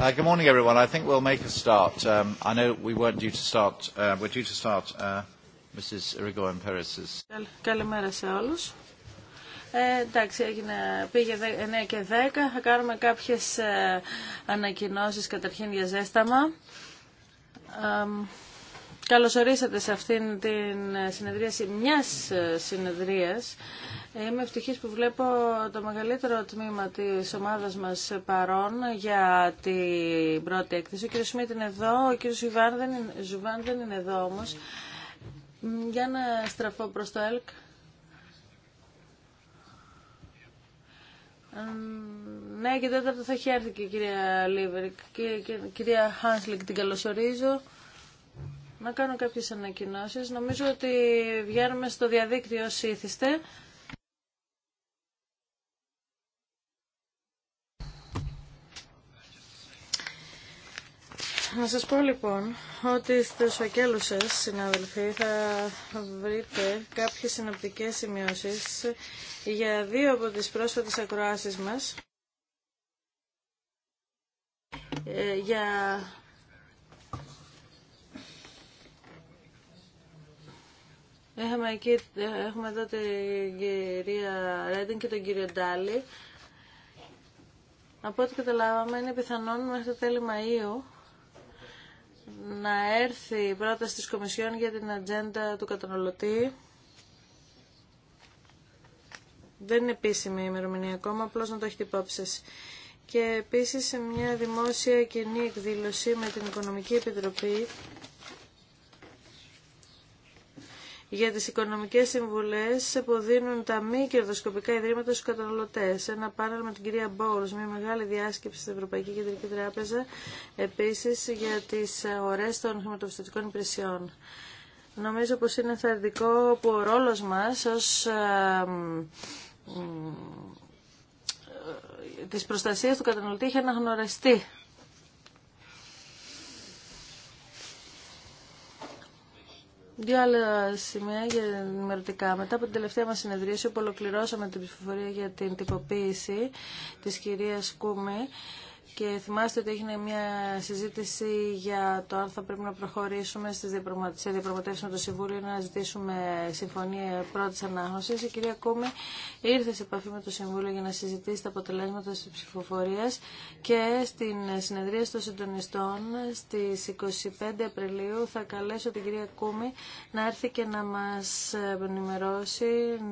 Good morning, everyone. I think we'll make a start. I know we weren't due to start. We're due to start, Mrs. Irigoyen Perez's. Καλημέρα σε όλους. Ε, εντάξει, έγινε, πήγε 9 και 10. Θα κάνουμε κάποιες ανακοινώσεις καταρχήν για ζέσταμα. Καλώς ορίσατε σε αυτήν την συνεδρίαση μιας ε, συνεδρίας. Ε, είμαι ευτυχής που βλέπω το μεγαλύτερο τμήμα της ομάδας μας παρών για την πρώτη έκθεση. Ο κ. Σμίτ είναι εδώ, ο κ. Ζουβάν δεν, είναι, εδώ όμως. Για να στραφώ προς το ΕΛΚ. Ναι, και τότε θα έχει έρθει και η κυρία Λίβερικ. Και, κυρία Χάνσλικ την καλωσορίζω να κάνω κάποιες ανακοινώσεις. Νομίζω ότι βγαίνουμε στο διαδίκτυο όσοι Να σας πω λοιπόν ότι στους φακέλους σας, συναδελφοί, θα βρείτε κάποιες συνοπτικές σημειώσεις για δύο από τις πρόσφατες ακροάσεις μας ε, για Έχουμε, εκεί, έχουμε εδώ την κυρία Ρέντιν και τον κύριο Ντάλι. Από ό,τι καταλάβαμε, είναι πιθανόν μέχρι το τέλη Μαΐου να έρθει η πρόταση της Κομισιόν για την ατζέντα του καταναλωτή. Δεν είναι επίσημη η ημερομηνία ακόμα, απλώς να το έχετε υπόψη Και επίσης σε μια δημόσια κοινή εκδήλωση με την Οικονομική Επιτροπή για τις οικονομικές συμβουλές που δίνουν τα μη κερδοσκοπικά ιδρύματα στους καταναλωτές. Ένα πάνελ με την κυρία Μπόουρς, μια μεγάλη διάσκεψη στην Ευρωπαϊκή Κεντρική Τράπεζα, επίσης για τις ωρές των χρηματοπιστωτικών υπηρεσιών. Νομίζω πως είναι θερμικό που ο ρόλος μας ως ε, ε, της προστασίας του καταναλωτή είχε αναγνωριστεί Δύο άλλα σημεία για ενημερωτικά. Μετά από την τελευταία μας συνεδρίαση, όπου ολοκληρώσαμε την ψηφοφορία για την τυποποίηση τη κυρία Κούμη, και θυμάστε ότι έγινε μια συζήτηση για το αν θα πρέπει να προχωρήσουμε σε διαπραγματεύσεις με το Συμβούλιο να ζητήσουμε συμφωνία πρώτης ανάγνωσης. Η κυρία Κούμη ήρθε σε επαφή με το Συμβούλιο για να συζητήσει τα αποτελέσματα της ψηφοφορίας και στην συνεδρία των συντονιστών στις 25 Απριλίου θα καλέσω την κυρία Κούμη να έρθει και να μας ενημερώσει,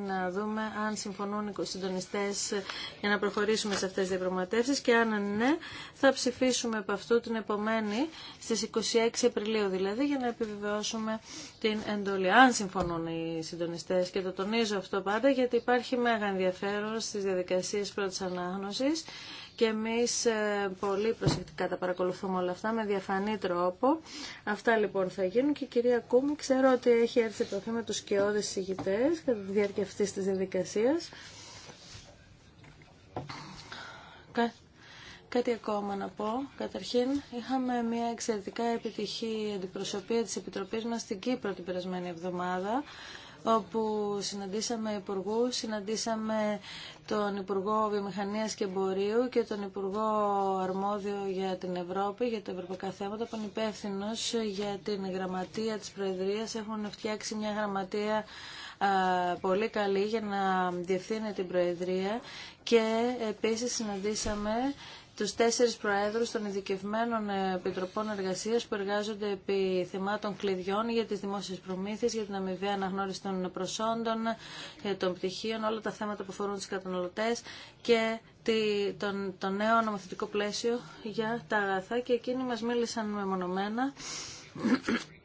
να δούμε αν συμφωνούν οι συντονιστές για να προχωρήσουμε σε αυτές τις διαπραγματεύσει και αν ναι, θα ψηφίσουμε από αυτού την επομένη στις 26 Απριλίου δηλαδή για να επιβεβαιώσουμε την εντολή. Αν συμφωνούν οι συντονιστές και το τονίζω αυτό πάντα γιατί υπάρχει μέγα ενδιαφέρον στις διαδικασίες πρώτης ανάγνωσης και εμείς ε, πολύ προσεκτικά τα παρακολουθούμε όλα αυτά με διαφανή τρόπο. Αυτά λοιπόν θα γίνουν και η κυρία Κούμη ξέρω ότι έχει έρθει το με τους κοιόδες συγητές κατά τη διάρκεια αυτής της διαδικασίας. Κάτι ακόμα να πω. Καταρχήν, είχαμε μια εξαιρετικά επιτυχή αντιπροσωπεία της Επιτροπής μας στην Κύπρο την περασμένη εβδομάδα όπου συναντήσαμε υπουργού, συναντήσαμε τον Υπουργό Βιομηχανίας και Εμπορίου και τον Υπουργό Αρμόδιο για την Ευρώπη, για τα ευρωπαϊκά θέματα, που είναι υπεύθυνο για την γραμματεία της Προεδρίας. Έχουν φτιάξει μια γραμματεία πολύ καλή για να διευθύνει την Προεδρία και επίσης συναντήσαμε τους τέσσερις προέδρους των ειδικευμένων επιτροπών εργασίας που εργάζονται επί θεμάτων κλειδιών για τις δημόσιες προμήθειες, για την αμοιβή αναγνώριση των προσόντων, των πτυχίων, όλα τα θέματα που αφορούν τους καταναλωτές και τον, το νέο νομοθετικό πλαίσιο για τα αγαθά και εκείνοι μας μίλησαν μεμονωμένα.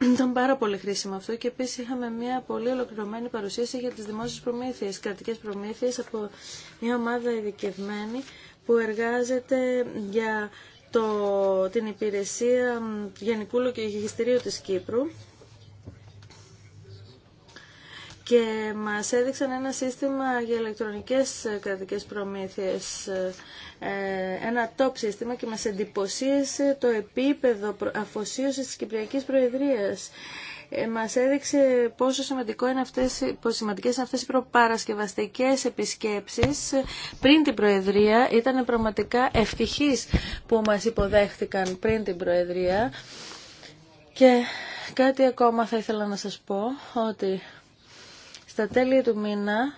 Ήταν πάρα πολύ χρήσιμο αυτό και επίση είχαμε μια πολύ ολοκληρωμένη παρουσίαση για τι δημόσιε προμήθειε, κρατικέ προμήθειε από μια ομάδα ειδικευμένη που εργάζεται για το, την υπηρεσία Γενικού Λογιστηρίου της Κύπρου και μας έδειξαν ένα σύστημα για ηλεκτρονικές κρατικές προμήθειες, ε, ένα top σύστημα και μας εντυπωσίασε το επίπεδο αφοσίωσης της Κυπριακής Προεδρίας. Ε, μας έδειξε πόσο σημαντικό είναι αυτές, πόσο σημαντικές είναι αυτές οι προπαρασκευαστικές επισκέψεις πριν την Προεδρία. Ήταν πραγματικά ευτυχής που μας υποδέχτηκαν πριν την Προεδρία. Και κάτι ακόμα θα ήθελα να σας πω, ότι στα τέλη του μήνα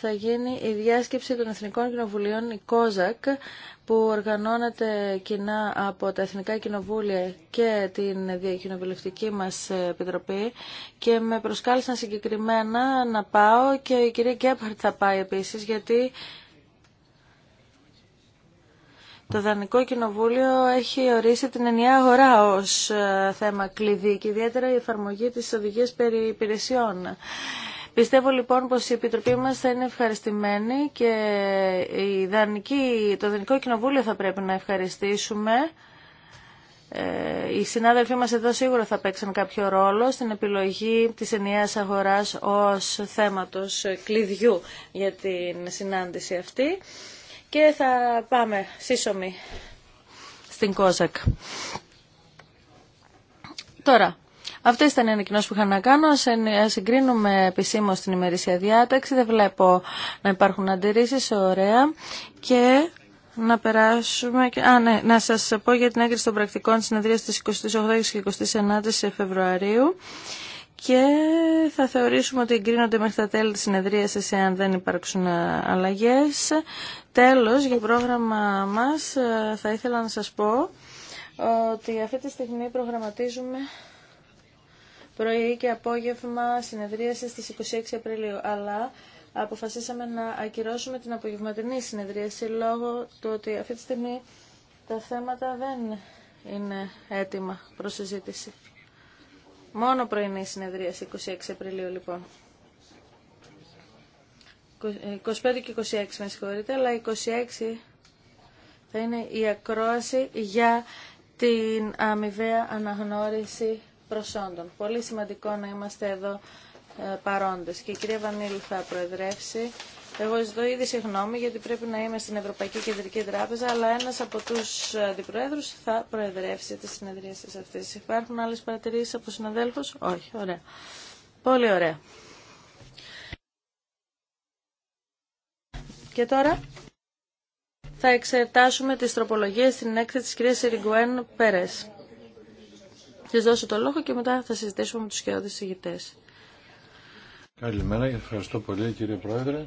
θα γίνει η διάσκεψη των Εθνικών Κοινοβουλίων, η ΚΟΖΑΚ, που οργανώνεται κοινά από τα Εθνικά Κοινοβούλια και την Διακοινοβουλευτική μας Επιτροπή και με προσκάλεσαν συγκεκριμένα να πάω και η κυρία Γκέπχαρτ θα πάει επίσης γιατί το Δανικό Κοινοβούλιο έχει ορίσει την ενιαία αγορά ως ε, θέμα κλειδί και ιδιαίτερα η εφαρμογή της οδηγίας περί υπηρεσιών. Πιστεύω λοιπόν πως η Επιτροπή μας θα είναι ευχαριστημένη και η Δανική, το Δανικό Κοινοβούλιο θα πρέπει να ευχαριστήσουμε. Ε, οι συνάδελφοί μας εδώ σίγουρα θα παίξαν κάποιο ρόλο στην επιλογή της ενιαίας αγοράς ως θέματος κλειδιού για την συνάντηση αυτή και θα πάμε σύσσωμη στην Κόζακ. Τώρα, Αυτές ήταν οι ανακοινώσεις που είχα να κάνω. Συγκρίνουμε επισήμω την ημερήσια διάταξη. Δεν βλέπω να υπάρχουν αντιρρήσεις. Ωραία. Και να περάσουμε. Α, ναι, να σα πω για την έγκριση των πρακτικών συνεδρία τη 28 και 29 Φεβρουαρίου. Και θα θεωρήσουμε ότι εγκρίνονται μέχρι τα τέλη της συνεδρία εάν δεν υπάρξουν αλλαγέ. Τέλο, για το πρόγραμμα μα, ε, θα ήθελα να σα πω ότι αυτή τη στιγμή προγραμματίζουμε πρωί και απόγευμα συνεδρίαση στις 26 Απριλίου, αλλά αποφασίσαμε να ακυρώσουμε την απογευματινή συνεδρίαση λόγω του ότι αυτή τη στιγμή τα θέματα δεν είναι έτοιμα προς συζήτηση. Μόνο πρωινή συνεδρίαση 26 Απριλίου λοιπόν. 25 και 26 με συγχωρείτε, αλλά 26 θα είναι η ακρόαση για την αμοιβαία αναγνώριση προσόντων. Πολύ σημαντικό να είμαστε εδώ ε, παρόντες. Και η κυρία Βανίλη θα προεδρεύσει. Εγώ ζητώ ήδη συγγνώμη γιατί πρέπει να είμαι στην Ευρωπαϊκή Κεντρική Τράπεζα, αλλά ένας από τους αντιπροέδρους θα προεδρεύσει τη συνεδρία αυτές. Υπάρχουν άλλες παρατηρήσεις από συναδέλφους? Όχι, ωραία. Πολύ ωραία. Και τώρα θα εξετάσουμε τις τροπολογίες στην έκθεση της κυρίας Ιριγκουέν Πέρες. Σα δώσω το λόγο και μετά θα συζητήσουμε με του χειρότερου ηγητές. Καλημέρα, ευχαριστώ πολύ κύριε Πρόεδρε.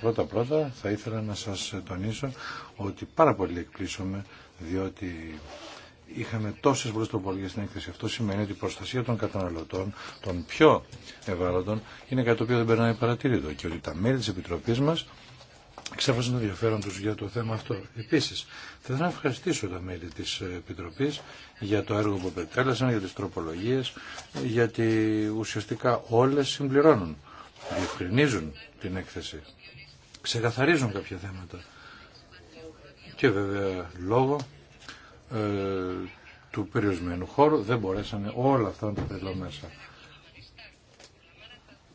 Πρώτα πρώτα θα ήθελα να σας τονίσω ότι πάρα πολύ εκπλήσωμαι διότι είχαμε τόσε πρωτοπολίε στην έκθεση. Αυτό σημαίνει ότι η προστασία των καταναλωτών, των πιο ευάλωτων, είναι κάτι το οποίο δεν περνάει παρατήρητο και ότι τα μέλη τη Επιτροπή μα το ενδιαφέρον τους για το θέμα αυτό. Επίσης, θα ήθελα να ευχαριστήσω τα μέλη της Επιτροπής για το έργο που πετέλεσαν, για τις τροπολογίες, γιατί ουσιαστικά όλες συμπληρώνουν, διευκρινίζουν την έκθεση, ξεκαθαρίζουν κάποια θέματα. Και βέβαια λόγω ε, του περιορισμένου χώρου δεν μπορέσανε όλα αυτά να τα μέσα.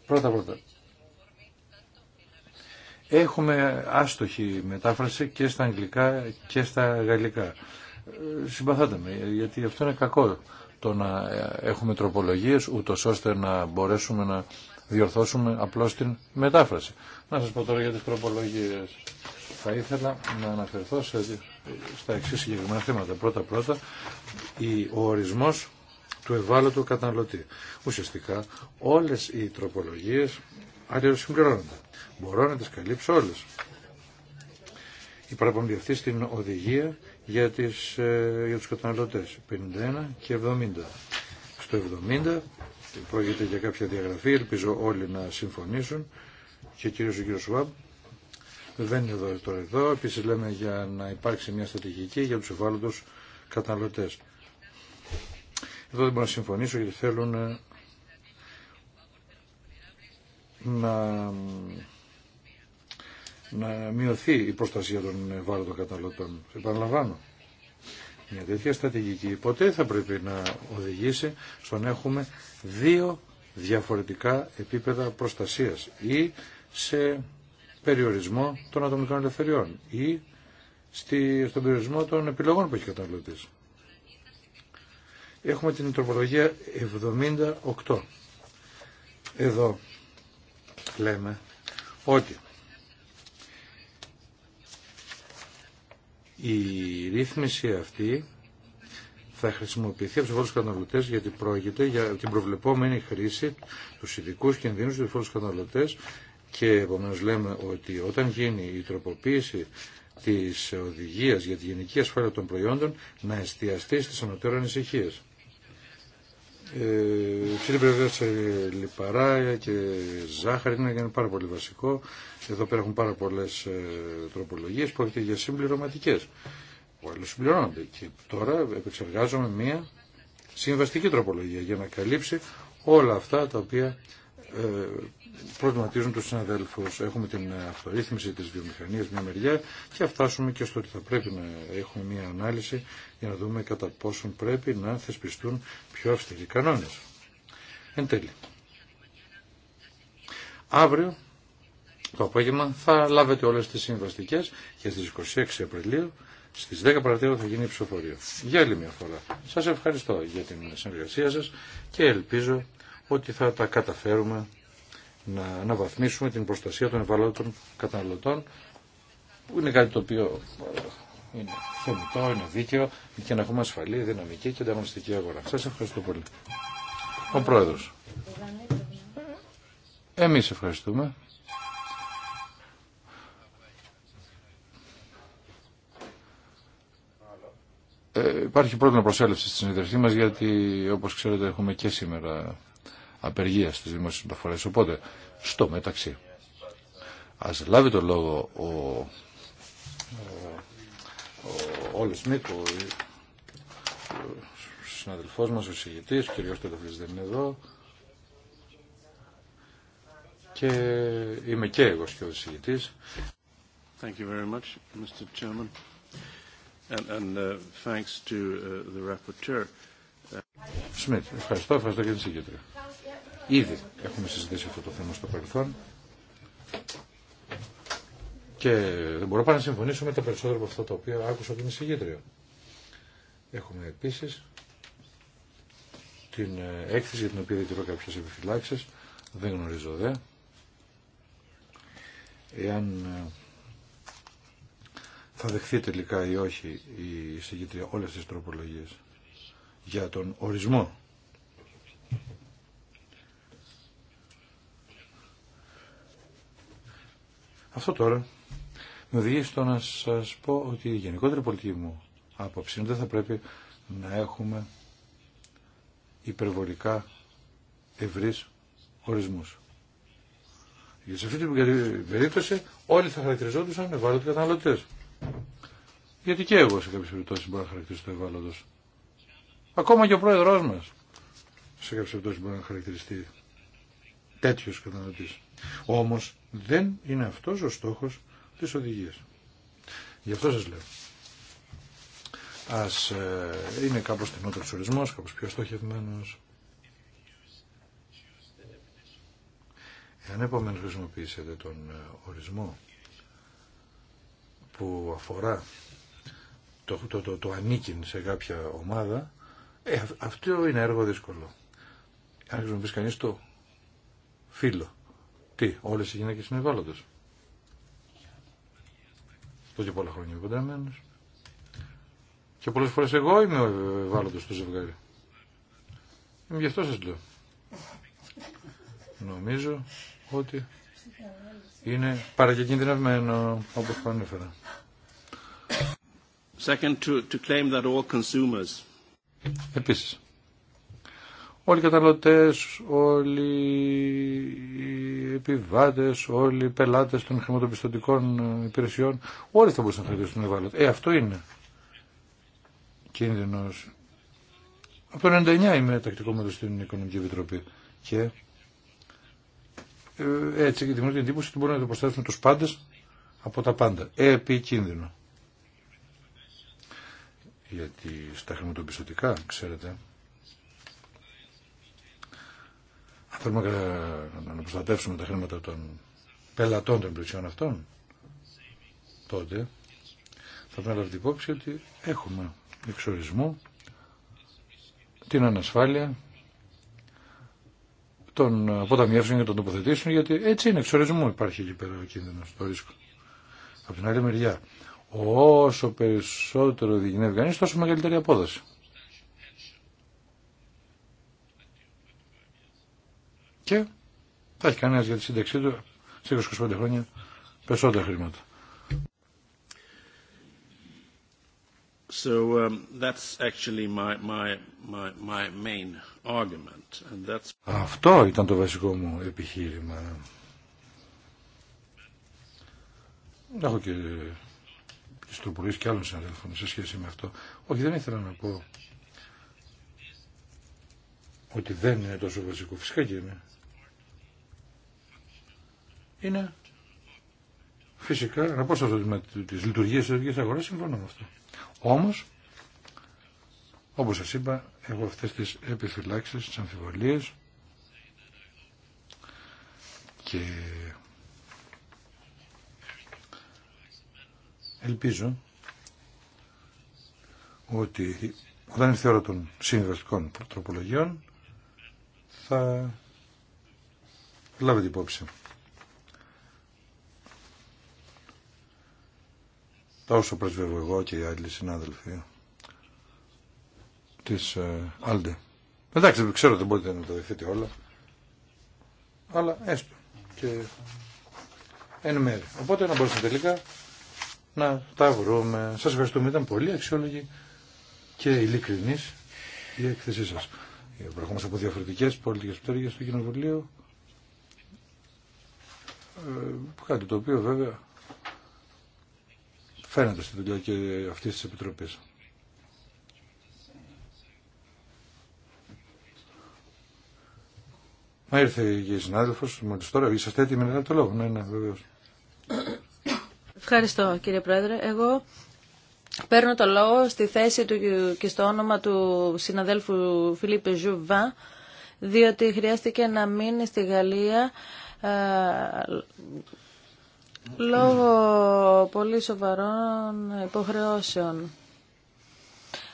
Πρώτα πρώτα, Έχουμε άστοχη μετάφραση και στα αγγλικά και στα γαλλικά. Ε, συμπαθάτε με, γιατί αυτό είναι κακό το να ε, έχουμε τροπολογίες ούτως ώστε να μπορέσουμε να διορθώσουμε απλώς την μετάφραση. Να σας πω τώρα για τις τροπολογίες. Θα ήθελα να αναφερθώ σε, στα εξής συγκεκριμένα θέματα. Πρώτα πρώτα, ο ορισμός του ευάλωτου καταναλωτή. Ουσιαστικά όλες οι τροπολογίες αλλιώς συμπληρώνονται. Μπορώ να τις καλύψω όλες. Η παραπομπή αυτή στην οδηγία για, τις, ε, για τους καταναλωτές, 51 και 70. Στο 70 πρόκειται για κάποια διαγραφή, ελπίζω όλοι να συμφωνήσουν και κυρίως ο κύριος Σουάμπ. Δεν είναι εδώ, τώρα εδώ. Επίσης λέμε για να υπάρξει μια στρατηγική για τους ευάλωτους καταναλωτές. Εδώ δεν μπορώ να συμφωνήσω γιατί θέλουν ε, να, να μειωθεί η προστασία των βάρων καταναλωτών. Επαναλαμβάνω. Μια τέτοια στρατηγική ποτέ θα πρέπει να οδηγήσει στο να έχουμε δύο διαφορετικά επίπεδα προστασίας ή σε περιορισμό των ατομικών ελευθεριών ή στη, στον περιορισμό των επιλογών που έχει Έχουμε την τροπολογία 78. Εδώ λέμε ότι η ρύθμιση αυτή θα χρησιμοποιηθεί από του φόρου καταναλωτέ γιατί πρόκειται για την προβλεπόμενη χρήση του ειδικού κινδύνου του φόρου καταναλωτέ και επομένω λέμε ότι όταν γίνει η τροποποίηση τη οδηγία για τη γενική ασφάλεια των προϊόντων να εστιαστεί στι ανωτέρω ανησυχίε. Κύριε ε, πλευρά σε λιπαρά και ζάχαρη είναι πάρα πολύ βασικό. Εδώ πέρα έχουν πάρα πολλέ ε, τροπολογίε, πρόκειται για συμπληρωματικέ. Όλοι συμπληρώνονται. Και τώρα επεξεργάζομαι μία συμβαστική τροπολογία για να καλύψει όλα αυτά τα οποία ε, προβληματίζουν τους συναδέλφους. Έχουμε την αυτορύθμιση της βιομηχανίας μια μεριά και φτάσουμε και στο ότι θα πρέπει να έχουμε μια ανάλυση για να δούμε κατά πόσον πρέπει να θεσπιστούν πιο αυστηροί κανόνες. Εν τέλει. Αύριο το απόγευμα θα λάβετε όλες τις συμβαστικές και στις 26 Απριλίου στις 10 παρατήρου θα γίνει η ψηφοφορία. Για άλλη μια φορά. Σας ευχαριστώ για την συνεργασία σας και ελπίζω ότι θα τα καταφέρουμε να αναβαθμίσουμε την προστασία των ευαλότερων καταναλωτών που είναι κάτι το οποίο ε, είναι θεμητό, είναι δίκαιο και να έχουμε ασφαλή, δυναμική και ανταγωνιστική αγορά. Σας ευχαριστώ πολύ. Ο Πρόεδρος. Εμείς ευχαριστούμε. Ε, υπάρχει πρώτη προσέλευση στην συνεδριαστή μας γιατί όπως ξέρετε έχουμε και σήμερα απεργία στις δημόσιες μεταφορές. Οπότε, στο μεταξύ, ας λάβει το λόγο ο, ο, ο, ο ο, ο, συναδελφός μας, ο συγητής, ο κυριός Τελεφλής δεν είναι εδώ. Και είμαι και εγώ και ο συγητής. Thank you very much, Mr. Chairman. And, and uh, thanks to uh, the rapporteur. Smith, uh, ευχαριστώ, ευχαριστώ και την συγκέντρια. Ήδη έχουμε συζητήσει αυτό το θέμα στο παρελθόν και δεν μπορώ πάνω να συμφωνήσω με τα περισσότερα από αυτά τα οποία άκουσα από την εισηγήτρια. Έχουμε επίσης την ε, έκθεση για την οποία διατηρώ κάποιες επιφυλάξεις, δεν γνωρίζω δε. Εάν ε, θα δεχθεί τελικά ή όχι η εισηγήτρια όλες τις τροπολογίες για τον ορισμό Αυτό τώρα με οδηγεί στο να σας πω ότι η γενικότερη πολιτική μου άποψη δεν θα πρέπει να έχουμε υπερβολικά ευρύς ορισμού. Γιατί σε αυτή την περίπτωση όλοι θα χαρακτηριζόντουσαν ευάλωτοι καταναλωτέ. Γιατί και εγώ σε κάποιε περιπτώσει μπορώ να χαρακτηριστώ ευάλωτο. Ακόμα και ο πρόεδρό μα σε κάποιε περιπτώσει μπορεί να χαρακτηριστεί Τέτοιο καταναλωτής. Όμως δεν είναι αυτός ο στόχος της οδηγίας. Γι' αυτό σας λέω. Ας ε, είναι κάπως στενότερο ορισμός, κάπως πιο στοχευμένο. Εάν επομένω χρησιμοποιήσετε τον ε, ορισμό που αφορά το, το, το, ανήκειν σε κάποια ομάδα, ε, αυτό είναι έργο δύσκολο. Αν χρησιμοποιήσει κανεί το φίλο. Τι, όλες οι γυναίκες είναι ευάλωτες. Εδώ και πολλά χρόνια παντρεμένος. Και πολλές φορές εγώ είμαι ο ευάλωτος στο ζευγάρι. Είμαι γι' αυτό σας λέω. Νομίζω ότι είναι παρακεκινδυνευμένο όπως πανέφερα. Second, to, to claim that all consumers... Επίσης, Όλοι οι καταναλωτές, όλοι οι επιβάτες, όλοι οι πελάτες των χρηματοπιστωτικών υπηρεσιών, όλοι θα μπορούσαν να κρατήσουν ευάλωτα. Ε, αυτό είναι κίνδυνος. Από το 99 είμαι τακτικό μέλος στην Οικονομική Επιτροπή και ε, έτσι και δημιουργεί την εντύπωση ότι μπορούμε να το τους πάντες από τα πάντα. κίνδυνο. Γιατί στα χρηματοπιστωτικά, ξέρετε, Θέλουμε να προστατεύσουμε τα χρήματα των πελατών των υπηρεσιών αυτών. Τότε θα πρέπει να λάβετε υπόψη ότι έχουμε εξορισμό την ανασφάλεια των αποταμιεύσεων και των τοποθετήσεων, γιατί έτσι είναι εξορισμό υπάρχει εκεί πέρα ο κίνδυνο, το ρίσκο. Από την άλλη μεριά, όσο περισσότερο διγνεύει κανεί, τόσο μεγαλύτερη απόδοση. και θα έχει κανένα για τη σύνταξή του σε 25 χρόνια περισσότερα χρήματα. So um, that's actually my, my, my, my main argument. And that's... Αυτό ήταν το βασικό μου επιχείρημα. Έχω και στο πολύς και άλλων συναδέλφων σε σχέση με αυτό. Όχι, δεν ήθελα να πω ότι δεν είναι τόσο βασικό. Φυσικά και είναι είναι φυσικά, να πω σε με τις λειτουργίες της ελληνικής αγοράς, συμφωνώ με αυτό. Όμως, όπως σας είπα, έχω αυτές τις επιφυλάξεις, τις αμφιβολίες και ελπίζω ότι όταν ήρθε η ώρα των συμβιβαστικών τροπολογιών θα λάβετε υπόψη τόσο πρεσβεύω εγώ και οι άλλοι συνάδελφοι της ε, Άλντε. Εντάξει, ξέρω δεν μπορείτε να τα δεχτείτε όλα, αλλά έστω και εν μέρη. Οπότε να μπορούσαμε τελικά να τα βρούμε. Σας ευχαριστούμε, ήταν πολύ αξιόλογη και ειλικρινής η έκθεσή σας. Προερχόμαστε από διαφορετικές πολιτικές πτέρυγες του Κοινοβουλίου, ε, κάτι το οποίο βέβαια φαίνεται στη δουλειά και αυτή τη επιτροπή. Μα ήρθε και η συνάδελφος, μόλις τώρα, είσαστε έτοιμοι να το λόγο. Ναι, ναι, Ευχαριστώ κύριε Πρόεδρε. Εγώ παίρνω το λόγο στη θέση του και στο όνομα του συναδέλφου Φιλίππε Ζουβά, διότι χρειάστηκε να μείνει στη Γαλλία ε, λόγω πολύ σοβαρών υποχρεώσεων.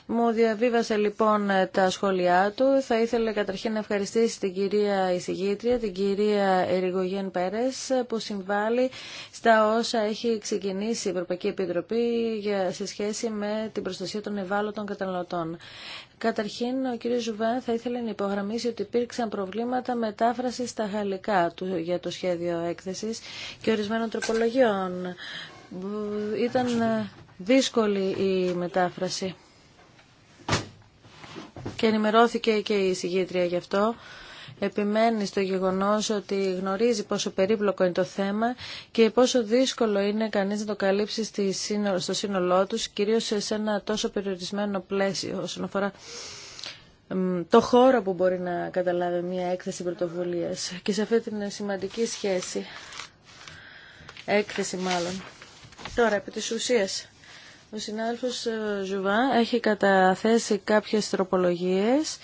Μου διαβίβασε λοιπόν τα σχόλιά του. Θα ήθελε καταρχήν να ευχαριστήσει την κυρία εισηγήτρια, την κυρία Ερηγογέν Πέρες, που συμβάλλει στα όσα έχει ξεκινήσει η Ευρωπαϊκή Επιτροπή σε σχέση με την προστασία των ευάλωτων καταναλωτών. Καταρχήν, ο κ. Ζουβά θα ήθελε να υπογραμμίσει ότι υπήρξαν προβλήματα μετάφρασης στα γαλλικά του, για το σχέδιο έκθεσης και ορισμένων τροπολογιών. Ήταν ε, δύσκολη η μετάφραση. Και ενημερώθηκε και η συγγήτρια γι' αυτό επιμένει στο γεγονός ότι γνωρίζει πόσο περίπλοκο είναι το θέμα και πόσο δύσκολο είναι κανείς να το καλύψει στο σύνολό τους, κυρίως σε ένα τόσο περιορισμένο πλαίσιο όσον αφορά το χώρο που μπορεί να καταλάβει μια έκθεση πρωτοβουλία και σε αυτή την σημαντική σχέση, έκθεση μάλλον. Τώρα, επί της ουσίας, ο συνάδελφος ε, Ζουβά έχει καταθέσει κάποιες τροπολογίες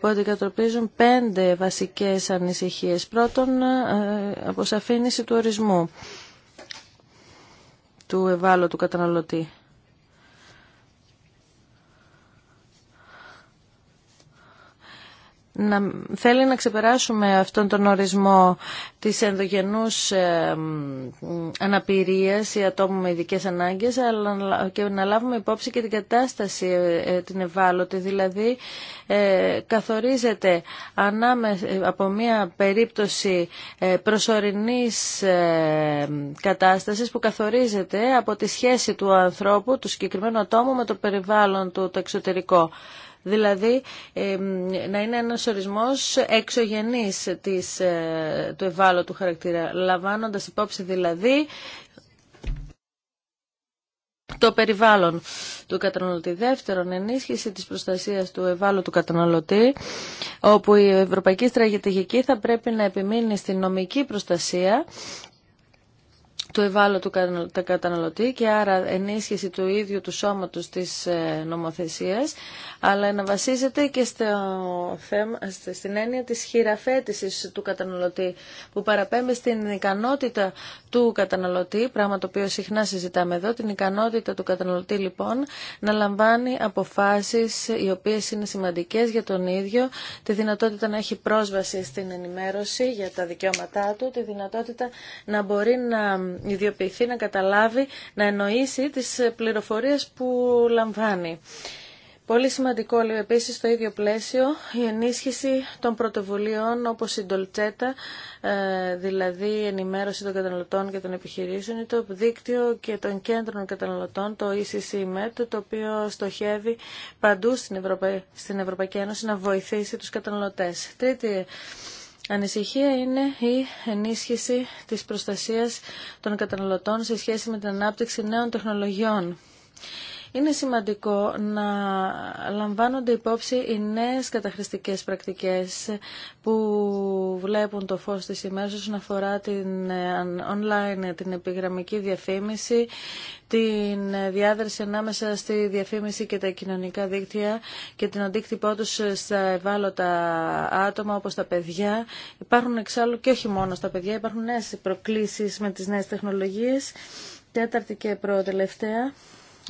που αντικατοπίζουν πέντε βασικές ανησυχίες. Πρώτον, ε, αποσαφήνιση του ορισμού του ευάλωτου καταναλωτή. να, θέλει να ξεπεράσουμε αυτόν τον ορισμό της ενδογενούς ε, αναπηρίας ή ατόμου με ειδικές ανάγκες αλλά και να λάβουμε υπόψη και την κατάσταση ε, ε, την ευάλωτη δηλαδή ε, καθορίζεται ανάμε, από μια περίπτωση προσωρινής κατάστασης που καθορίζεται από τη σχέση του ανθρώπου, του συγκεκριμένου ατόμου με το περιβάλλον του το εξωτερικό. Δηλαδή να είναι ένας ορισμός εξωγενής της, ε, του ευάλωτου χαρακτήρα, λαμβάνοντας υπόψη δηλαδή το περιβάλλον του καταναλωτή. Δεύτερον, ενίσχυση της προστασίας του ευάλωτου καταναλωτή, όπου η Ευρωπαϊκή Στρατηγική θα πρέπει να επιμείνει στη νομική προστασία του ευάλωτου καταναλωτή και άρα ενίσχυση του ίδιου του σώματος της ε, νομοθεσίας, αλλά να βασίζεται και στο θέμα, στην έννοια της χειραφέτησης του καταναλωτή, που παραπέμπει στην ικανότητα του καταναλωτή, πράγμα το οποίο συχνά συζητάμε εδώ, την ικανότητα του καταναλωτή λοιπόν να λαμβάνει αποφάσεις οι οποίες είναι σημαντικές για τον ίδιο, τη δυνατότητα να έχει πρόσβαση στην ενημέρωση για τα δικαιώματά του, τη δυνατότητα να μπορεί να ιδιοποιηθεί, να καταλάβει, να εννοήσει τις πληροφορίες που λαμβάνει. Πολύ σημαντικό λέει επίσης στο ίδιο πλαίσιο η ενίσχυση των πρωτοβουλίων όπως η Ντολτσέτα, ε, δηλαδή η ενημέρωση των καταναλωτών και των επιχειρήσεων ή το δίκτυο και των κέντρων καταναλωτών, το ecc ECC-MET, το οποίο στοχεύει παντού στην, Ευρωπαϊκή Ένωση να βοηθήσει τους καταναλωτές. Τρίτη Ανησυχία είναι η ενίσχυση της προστασίας των καταναλωτών σε σχέση με την ανάπτυξη νέων τεχνολογιών. Είναι σημαντικό να λαμβάνονται υπόψη οι νέες καταχρηστικές πρακτικές που βλέπουν το φως της ημέρας όσον αφορά την ε, online, ε, την επιγραμμική διαφήμιση, την ε, διάδραση ανάμεσα στη διαφήμιση και τα κοινωνικά δίκτυα και την αντίκτυπό τους στα ευάλωτα άτομα όπως τα παιδιά. Υπάρχουν εξάλλου και όχι μόνο στα παιδιά, υπάρχουν νέες προκλήσεις με τις νέες τεχνολογίες. Τέταρτη και προτελευταία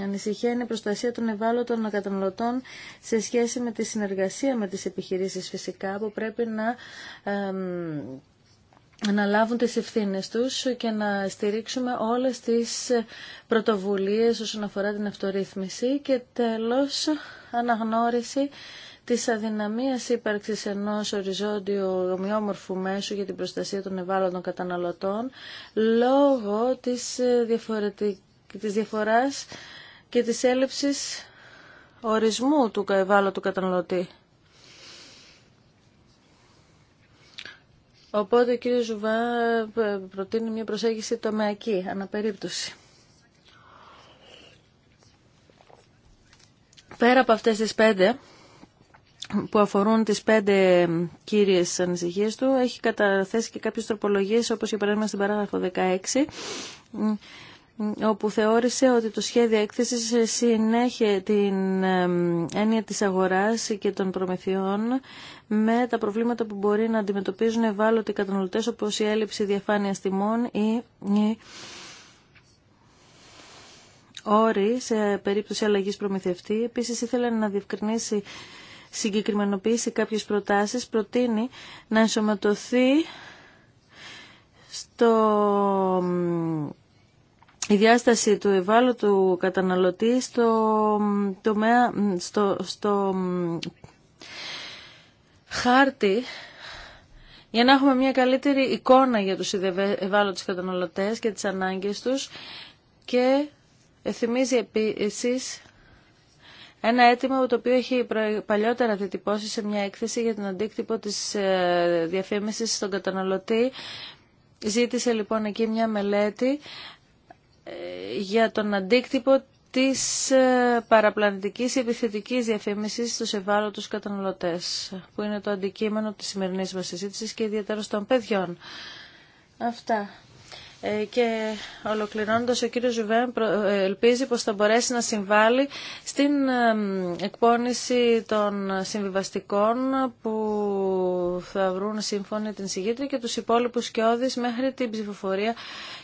Ανησυχία είναι η προστασία των ευάλωτων καταναλωτών σε σχέση με τη συνεργασία με τις επιχειρήσεις φυσικά που πρέπει να αναλάβουν τις ευθύνες τους και να στηρίξουμε όλες τις πρωτοβουλίες όσον αφορά την αυτορύθμιση και τέλος αναγνώριση της αδυναμίας ύπαρξης ενός οριζόντιου ομοιόμορφου μέσου για την προστασία των ευάλωτων καταναλωτών λόγω της, της διαφοράς και της έλλειψης ορισμού του ευάλωτου καταναλωτή. Οπότε ο κ. Ζουβά ε, προτείνει μια προσέγγιση τομεακή, αναπερίπτωση. Πέρα από αυτές τις πέντε, που αφορούν τις πέντε κύριες ανησυχίες του, έχει καταθέσει και κάποιες τροπολογίες, όπως για παράδειγμα στην παράγραφο 16, όπου θεώρησε ότι το σχέδιο έκθεσης συνέχεια την έννοια της αγοράς και των προμηθειών με τα προβλήματα που μπορεί να αντιμετωπίζουν ευάλωτοι καταναλωτές όπως η έλλειψη διαφάνειας τιμών ή η η σε περίπτωση αλλαγής προμηθευτή. Επίσης ήθελε να διευκρινίσει συγκεκριμενοποιήσει κάποιες προτάσεις, προτείνει να ενσωματωθεί στο η διάσταση του ευάλωτου καταναλωτή στο, στο, στο χάρτη για να έχουμε μια καλύτερη εικόνα για τους ευάλωτους καταναλωτές και τις ανάγκες τους και θυμίζει επίσης ένα αίτημα το οποίο έχει παλιότερα διατυπώσει σε μια έκθεση για τον αντίκτυπο της ε, διαφήμισης στον καταναλωτή Ζήτησε λοιπόν εκεί μια μελέτη για τον αντίκτυπο της ε, παραπλανητικής επιθετικής διαφήμισης στους ευάλωτους καταναλωτές, που είναι το αντικείμενο της σημερινής μας συζήτησης και ιδιαίτερα των παιδιών. Αυτά. Ε, και ολοκληρώνοντας ο κύριος Ζουβέν ε, ελπίζει πως θα μπορέσει να συμβάλλει στην εκπόνηση των συμβιβαστικών που θα βρουν σύμφωνοι την συγκήτρια και τους υπόλοιπους σκιώδεις μέχρι την ψηφοφορία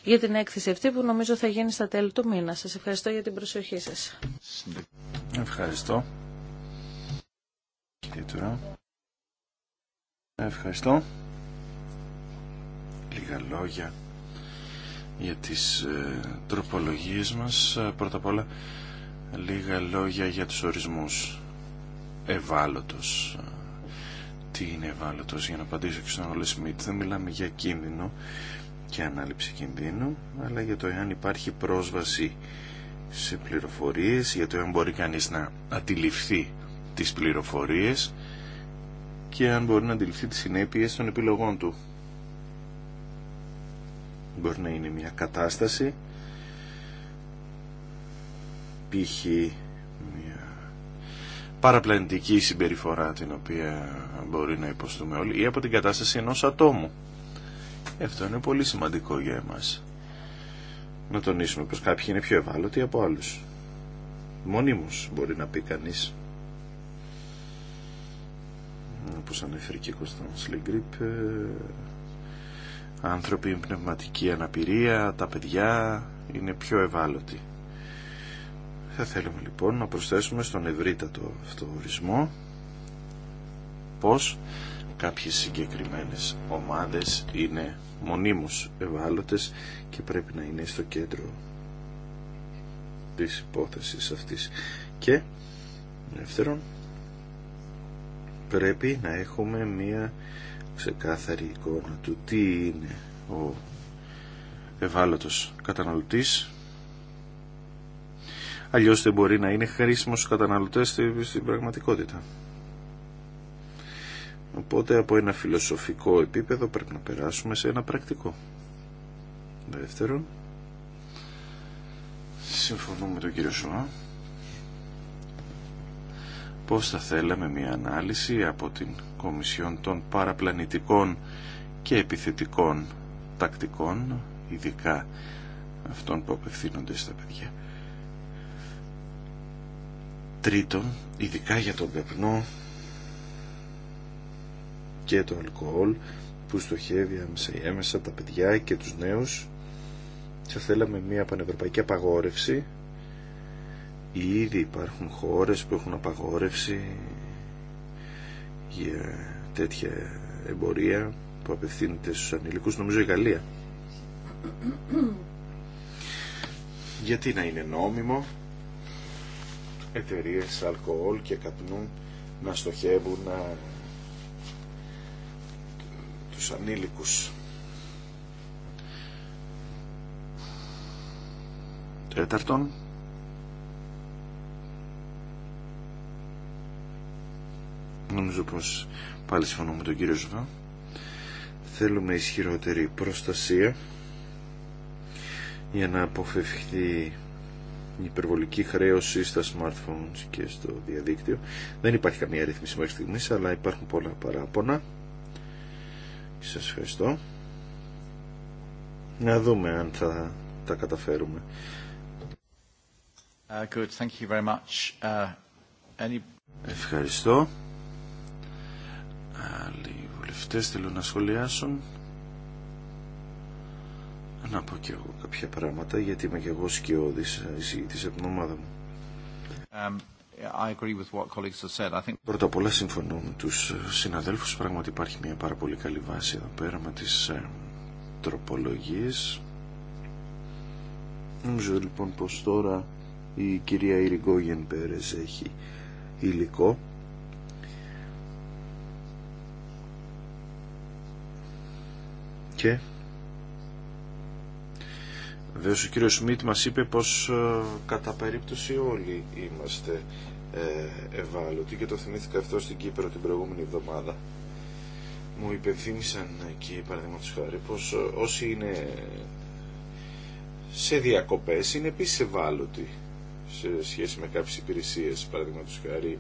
για την έκθεση αυτή που νομίζω θα γίνει στα τέλη του μήνα. Σας ευχαριστώ για την προσοχή σας. Ευχαριστώ. Ευχαριστώ. Λίγα λόγια για τις ε, τροπολογίες μας. Ε, πρώτα απ' όλα λίγα λόγια για τους ορισμούς ευάλωτος. Ε, τι είναι ευάλωτος για να απαντήσω και στον Όλε Σμιτ. Δεν μιλάμε για κίνδυνο και ανάληψη κινδύνου, αλλά για το εάν υπάρχει πρόσβαση σε πληροφορίες, για το εάν μπορεί κανείς να αντιληφθεί τις πληροφορίες και αν μπορεί να αντιληφθεί τις συνέπειες των επιλογών του μπορεί να είναι μια κατάσταση π.χ. μια παραπλανητική συμπεριφορά την οποία μπορεί να υποστούμε όλοι ή από την κατάσταση ενός ατόμου. Αυτό είναι πολύ σημαντικό για εμάς. Να τονίσουμε πως κάποιοι είναι πιο ευάλωτοι από άλλους. Μονίμως μπορεί να πει κανείς. Όπως ανέφερε και η άνθρωποι με πνευματική αναπηρία, τα παιδιά είναι πιο ευάλωτοι. Θα θέλουμε λοιπόν να προσθέσουμε στον ευρύτατο αυτό ορισμό πως κάποιες συγκεκριμένες ομάδες είναι μονίμως ευάλωτες και πρέπει να είναι στο κέντρο της υπόθεσης αυτής. Και δεύτερον πρέπει να έχουμε μία ξεκάθαρη εικόνα του τι είναι ο ευάλωτος καταναλωτής αλλιώς δεν μπορεί να είναι χρήσιμος στους καταναλωτές στην πραγματικότητα. Οπότε από ένα φιλοσοφικό επίπεδο πρέπει να περάσουμε σε ένα πρακτικό. Δεύτερον, συμφωνούμε με τον κύριο Σωά πώς θα θέλαμε μια ανάλυση από την των παραπλανητικών και επιθετικών τακτικών, ειδικά αυτών που απευθύνονται στα παιδιά. Τρίτον, ειδικά για τον καπνό και το αλκοόλ που στοχεύει άμεσα, έμεσα τα παιδιά και τους νέους θα θέλαμε μια πανευρωπαϊκή απαγόρευση ήδη υπάρχουν χώρες που έχουν απαγόρευση για τέτοια εμπορία που απευθύνεται στους ανηλικούς νομίζω η Γαλλία γιατί να είναι νόμιμο εταιρείε αλκοόλ και καπνού να στοχεύουν να... τους ανήλικους τέταρτον Νομίζω πως πάλι συμφωνώ με τον κύριο Ζουβά. Θέλουμε ισχυρότερη προστασία για να αποφευχθεί η υπερβολική χρέωση στα smartphones και στο διαδίκτυο. Δεν υπάρχει καμία ρύθμιση μέχρι στιγμής, αλλά υπάρχουν πολλά παράπονα. Σας ευχαριστώ. Να δούμε αν θα τα καταφέρουμε. Uh, Thank you very much. Uh, ευχαριστώ. Άλλοι βουλευτές θέλουν να σχολιάσουν. Να πω και εγώ κάποια πράγματα γιατί είμαι και εγώ σκιώδης ε, εισηγητής από μου. Um, I agree Πρώτα απ' όλα συμφωνώ με τους ε, συναδέλφους. Πράγματι υπάρχει μια πάρα πολύ καλή βάση εδώ πέρα με τις ε, τροπολογίες. Νομίζω λοιπόν πως τώρα η κυρία Ιριγκόγεν Πέρες έχει υλικό και ο κύριος Σμιτ μας είπε πως ε, κατά περίπτωση όλοι είμαστε ε, ευάλωτοι και το θυμήθηκα αυτό στην Κύπρο την προηγούμενη εβδομάδα μου υπενθύμησαν και παραδείγματο χάρη πως ε, όσοι είναι σε διακοπές είναι επίσης ευάλωτοι σε σχέση με κάποιες υπηρεσίες παραδείγματο χάρη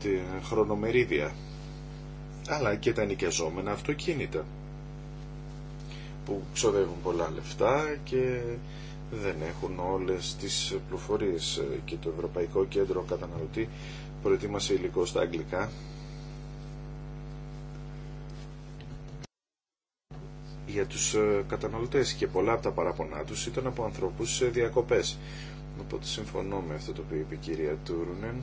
τη χρονομερίδια αλλά και τα νοικιαζόμενα αυτοκίνητα που ξοδεύουν πολλά λεφτά και δεν έχουν όλες τις πληροφορίες και το Ευρωπαϊκό Κέντρο Καταναλωτή προετοίμασε υλικό στα αγγλικά για τους ε, καταναλωτές και πολλά από τα παραπονά τους ήταν από ανθρώπους σε διακοπές. Οπότε συμφωνώ με αυτό το οποίο είπε η κυρία Τούρουνεν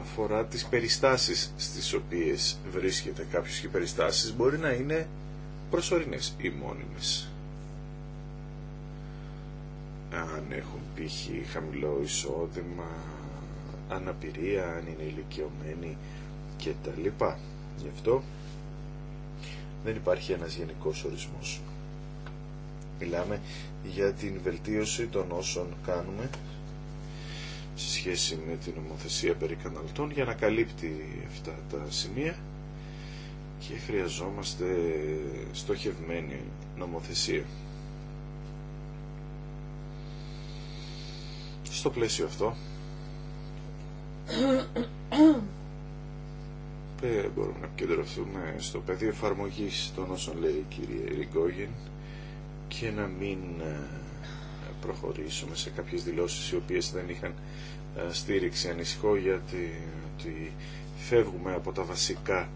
αφορά τις περιστάσεις στις οποίες βρίσκεται κάποιος και περιστάσεις μπορεί να είναι προσωρινές ή μόνιμες. Αν έχουν π.χ. χαμηλό εισόδημα, αναπηρία, αν είναι ηλικιωμένοι κτλ. Γι' αυτό δεν υπάρχει ένας γενικός ορισμός. Μιλάμε για την βελτίωση των όσων κάνουμε σε σχέση με την ομοθεσία περί καναλτών για να καλύπτει αυτά τα σημεία και χρειαζόμαστε στοχευμένη νομοθεσία. Στο πλαίσιο αυτό ε, μπορούμε να επικεντρωθούμε στο πεδίο εφαρμογή των όσων λέει η κυρία Ριγκόγεν και να μην ε, προχωρήσουμε σε κάποιες δηλώσεις οι οποίες δεν είχαν ε, στήριξη. Ανησυχώ γιατί φεύγουμε από τα βασικά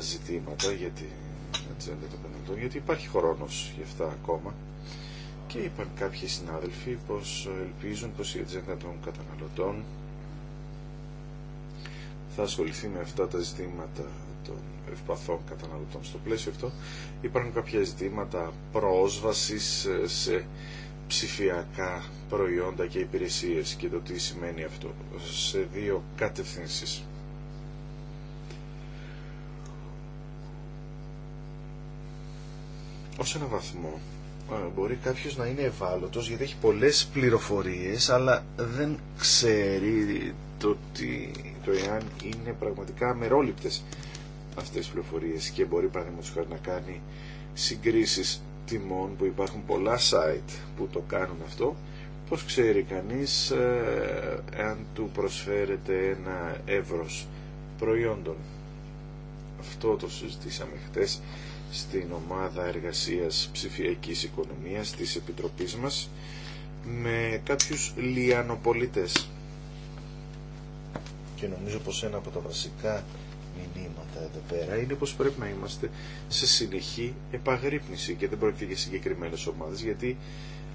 ζητήματα για την ατζέντα των καταναλωτών, γιατί υπάρχει χρόνος για αυτά ακόμα και είπαν κάποιοι συνάδελφοι πως ελπίζουν πως η ατζέντα των καταναλωτών θα ασχοληθεί με αυτά τα ζητήματα των ευπαθών καταναλωτών. Στο πλαίσιο αυτό υπάρχουν κάποια ζητήματα πρόσβασης ε, σε ψηφιακά προϊόντα και υπηρεσίες και το τι σημαίνει αυτό σε δύο κατευθύνσεις. Ω ένα βαθμό μπορεί κάποιο να είναι ευάλωτο γιατί έχει πολλές πληροφορίες αλλά δεν ξέρει το, τι, το εάν είναι πραγματικά αμερόληπτε αυτές τι πληροφορίες και μπορεί παραδείγματο να κάνει συγκρίσει τιμών που υπάρχουν πολλά site που το κάνουν αυτό πως ξέρει κανείς ε, εάν του προσφέρεται ένα εύρο προϊόντων αυτό το συζητήσαμε χτες στην ομάδα εργασίας ψηφιακής οικονομίας της Επιτροπής μας με κάποιους λιανοπολίτες. Και νομίζω πως ένα από τα βασικά μηνύματα εδώ πέρα είναι πως πρέπει να είμαστε σε συνεχή επαγρύπνηση και δεν πρόκειται για συγκεκριμένες ομάδες γιατί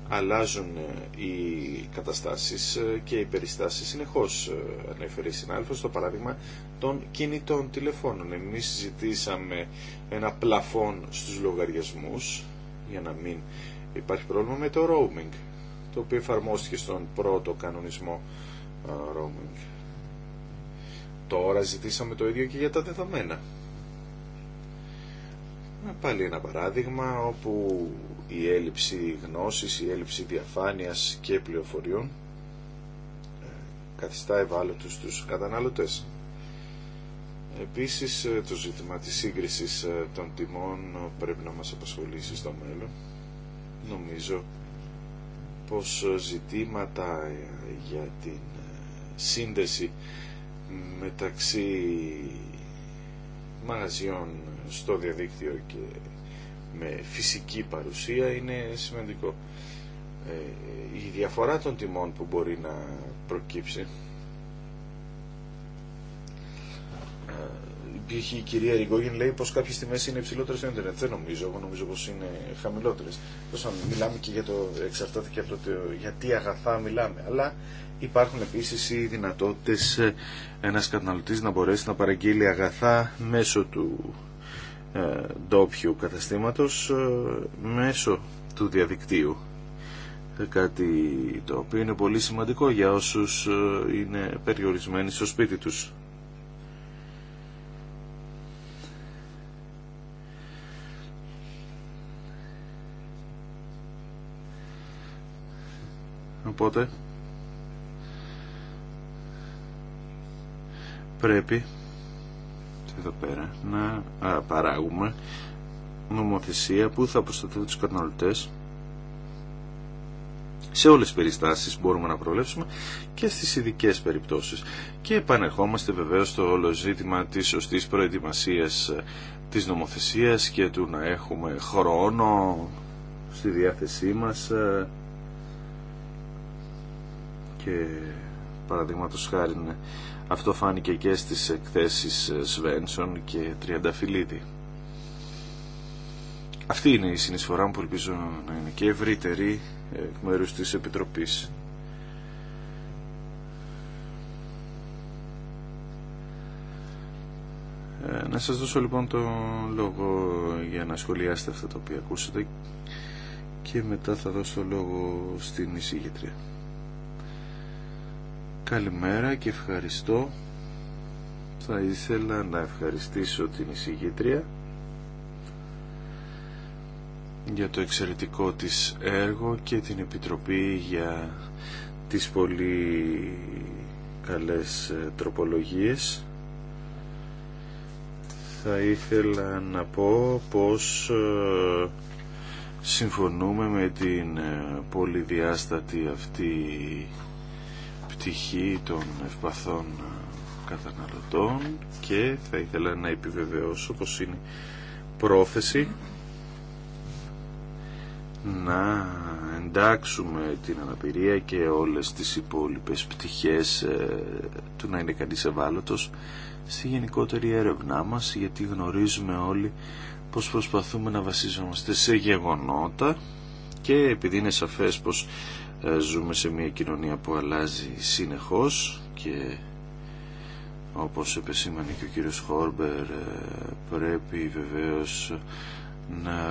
αλλάζουν ε, οι καταστάσεις ε, και οι περιστάσεις συνεχώς ε, ανέφερε η συνάδελφος στο παράδειγμα των κινητών τηλεφώνων. Εμείς ζητήσαμε ένα πλαφόν στους λογαριασμούς για να μην υπάρχει πρόβλημα με το roaming το οποίο εφαρμόστηκε στον πρώτο κανονισμό roaming. Τώρα ζητήσαμε το ίδιο και για τα δεδομένα. Πάλι ένα παράδειγμα όπου η έλλειψη γνώσης, η έλλειψη διαφάνειας και πληροφοριών ε, καθιστά ευάλωτους τους καταναλωτές. Επίσης ε, το ζήτημα της σύγκρισης ε, των τιμών πρέπει να μας απασχολήσει στο μέλλον. Νομίζω πως ζητήματα για την σύνδεση μεταξύ μαγαζιών στο διαδίκτυο και με φυσική παρουσία είναι σημαντικό. Ε, η διαφορά των τιμών που μπορεί να προκύψει υπήρχε η κυρία Ριγκόγιν λέει πως κάποιες τιμές είναι υψηλότερες στο ίντερνετ. Δεν νομίζω, εγώ νομίζω πως είναι χαμηλότερες. Τόσο μιλάμε και για το, εξαρτάται και από το γιατί αγαθά μιλάμε. Αλλά υπάρχουν επίσης οι δυνατότητες ε, ένας καταναλωτής να μπορέσει να παραγγείλει αγαθά μέσω του ε, ντόπιου καταστήματος ε, μέσω του διαδικτύου ε, κάτι το οποίο είναι πολύ σημαντικό για όσους είναι περιορισμένοι στο σπίτι τους. Οπότε πρέπει εδώ πέρα να παράγουμε νομοθεσία που θα προστατεύει τους καταναλωτές σε όλες τις περιστάσεις μπορούμε να προβλέψουμε και στις ειδικέ περιπτώσεις. Και επανερχόμαστε βεβαίως στο όλο ζήτημα της σωστής προετοιμασίας ε, της νομοθεσίας και του να έχουμε χρόνο στη διάθεσή μας ε, και παραδείγματος χάρη ναι, αυτό φάνηκε και στις εκθέσεις ε, Σβένσον και Τριανταφυλλίδη. Αυτή είναι η συνεισφορά μου που ελπίζω να είναι και ευρύτερη ε, εκ μέρους της Επιτροπής. Ε, να σας δώσω λοιπόν το λόγο για να σχολιάσετε αυτά τα οποία ακούσατε και μετά θα δώσω το λόγο στην εισηγήτρια. Καλημέρα και ευχαριστώ. Θα ήθελα να ευχαριστήσω την εισηγήτρια για το εξαιρετικό της έργο και την Επιτροπή για τις πολύ καλές ε, τροπολογίες. Θα ήθελα να πω πως ε, συμφωνούμε με την ε, πολυδιάστατη αυτή πτυχή των ευπαθών ε, καταναλωτών και θα ήθελα να επιβεβαιώσω πως είναι πρόθεση να εντάξουμε την αναπηρία και όλες τις υπόλοιπες πτυχές ε, του να είναι κανείς ευάλωτος στη γενικότερη έρευνά μας γιατί γνωρίζουμε όλοι πως προσπαθούμε να βασίζομαστε σε γεγονότα και επειδή είναι σαφές πως ε, ζούμε σε μια κοινωνία που αλλάζει συνεχώς και όπως επεσήμανε και ο κύριος Χόρμπερ ε, πρέπει βεβαίως να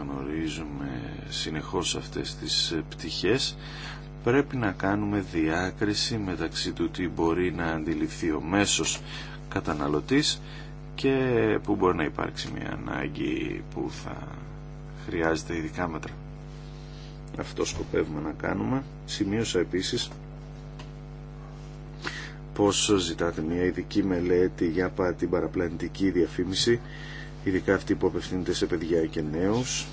γνωρίζουμε συνεχώς αυτές τις πτυχές πρέπει να κάνουμε διάκριση μεταξύ του τι μπορεί να αντιληφθεί ο μέσος καταναλωτής και που μπορεί να υπάρξει μια ανάγκη που θα χρειάζεται ειδικά μέτρα. Αυτό σκοπεύουμε να κάνουμε. Σημείωσα επίσης πως ζητάτε μια ειδική μελέτη για την παραπλανητική διαφήμιση, ειδικά αυτή που απευθύνεται σε παιδιά και νέους.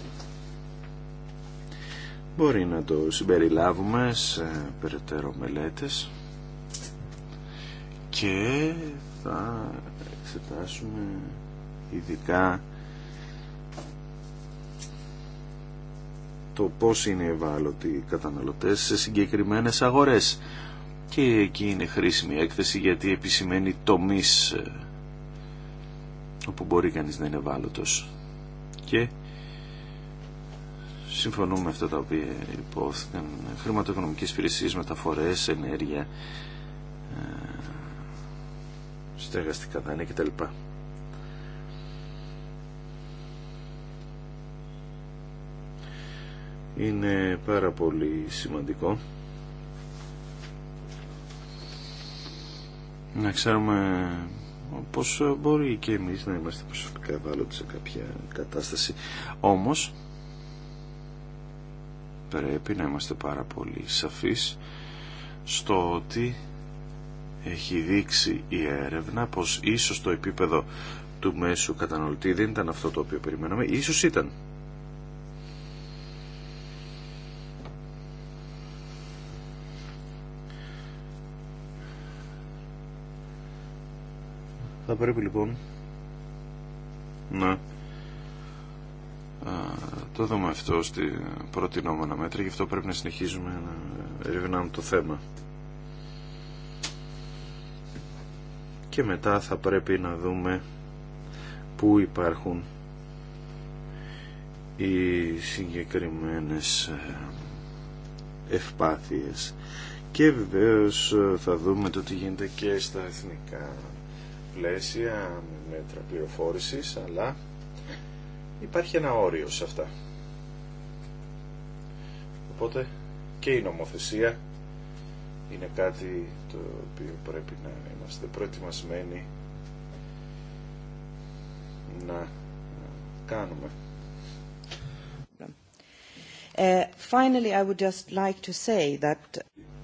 Μπορεί να το συμπεριλάβουμε σε περαιτέρω μελέτες και θα εξετάσουμε ειδικά το πώς είναι ευάλωτοι οι καταναλωτές σε συγκεκριμένες αγορές. Και εκεί είναι χρήσιμη η έκθεση γιατί επισημαίνει τομείς ε, όπου μπορεί κανείς να είναι ευάλωτος. Και συμφωνούμε με αυτά τα οποία υπόθηκαν. Χρηματοοικονομικές υπηρεσίε, μεταφορές, ενέργεια, ε, στεγαστικά δάνεια κτλ. είναι πάρα πολύ σημαντικό να ξέρουμε πως μπορεί και εμείς να είμαστε προσωπικά ευάλωτοι σε κάποια κατάσταση όμως πρέπει να είμαστε πάρα πολύ σαφείς στο ότι έχει δείξει η έρευνα πως ίσως το επίπεδο του μέσου καταναλωτή δεν ήταν αυτό το οποίο περιμέναμε ίσως ήταν Θα πρέπει λοιπόν να το δούμε αυτό στη προτινόμενα μέτρα, γι' αυτό πρέπει να συνεχίζουμε να ερευνάμε το θέμα. Και μετά θα πρέπει να δούμε πού υπάρχουν οι συγκεκριμένες ε, ευπάθειες και βεβαίως ε, θα δούμε το τι γίνεται και στα εθνικά πλαίσια, με μέτρα πληροφόρηση αλλά υπάρχει ένα όριο σε αυτά. Οπότε και η νομοθεσία είναι κάτι το οποίο πρέπει να είμαστε προετοιμασμένοι να κάνουμε. Ε,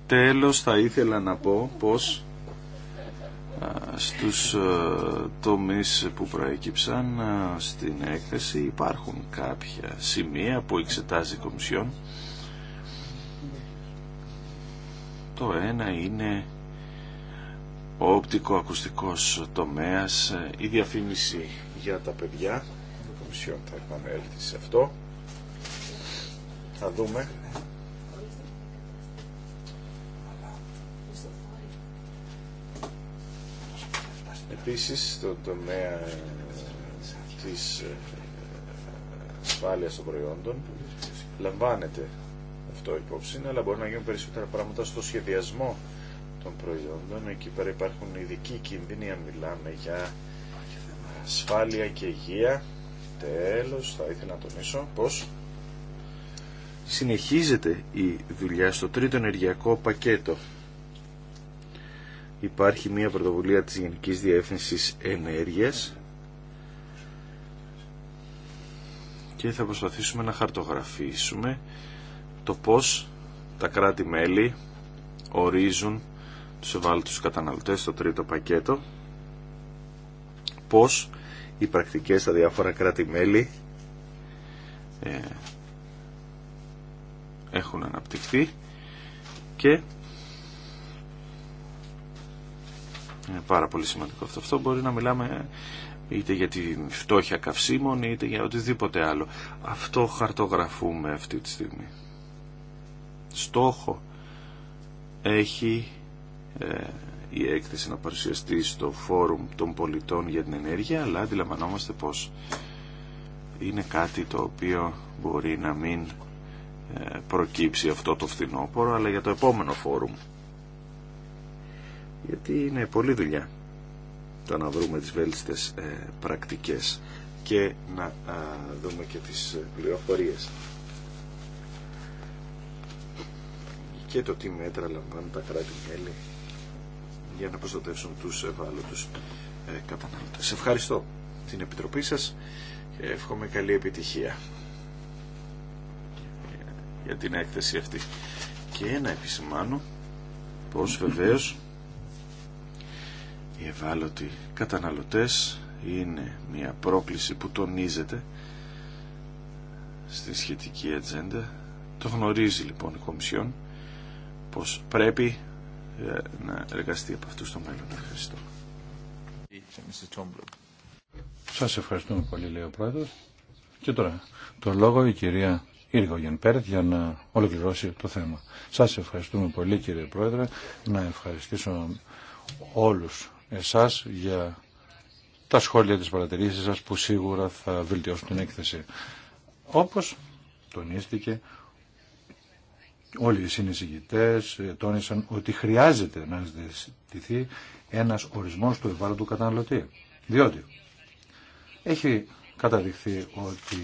Τέλος θα ήθελα να πω πως στους ε, τομείς που προέκυψαν ε, στην έκθεση υπάρχουν κάποια σημεία που εξετάζει η Κομισιόν το ένα είναι ο οπτικοακουστικός τομέας ε, η διαφήμιση για τα παιδιά η Κομισιόν θα επανέλθει σε αυτό θα δούμε Επίσης, το τομέα ε, της ε, ασφάλειας των προϊόντων λαμβάνεται αυτό υπόψη, αλλά μπορεί να γίνουν περισσότερα πράγματα στο σχεδιασμό των προϊόντων. Εκεί πέρα υπάρχουν ειδικοί κίνδυνοι αν μιλάμε για ασφάλεια και υγεία. Τέλος, θα ήθελα να τονίσω πως συνεχίζεται η δουλειά στο τρίτο ενεργειακό πακέτο υπάρχει μια πρωτοβουλία της Γενικής Διεύθυνσης Ενέργειας και θα προσπαθήσουμε να χαρτογραφήσουμε το πώς τα κράτη-μέλη ορίζουν τους ευάλωτους καταναλωτές στο τρίτο πακέτο πώς οι πρακτικές στα διάφορα κράτη-μέλη ε, έχουν αναπτυχθεί και Είναι πάρα πολύ σημαντικό αυτό. Αυτό μπορεί να μιλάμε είτε για τη φτώχεια καυσίμων είτε για οτιδήποτε άλλο. Αυτό χαρτογραφούμε αυτή τη στιγμή. Στόχο έχει ε, η έκθεση να παρουσιαστεί στο φόρουμ των πολιτών για την ενέργεια αλλά αντιλαμβανόμαστε πως είναι κάτι το οποίο μπορεί να μην ε, προκύψει αυτό το φθινόπωρο αλλά για το επόμενο φόρουμ γιατί είναι πολλή δουλειά το να βρούμε τις βέλτιστες ε, πρακτικές και να δούμε και τις ε, πληροφορίες. Και το τι μέτρα λαμβάνουν τα κράτη-μέλη για να προστατεύσουν τους ευάλωτους ε, καταναλωτές. Ευχαριστώ την Επιτροπή σας και εύχομαι καλή επιτυχία για την έκθεση αυτή. Και να επισημάνω πως βεβαίως οι ευάλωτοι καταναλωτές είναι μια πρόκληση που τονίζεται στη σχετική ατζέντα. Το γνωρίζει λοιπόν η Κομισιόν πως πρέπει ε, να εργαστεί από αυτού στο μέλλον. Ευχαριστώ. Σας ευχαριστούμε πολύ, λέει ο Πρόεδρος. Και τώρα, το λόγο η κυρία Ήργογεν Πέρτ για να ολοκληρώσει το θέμα. Σας ευχαριστούμε πολύ, κύριε Πρόεδρε, να ευχαριστήσω όλους εσάς για τα σχόλια της παρατηρήσεις σας που σίγουρα θα βελτιώσουν την έκθεση. Όπως τονίστηκε, όλοι οι συνεισηγητές τόνισαν ότι χρειάζεται να ζητηθεί ένας ορισμός του ευάλωτου καταναλωτή. Διότι έχει καταδειχθεί ότι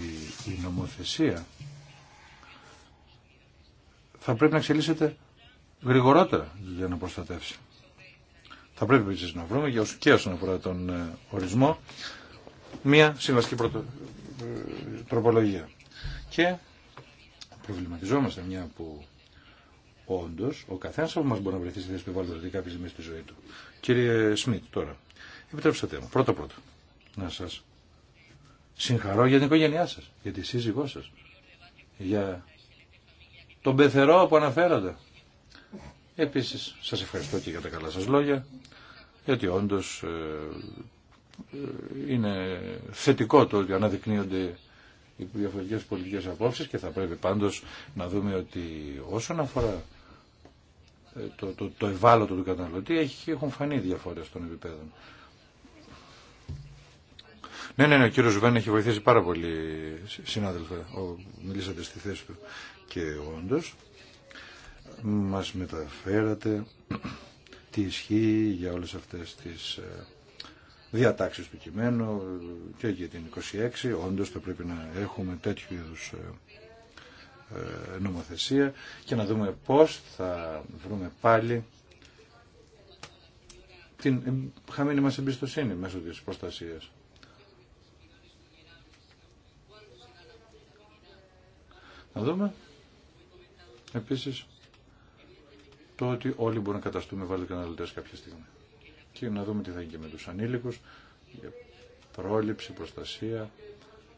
η νομοθεσία θα πρέπει να εξελίσσεται γρηγορότερα για να προστατεύσει θα πρέπει επίση να βρούμε για και όσον αφορά τον ε, ορισμό μία συμβαστική ε, τροπολογία. Και προβληματιζόμαστε μια που όντω ο καθένα από εμά μπορεί να βρεθεί σε θέση που βάλει κάποια στιγμή στη ζωή του. Κύριε Σμιτ, τώρα, επιτρέψτε μου πρώτα πρώτα να σα συγχαρώ για την οικογένειά σα, για τη σύζυγό σα, για τον πεθερό που αναφέρατε. Επίσης, σας ευχαριστώ και για τα καλά σας λόγια, γιατί όντως ε, ε, είναι θετικό το ότι αναδεικνύονται οι διαφορετικές πολιτικές απόψεις και θα πρέπει πάντως να δούμε ότι όσον αφορά ε, το, το, το ευάλωτο του καταναλωτή έχουν φανεί διαφορές των επιπέδων. Ναι, ναι, ναι, ο κύριος Βέν έχει βοηθήσει πάρα πολύ, συνάδελφε, ο, μιλήσατε στη θέση του. Και όντως, μας μεταφέρατε τι ισχύει για όλες αυτές τις ε, διατάξεις του κειμένου και για την 26. Όντως θα πρέπει να έχουμε τέτοιου είδους ε, ε, νομοθεσία και να δούμε πώς θα βρούμε πάλι την χαμένη μας εμπιστοσύνη μέσω της προστασίας. Να δούμε επίσης το ότι όλοι μπορούν να καταστούμε βάλει καταναλωτέ κάποια στιγμή. Και να δούμε τι θα γίνει και με τους ανήλικους, πρόληψη, προστασία.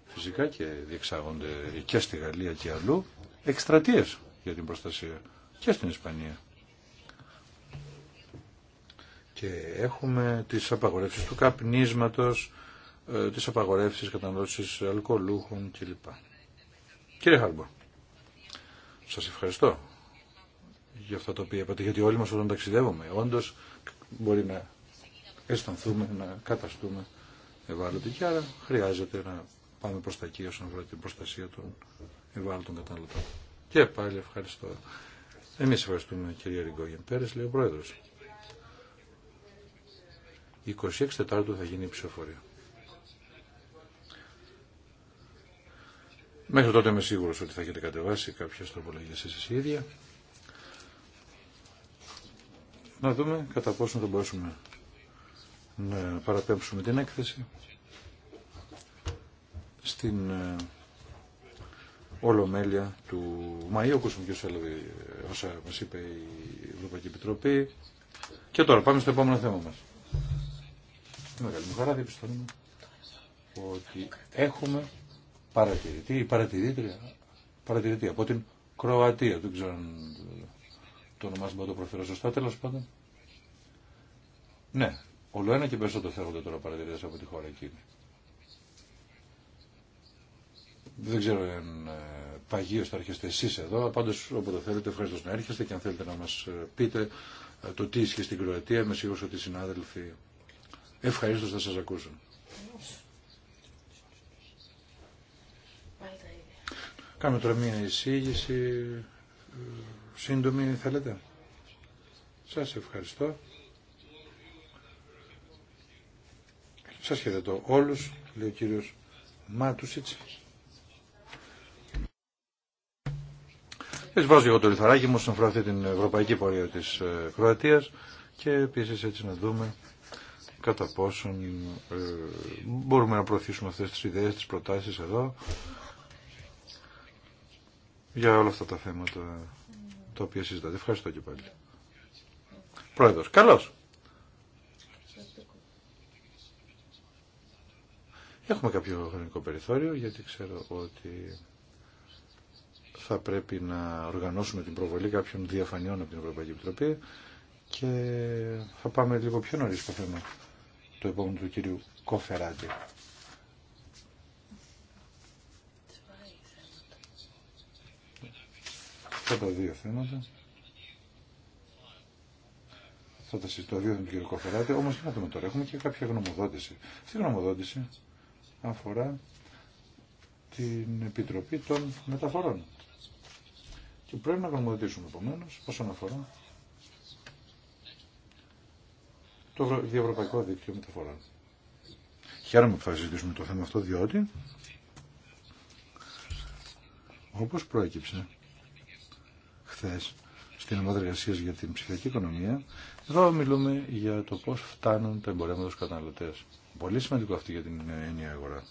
Φυσικά και διεξάγονται και στη Γαλλία και αλλού εκστρατείε για την προστασία και στην Ισπανία. Και έχουμε τις απαγορεύσεις του καπνίσματος, ε, τις απαγορεύσεις κατανόηση αλκοολούχων κλπ. Κύριε Χάρμπορ, σας ευχαριστώ για αυτά τα οποία είπατε, γιατί όλοι μας όταν ταξιδεύουμε όντως μπορεί να αισθανθούμε, να καταστούμε ευάλωτοι και άρα χρειάζεται να πάμε προς τα εκεί όσον αφορά την προστασία των ευάλωτων καταναλωτών. Και πάλι ευχαριστώ. Εμείς ευχαριστούμε κυρία Ριγκόγεν Πέρες, λέει ο Πρόεδρος. 26 Τετάρτου θα γίνει η ψηφοφορία. Μέχρι τότε είμαι σίγουρος ότι θα έχετε κατεβάσει κάποιες τροπολογίες εσείς ίδια να δούμε κατά πόσο θα μπορέσουμε να παραπέμψουμε την έκθεση στην ε, ολομέλεια του Μαΐου. Ακούσαμε και όσα μας είπε η Ευρωπαϊκή Επιτροπή. Και τώρα πάμε στο επόμενο θέμα μας. Με μεγάλη μου χαρά διαπιστώνουμε ότι έχουμε παρατηρητή ή παρατηρήτρια, παρατηρητή από την Κροατία. Δεν ξέρω το ονομάζουμε το προφέρω σωστά, τέλο πάντων. Ναι, όλο ένα και περισσότερο θέλονται τώρα παρατηρήσει από τη χώρα εκείνη. Δεν ξέρω αν ε, παγίω θα έρχεστε εσεί εδώ, Πάντω, όποτε θέλετε ευχαριστώ να έρχεστε και αν θέλετε να μα ε, πείτε ε, το τι ισχύει στην Κροατία, είμαι σίγουρο ότι οι συνάδελφοι Ευχαριστώ θα σα ακούσουν. Κάνουμε τώρα μία εισήγηση Σύντομη θέλετε. Σας ευχαριστώ. Σας χαιρετώ όλους, λέει ο κύριος Μάτουσιτς. Έτσι βάζω εγώ το λιθαράκι μου στον αφορά την ευρωπαϊκή πορεία της ε, Κροατίας και επίσης έτσι να δούμε κατά πόσον ε, μπορούμε να προωθήσουμε αυτές τις ιδέες, τις προτάσεις εδώ για όλα αυτά τα θέματα το οποίο συζητάτε. Ευχαριστώ και πάλι. Πρόεδρο, Καλώ. Έχουμε κάποιο χρονικό περιθώριο γιατί ξέρω ότι θα πρέπει να οργανώσουμε την προβολή κάποιων διαφανειών από την Ευρωπαϊκή Επιτροπή και θα πάμε λίγο πιο νωρίς στο θέμα το επόμενο του κυρίου Κοφεράτη. αυτά τα δύο θέματα. Θα τα συζητώ δύο με τον κύριο Κοφεράτη, όμως τι να δούμε τώρα. Έχουμε και κάποια γνωμοδότηση. Αυτή η γνωμοδότηση αφορά την Επιτροπή των Μεταφορών. Και πρέπει να γνωμοδοτήσουμε επομένω όσον αφορά το διευρωπαϊκό δίκτυο μεταφορών. Χαίρομαι που θα συζητήσουμε το θέμα αυτό, διότι όπως προέκυψε χθε στην ομάδα εργασία για την ψηφιακή οικονομία. Εδώ μιλούμε για το πώ φτάνουν τα εμπορεύματα στου καταναλωτέ. Πολύ σημαντικό αυτό για την ενιαία αγορά.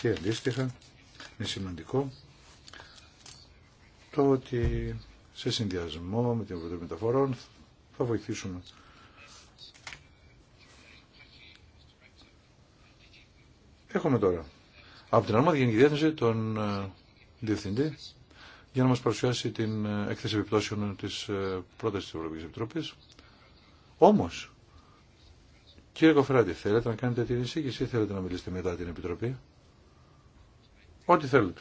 Και αντίστοιχα είναι σημαντικό το ότι σε συνδυασμό με την Επιτροπή Μεταφορών θα βοηθήσουμε Έχουμε τώρα από την Αρμόδια Γενική Διεύθυνση τον ε, Διευθυντή για να μας παρουσιάσει την ε, έκθεση επιπτώσεων της ε, πρότασης της Ευρωπαϊκής Επιτροπής. Όμως, κύριε Κοφράτη, θέλετε να κάνετε την εισήγηση ή θέλετε να μιλήσετε μετά την Επιτροπή. Ό,τι θέλετε.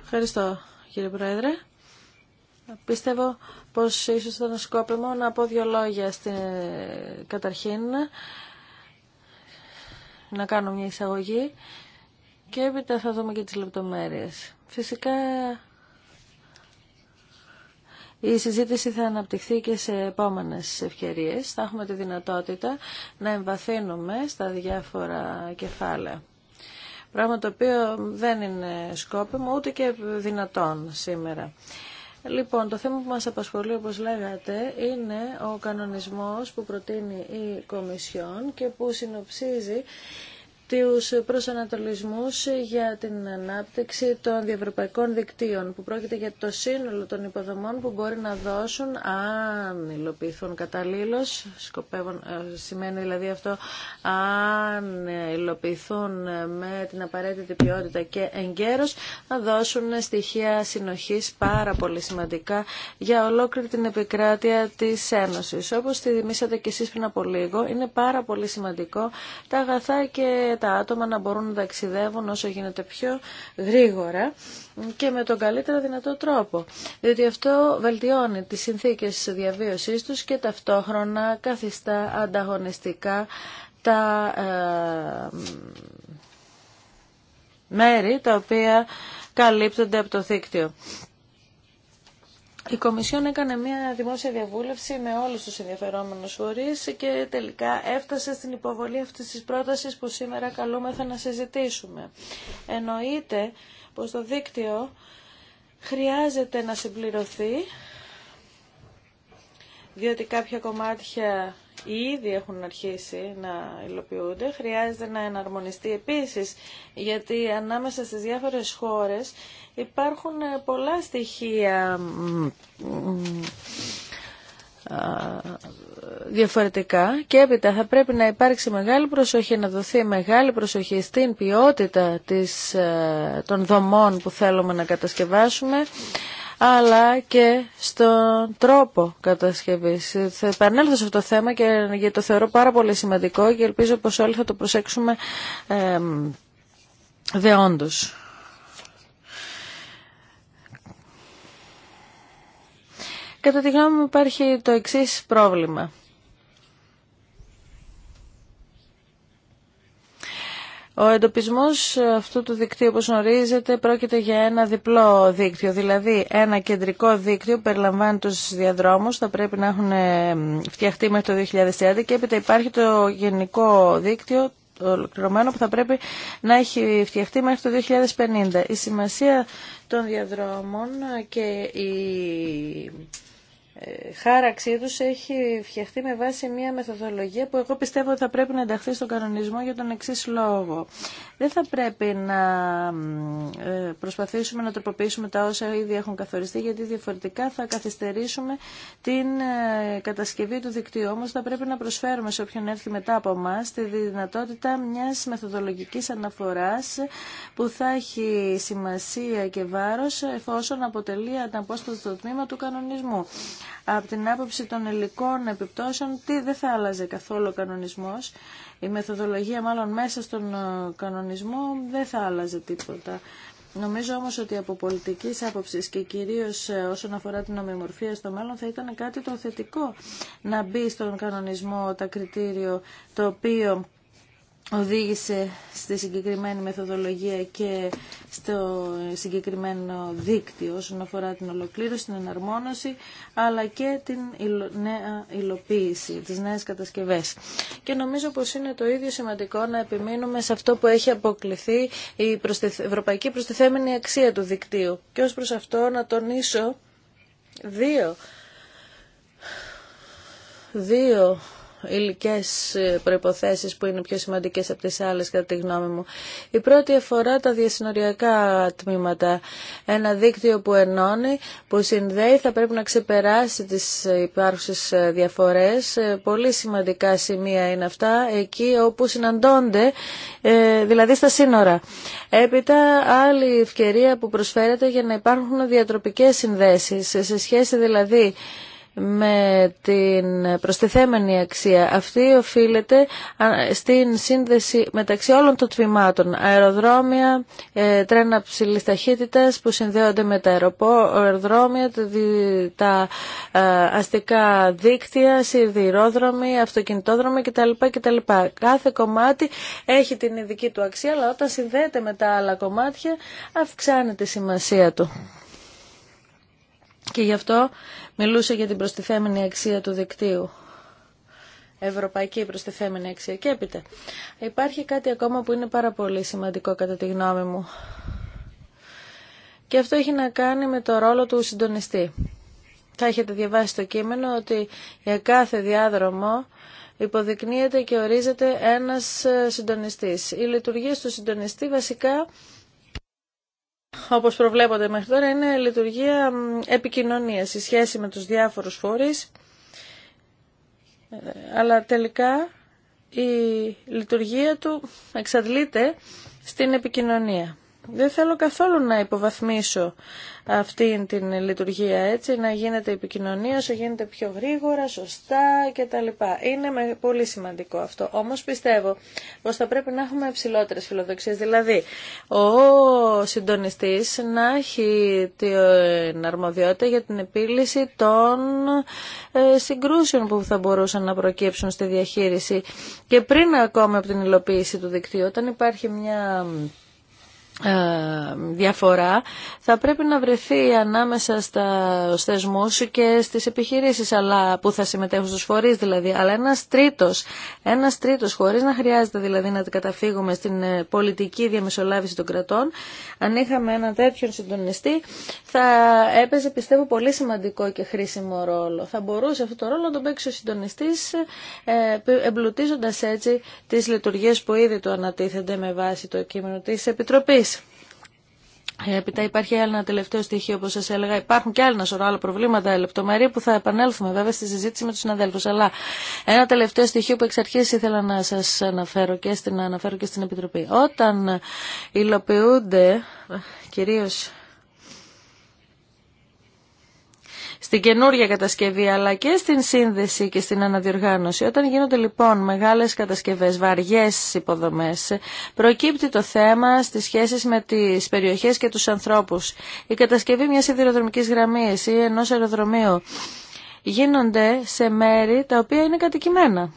Ευχαριστώ κύριε Πρόεδρε. Πιστεύω πως ίσως ήταν σκόπιμο να πω δύο λόγια στην... καταρχήν, να κάνω μια εισαγωγή και έπειτα θα δούμε και τις λεπτομέρειες. Φυσικά η συζήτηση θα αναπτυχθεί και σε επόμενες ευκαιρίες. Θα έχουμε τη δυνατότητα να εμβαθύνουμε στα διάφορα κεφάλαια. Πράγμα το οποίο δεν είναι σκόπιμο ούτε και δυνατόν σήμερα. Λοιπόν, το θέμα που μας απασχολεί, όπως λέγατε, είναι ο κανονισμός που προτείνει η Κομισιόν και που συνοψίζει τους προσανατολισμούς για την ανάπτυξη των διευρωπαϊκών δικτύων που πρόκειται για το σύνολο των υποδομών που μπορεί να δώσουν αν υλοποιηθούν καταλήλως σκοπεύουν, ε, σημαίνει δηλαδή αυτό αν υλοποιηθούν με την απαραίτητη ποιότητα και εγκαίρως να δώσουν στοιχεία συνοχής πάρα πολύ σημαντικά για ολόκληρη την επικράτεια της Ένωσης. Όπως δημήσατε και εσείς πριν από λίγο είναι πάρα πολύ σημαντικό τα αγαθά και τα άτομα να μπορούν να ταξιδεύουν όσο γίνεται πιο γρήγορα και με τον καλύτερο δυνατό τρόπο. Διότι αυτό βελτιώνει τις συνθήκες διαβίωσής τους και ταυτόχρονα καθιστά ανταγωνιστικά τα ε, μέρη τα οποία καλύπτονται από το δίκτυο. Η Κομισιόν έκανε μια δημόσια διαβούλευση με όλους τους ενδιαφερόμενους φορείς και τελικά έφτασε στην υποβολή αυτής της πρότασης που σήμερα καλούμεθα να συζητήσουμε. Εννοείται πως το δίκτυο χρειάζεται να συμπληρωθεί διότι κάποια κομμάτια ήδη έχουν αρχίσει να υλοποιούνται. Χρειάζεται να εναρμονιστεί επίσης, γιατί ανάμεσα στις διάφορες χώρες υπάρχουν ε, πολλά στοιχεία διαφορετικά και έπειτα θα πρέπει να υπάρξει μεγάλη προσοχή, να δοθεί μεγάλη προσοχή στην ποιότητα της, ε, των δομών που θέλουμε να κατασκευάσουμε αλλά και στον τρόπο κατασκευής. Θα επανέλθω σε αυτό το θέμα και γιατί το θεωρώ πάρα πολύ σημαντικό και ελπίζω πως όλοι θα το προσέξουμε ε, δεόντως. Κατά τη γνώμη μου υπάρχει το εξής πρόβλημα. Ο εντοπισμός αυτού του δικτύου, όπως γνωρίζετε, πρόκειται για ένα διπλό δίκτυο. Δηλαδή, ένα κεντρικό δίκτυο που περιλαμβάνει τους διαδρόμους, θα πρέπει να έχουν ε, φτιαχτεί μέχρι το 2030 και έπειτα υπάρχει το γενικό δίκτυο, το ολοκληρωμένο, που θα πρέπει να έχει φτιαχτεί μέχρι το 2050. Η σημασία των διαδρόμων και η χάραξή τους έχει φτιαχτεί με βάση μια μεθοδολογία που εγώ πιστεύω ότι θα πρέπει να ενταχθεί στον κανονισμό για τον εξή λόγο. Δεν θα πρέπει να ε, προσπαθήσουμε να τροποποιήσουμε τα όσα ήδη έχουν καθοριστεί γιατί διαφορετικά θα καθυστερήσουμε την ε, κατασκευή του δικτύου. Όμως θα πρέπει να προσφέρουμε σε όποιον έρθει μετά από εμά τη δυνατότητα μιας μεθοδολογικής αναφοράς που θα έχει σημασία και βάρος εφόσον αποτελεί στο τμήμα του κανονισμού. Από την άποψη των υλικών επιπτώσεων, τι δεν θα άλλαζε καθόλου ο κανονισμός. Η μεθοδολογία μάλλον μέσα στον ε, κανονισμό δεν θα άλλαζε τίποτα. Νομίζω όμως ότι από πολιτικής άποψης και κυρίως ε, όσον αφορά την ομοιομορφία στο μέλλον θα ήταν κάτι το θετικό να μπει στον κανονισμό τα κριτήριο το οποίο οδήγησε στη συγκεκριμένη μεθοδολογία και στο συγκεκριμένο δίκτυο όσον αφορά την ολοκλήρωση, την εναρμόνωση, αλλά και την νέα υλοποίηση, τις νέες κατασκευές. Και νομίζω πως είναι το ίδιο σημαντικό να επιμείνουμε σε αυτό που έχει αποκληθεί η ευρωπαϊκή προστιθέμενη αξία του δικτύου. Και ως προς αυτό να τονίσω δύο, δύο υλικέ προϋποθέσεις που είναι πιο σημαντικές από τις άλλες κατά τη γνώμη μου. Η πρώτη αφορά τα διασυνοριακά τμήματα. Ένα δίκτυο που ενώνει, που συνδέει, θα πρέπει να ξεπεράσει τις υπάρχουσες διαφορές. Ε, πολύ σημαντικά σημεία είναι αυτά, εκεί όπου συναντώνται, ε, δηλαδή στα σύνορα. Έπειτα, άλλη ευκαιρία που προσφέρεται για να υπάρχουν διατροπικέ συνδέσει σε σχέση δηλαδή με την προστιθέμενη αξία. Αυτή οφείλεται στην σύνδεση μεταξύ όλων των τμήματων. Αεροδρόμια, ε, τρένα ψηλή ταχύτητα που συνδέονται με τα αεροδρόμια, τα ε, αστικά δίκτυα, σιδηρόδρομοι, αυτοκινητόδρομοι κτλ. κτλ. Κάθε κομμάτι έχει την ειδική του αξία, αλλά όταν συνδέεται με τα άλλα κομμάτια αυξάνεται η σημασία του και γι' αυτό μιλούσε για την προστιθέμενη αξία του δικτύου. Ευρωπαϊκή προστιθέμενη αξία. Και έπειτα, υπάρχει κάτι ακόμα που είναι πάρα πολύ σημαντικό κατά τη γνώμη μου. Και αυτό έχει να κάνει με το ρόλο του συντονιστή. Θα έχετε διαβάσει το κείμενο ότι για κάθε διάδρομο υποδεικνύεται και ορίζεται ένας ε, συντονιστής. Η λειτουργία του συντονιστή βασικά όπως προβλέπονται μέχρι τώρα, είναι λειτουργία επικοινωνίας, η σχέση με τους διάφορους φορείς, ε, αλλά τελικά η λειτουργία του εξαντλείται στην επικοινωνία. Δεν θέλω καθόλου να υποβαθμίσω αυτή την λειτουργία έτσι, να γίνεται η επικοινωνία όσο γίνεται πιο γρήγορα, σωστά κτλ. Είναι πολύ σημαντικό αυτό. Όμως πιστεύω πως θα πρέπει να έχουμε υψηλότερε φιλοδοξίες. Δηλαδή, ο συντονιστής να έχει την αρμοδιότητα για την επίλυση των ε, συγκρούσεων που θα μπορούσαν να προκύψουν στη διαχείριση και πριν ακόμα από την υλοποίηση του δικτύου, όταν υπάρχει μια ε, διαφορά θα πρέπει να βρεθεί ανάμεσα στα θεσμούς και στις επιχειρήσεις αλλά που θα συμμετέχουν στους φορείς δηλαδή αλλά ένας τρίτος, ένας τρίτος χωρίς να χρειάζεται δηλαδή να καταφύγουμε στην ε, πολιτική διαμεσολάβηση των κρατών αν είχαμε ένα τέτοιον συντονιστή θα έπαιζε πιστεύω πολύ σημαντικό και χρήσιμο ρόλο θα μπορούσε αυτό το ρόλο να τον παίξει ο συντονιστής ε, εμπλουτίζοντας έτσι τις λειτουργίες που ήδη του ανατίθενται με βάση το κείμενο της Επιτροπής επειδή υπάρχει ένα τελευταίο στοιχείο, όπω σα έλεγα. Υπάρχουν και άλλα σωρό άλλα προβλήματα, λεπτομερία που θα επανέλθουμε βέβαια στη συζήτηση με του συναδέλφου. Αλλά ένα τελευταίο στοιχείο που εξ αρχή ήθελα να σα αναφέρω και στην, αναφέρω και στην Επιτροπή. Όταν υλοποιούνται, κυρίω στην καινούργια κατασκευή αλλά και στην σύνδεση και στην αναδιοργάνωση. Όταν γίνονται λοιπόν μεγάλες κατασκευές, βαριές υποδομές, προκύπτει το θέμα στις σχέσεις με τις περιοχές και τους ανθρώπους. Η κατασκευή μιας σιδηροδρομικής γραμμής ή ενός αεροδρομίου γίνονται σε μέρη τα οποία είναι κατοικημένα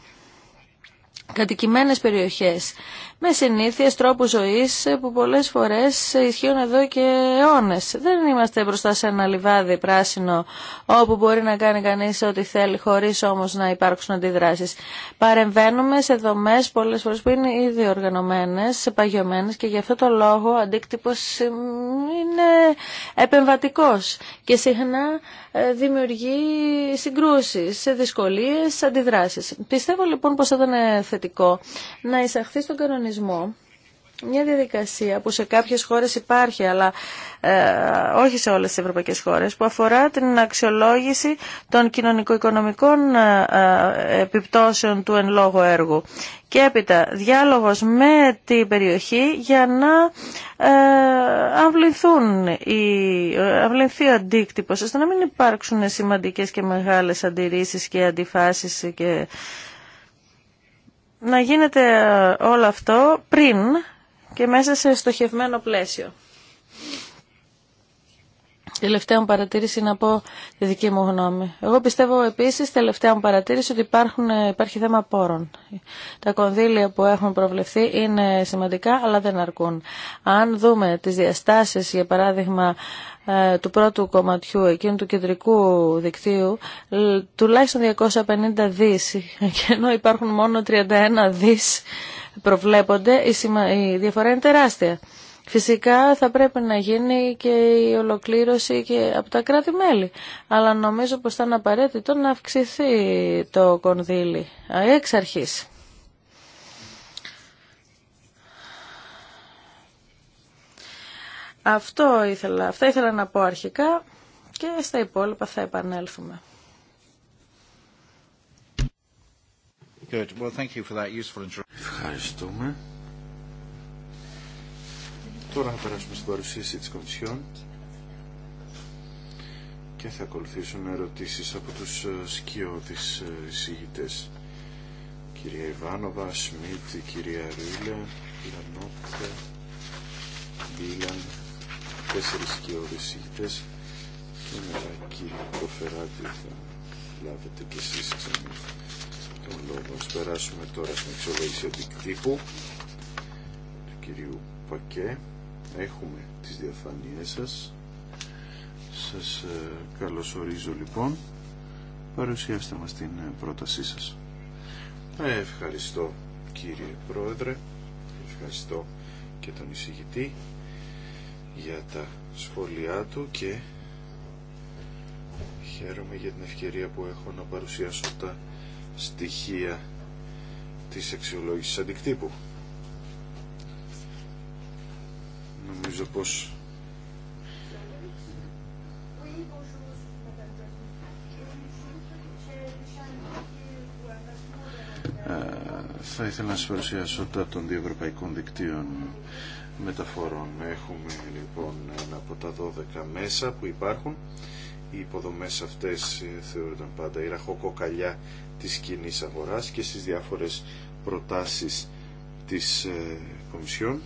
κατοικημένες περιοχές με συνήθειες τρόπου ζωής ε, που πολλές φορές ισχύουν εδώ και αιώνε. Δεν είμαστε μπροστά σε ένα λιβάδι πράσινο όπου μπορεί να κάνει κανείς ό,τι θέλει χωρίς όμως να υπάρξουν αντιδράσεις. Παρεμβαίνουμε σε δομές πολλές φορές που είναι ήδη οργανωμένες, παγιωμένε και γι' αυτό το λόγο ο αντίκτυπος είναι επεμβατικός και συχνά ε, δημιουργεί συγκρούσεις, δυσκολίες, αντιδράσεις. Πιστεύω λοιπόν πως θα ήταν θετικό να εισαχθεί στον κανονισμό μια διαδικασία που σε κάποιες χώρες υπάρχει αλλά ε, όχι σε όλες τις ευρωπαϊκές χώρες που αφορά την αξιολόγηση των κοινωνικο-οικονομικών ε, ε, επιπτώσεων του εν λόγω έργου και έπειτα διάλογος με την περιοχή για να ε, αυληθούν οι, αυληθεί ο αντίκτυπος ώστε να μην υπάρξουν σημαντικές και μεγάλες αντιρρήσεις και αντιφάσεις και να γίνεται ε, όλο αυτό πριν και μέσα σε στοχευμένο πλαίσιο. Τελευταία μου παρατήρηση να πω τη δική μου γνώμη. Εγώ πιστεύω επίσης, τελευταία μου παρατήρηση, ότι υπάρχουν, ε, υπάρχει θέμα πόρων. Τα κονδύλια που έχουν προβλεφθεί είναι σημαντικά, αλλά δεν αρκούν. Αν δούμε τις διαστάσεις, για παράδειγμα, ε, του πρώτου κομματιού εκείνου του κεντρικού δικτύου ε, τουλάχιστον 250 δις και ενώ υπάρχουν μόνο 31 δις προβλέπονται η διαφορά είναι τεράστια. Φυσικά θα πρέπει να γίνει και η ολοκλήρωση και από τα κράτη-μέλη. Αλλά νομίζω πως θα είναι απαραίτητο να αυξηθεί το κονδύλι ε, εξ αρχής. Αυτό ήθελα, αυτά ήθελα να πω αρχικά και στα υπόλοιπα θα επανέλθουμε. Well, thank you for that useful Ευχαριστούμε. Τώρα θα περάσουμε στην παρουσίαση της Κομισιόν και θα ακολουθήσουν ερωτήσεις από τους ε, σκιώδεις ε, εισηγητές. Κυρία Ιβάνοβα, Σμιτ, κυρία Ρίλε, Λανότε, Μπίλαν, τέσσερις σκιώδεις ηγητές και μετά κύριε Κοφεράτη θα λάβετε και εσείς ξανά τον λόγο. Ας περάσουμε τώρα στην εξολόγηση αντικτύπου του κυρίου Πακέ. Έχουμε τις διαφάνειές σας. Σας ε, καλωσορίζω λοιπόν. Παρουσιάστε μας την ε, πρότασή σας. Ευχαριστώ κύριε Πρόεδρε. Ευχαριστώ και τον εισηγητή για τα σχόλιά του και χαίρομαι για την ευκαιρία που έχω να παρουσιάσω τα στοιχεία της αξιολόγησης αντικτύπου. Νομίζω πως θα ήθελα να σα παρουσιάσω τα των δύο ευρωπαϊκών δικτύων μεταφορών. Έχουμε λοιπόν ένα από τα 12 μέσα που υπάρχουν. Οι υποδομές αυτές ε, θεωρούνταν πάντα η ραχοκοκαλιά της κοινή αγοράς και στις διάφορες προτάσεις της ε, Κομισιόν.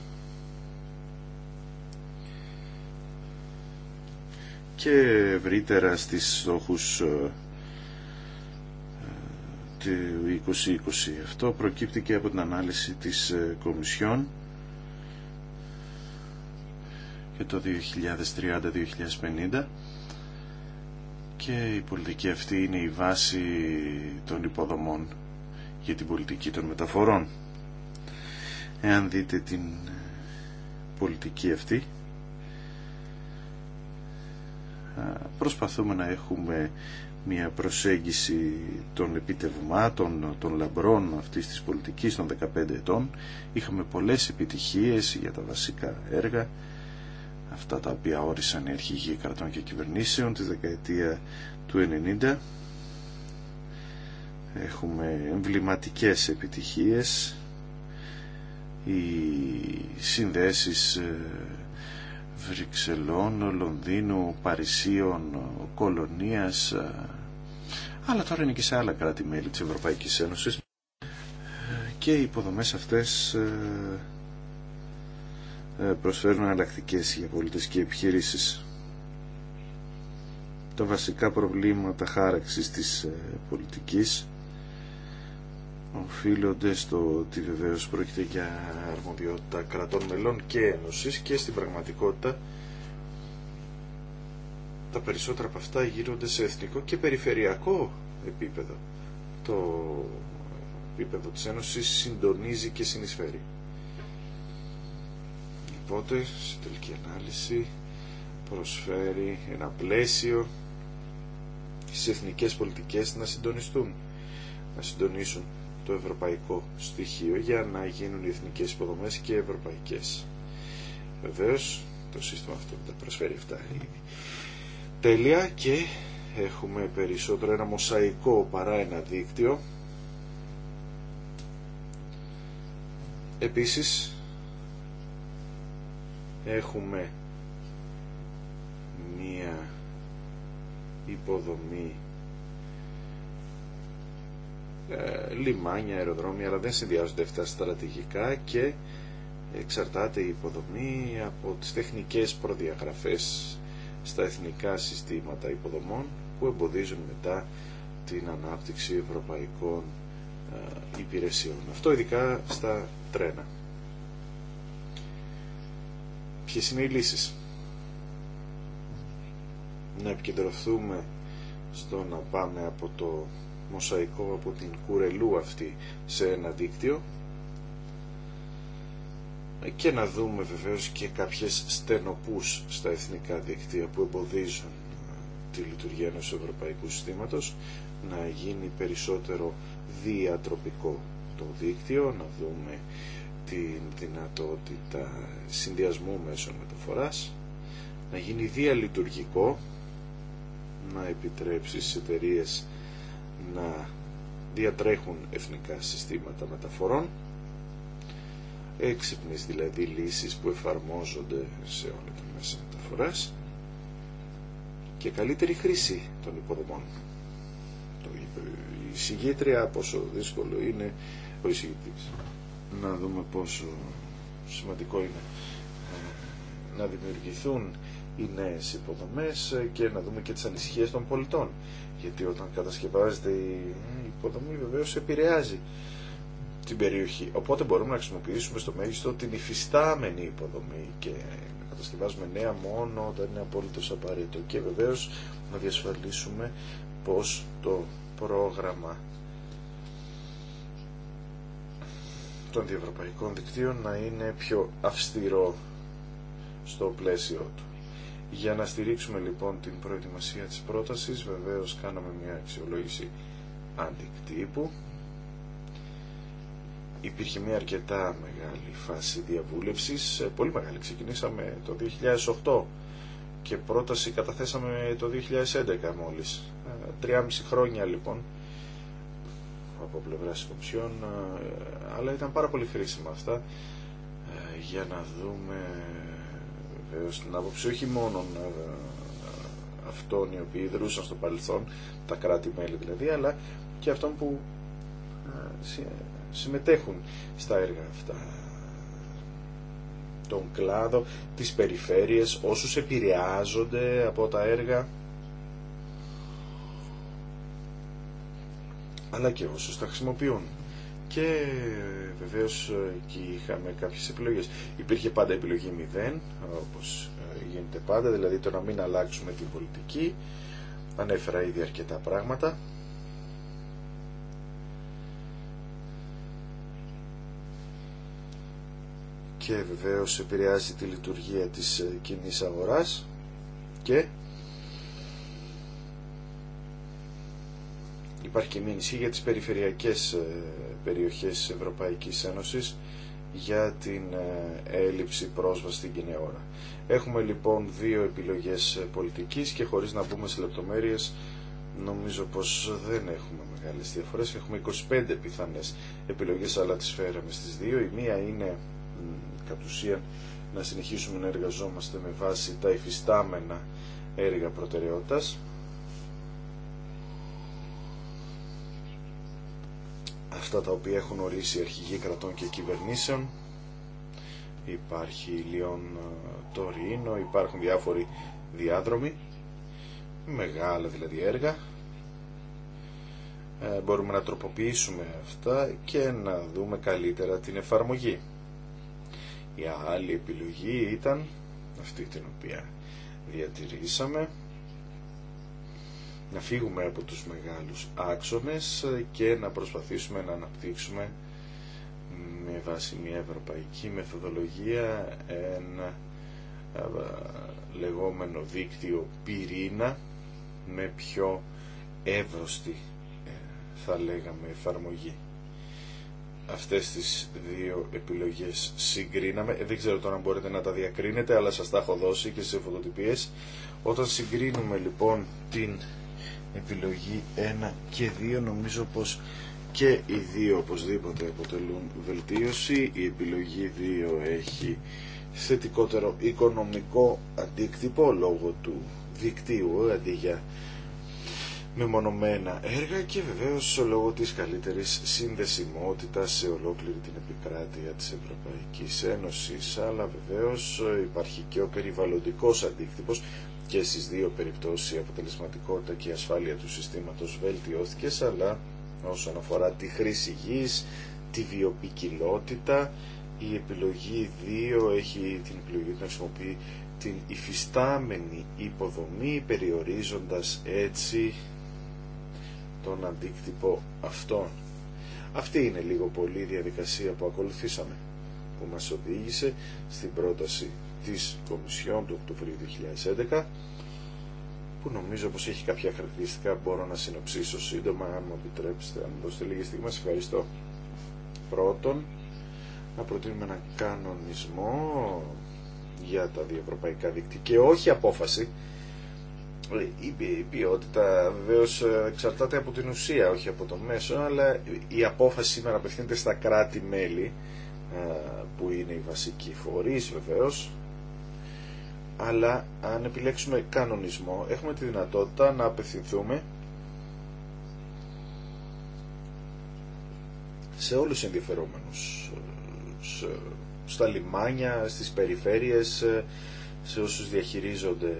και ευρύτερα στις στόχους ε, του 2020. Αυτό προκύπτει και από την ανάλυση της Κομισιόν και το 2030-2050 και η πολιτική αυτή είναι η βάση των υποδομών για την πολιτική των μεταφορών. Εάν δείτε την πολιτική αυτή προσπαθούμε να έχουμε μια προσέγγιση των επιτευγμάτων, των λαμπρών αυτής της πολιτικής των 15 ετών. Είχαμε πολλές επιτυχίες για τα βασικά έργα αυτά τα οποία όρισαν οι αρχηγοί κρατών και κυβερνήσεων τη δεκαετία του 90 έχουμε εμβληματικές επιτυχίες οι συνδέσεις ε, Βρυξελών, Λονδίνου, Παρισίων, Κολονίας ε, αλλά τώρα είναι και σε άλλα κράτη-μέλη της Ευρωπαϊκής Ένωσης ε, και οι υποδομές αυτές ε, προσφέρουν αλλακτικέ για πολίτες και επιχειρήσεις. Τα βασικά προβλήματα χάραξης της ε, πολιτικής οφείλονται στο ότι βεβαίως πρόκειται για αρμοδιότητα κρατών μελών και ένωσης και στην πραγματικότητα τα περισσότερα από αυτά γίνονται σε εθνικό και περιφερειακό επίπεδο. Το επίπεδο της Ένωσης συντονίζει και συνεισφέρει. Οπότε, σε τελική ανάλυση, προσφέρει ένα πλαίσιο στις εθνικές πολιτικές να συντονιστούν, να συντονίσουν το ευρωπαϊκό στοιχείο για να γίνουν οι εθνικές υποδομές και οι ευρωπαϊκές. Βεβαίως, το σύστημα αυτό τα προσφέρει αυτά Τέλεια και έχουμε περισσότερο ένα μοσαϊκό παρά ένα δίκτυο. Επίσης, έχουμε μία υποδομή ε, λιμάνια, αεροδρόμια, αλλά δεν συνδυάζονται αυτά στρατηγικά και εξαρτάται η υποδομή από τις τεχνικές προδιαγραφές στα εθνικά συστήματα υποδομών που εμποδίζουν μετά την ανάπτυξη ευρωπαϊκών ε, υπηρεσιών. Αυτό ειδικά στα τρένα ποιες είναι οι λύσεις. Να επικεντρωθούμε στο να πάμε από το μοσαϊκό, από την κουρελού αυτή σε ένα δίκτυο και να δούμε βεβαίως και κάποιες στενοπούς στα εθνικά δίκτυα που εμποδίζουν ε, τη λειτουργία ενός ευρωπαϊκού συστήματος να γίνει περισσότερο διατροπικό το δίκτυο, να δούμε την δυνατότητα συνδυασμού μέσων μεταφοράς, να γίνει διαλειτουργικό, να επιτρέψει στις εταιρείε να διατρέχουν εθνικά συστήματα μεταφορών, έξυπνες δηλαδή λύσεις που εφαρμόζονται σε όλα τα μέσα μεταφοράς και καλύτερη χρήση των υποδομών. Το η συγγήτρια πόσο δύσκολο είναι ο εισηγητής να δούμε πόσο σημαντικό είναι ε, να δημιουργηθούν οι νέες υποδομές και να δούμε και τις ανησυχίες των πολιτών. Γιατί όταν κατασκευάζεται η υποδομή βεβαίως επηρεάζει την περιοχή. Οπότε μπορούμε να χρησιμοποιήσουμε στο μέγιστο την υφιστάμενη υποδομή και να κατασκευάζουμε νέα μόνο όταν είναι απόλυτος απαραίτητο. Και βεβαίως να διασφαλίσουμε πως το πρόγραμμα των διευρωπαϊκών δικτύων να είναι πιο αυστηρό στο πλαίσιο του. Για να στηρίξουμε λοιπόν την προετοιμασία της πρότασης βεβαίως κάναμε μια αξιολόγηση αντικτύπου. Υπήρχε μια αρκετά μεγάλη φάση διαβούλευσης, ε, πολύ μεγάλη ξεκινήσαμε το 2008 και πρόταση καταθέσαμε το 2011 μόλις. 3,5 ε, χρόνια λοιπόν από πλευρά υποψιών, ε, αλλά ήταν πάρα πολύ χρήσιμα αυτά ε, για να δούμε βεβαίως την άποψη όχι μόνο ε, αυτών οι οποίοι δρούσαν στο παρελθόν, τα κράτη-μέλη δηλαδή, αλλά και αυτών που συμμετέχουν στα έργα αυτά τον κλάδο, τις περιφέρειες, όσους επηρεάζονται από τα έργα αλλά και όσους τα χρησιμοποιούν. Και βεβαίως εκεί είχαμε κάποιες επιλογές. Υπήρχε πάντα επιλογή μηδέν όπως ε, γίνεται πάντα, δηλαδή το να μην αλλάξουμε την πολιτική. Ανέφερα ήδη αρκετά πράγματα. Και βεβαίως επηρεάζει τη λειτουργία της ε, κοινή αγοράς και υπάρχει και μια για τις περιφερειακές ε, περιοχές της Ευρωπαϊκής Ένωσης για την ε, έλλειψη πρόσβαση στην κοινή ώρα. Έχουμε λοιπόν δύο επιλογές ε, πολιτικής και χωρίς να μπούμε σε λεπτομέρειες νομίζω πως δεν έχουμε μεγάλες διαφορές. Έχουμε 25 πιθανές επιλογές αλλά τις φέραμε στις δύο. Η μία είναι κατ' ουσία να συνεχίσουμε να εργαζόμαστε με βάση τα υφιστάμενα έργα προτεραιότητας αυτά τα οποία έχουν ορίσει οι αρχηγοί κρατών και κυβερνήσεων. Υπάρχει Λιόν ε, Τωρίνο, υπάρχουν διάφοροι διάδρομοι, μεγάλα δηλαδή έργα. Ε, μπορούμε να τροποποιήσουμε αυτά και να δούμε καλύτερα την εφαρμογή. Η άλλη επιλογή ήταν αυτή την οποία διατηρήσαμε να φύγουμε από τους μεγάλους άξονες και να προσπαθήσουμε να αναπτύξουμε με βάση μια ευρωπαϊκή μεθοδολογία ένα λεγόμενο δίκτυο πυρήνα με πιο εύρωστη ε, θα λέγαμε εφαρμογή. Αυτές τις δύο επιλογές συγκρίναμε. Ε, δεν ξέρω τώρα αν μπορείτε να τα διακρίνετε, αλλά σας τα έχω δώσει και σε φωτοτυπίες. Όταν συγκρίνουμε λοιπόν την επιλογή 1 και 2 νομίζω πως και οι δύο οπωσδήποτε αποτελούν βελτίωση η επιλογή 2 έχει θετικότερο οικονομικό αντίκτυπο λόγω του δικτύου αντί για μεμονωμένα έργα και βεβαίως λόγω της καλύτερης συνδεσιμότητας σε ολόκληρη την επικράτεια της Ευρωπαϊκής Ένωσης αλλά βεβαίως υπάρχει και ο περιβαλλοντικός αντίκτυπος και στις δύο περιπτώσεις η αποτελεσματικότητα και η ασφάλεια του συστήματος βελτιώθηκε αλλά όσον αφορά τη χρήση γης, τη βιοπικιλότητα η επιλογή 2 έχει την επιλογή να χρησιμοποιεί την υφιστάμενη υποδομή περιορίζοντας έτσι τον αντίκτυπο αυτών. Αυτή είναι λίγο πολύ η διαδικασία που ακολουθήσαμε, που μας οδήγησε στην πρόταση της Κομισιόν του Οκτωβρίου 2011, που νομίζω πως έχει κάποια χαρακτηριστικά μπορώ να συνοψίσω σύντομα, αν μου επιτρέψετε, αν μου δώσετε στιγμή. Σας ευχαριστώ. Πρώτον, να προτείνουμε έναν κανονισμό για τα διευρωπαϊκά δίκτυα και όχι απόφαση, η ποιότητα βεβαίω ε, εξαρτάται από την ουσία, όχι από το μέσο, αλλά η απόφαση σήμερα απευθύνεται στα κράτη-μέλη, ε, που είναι οι βασικοί φορείς βεβαίω. αλλά αν επιλέξουμε κανονισμό έχουμε τη δυνατότητα να απευθυνθούμε σε όλους τους ενδιαφερόμενους στα λιμάνια, στις περιφέρειες σε όσους διαχειρίζονται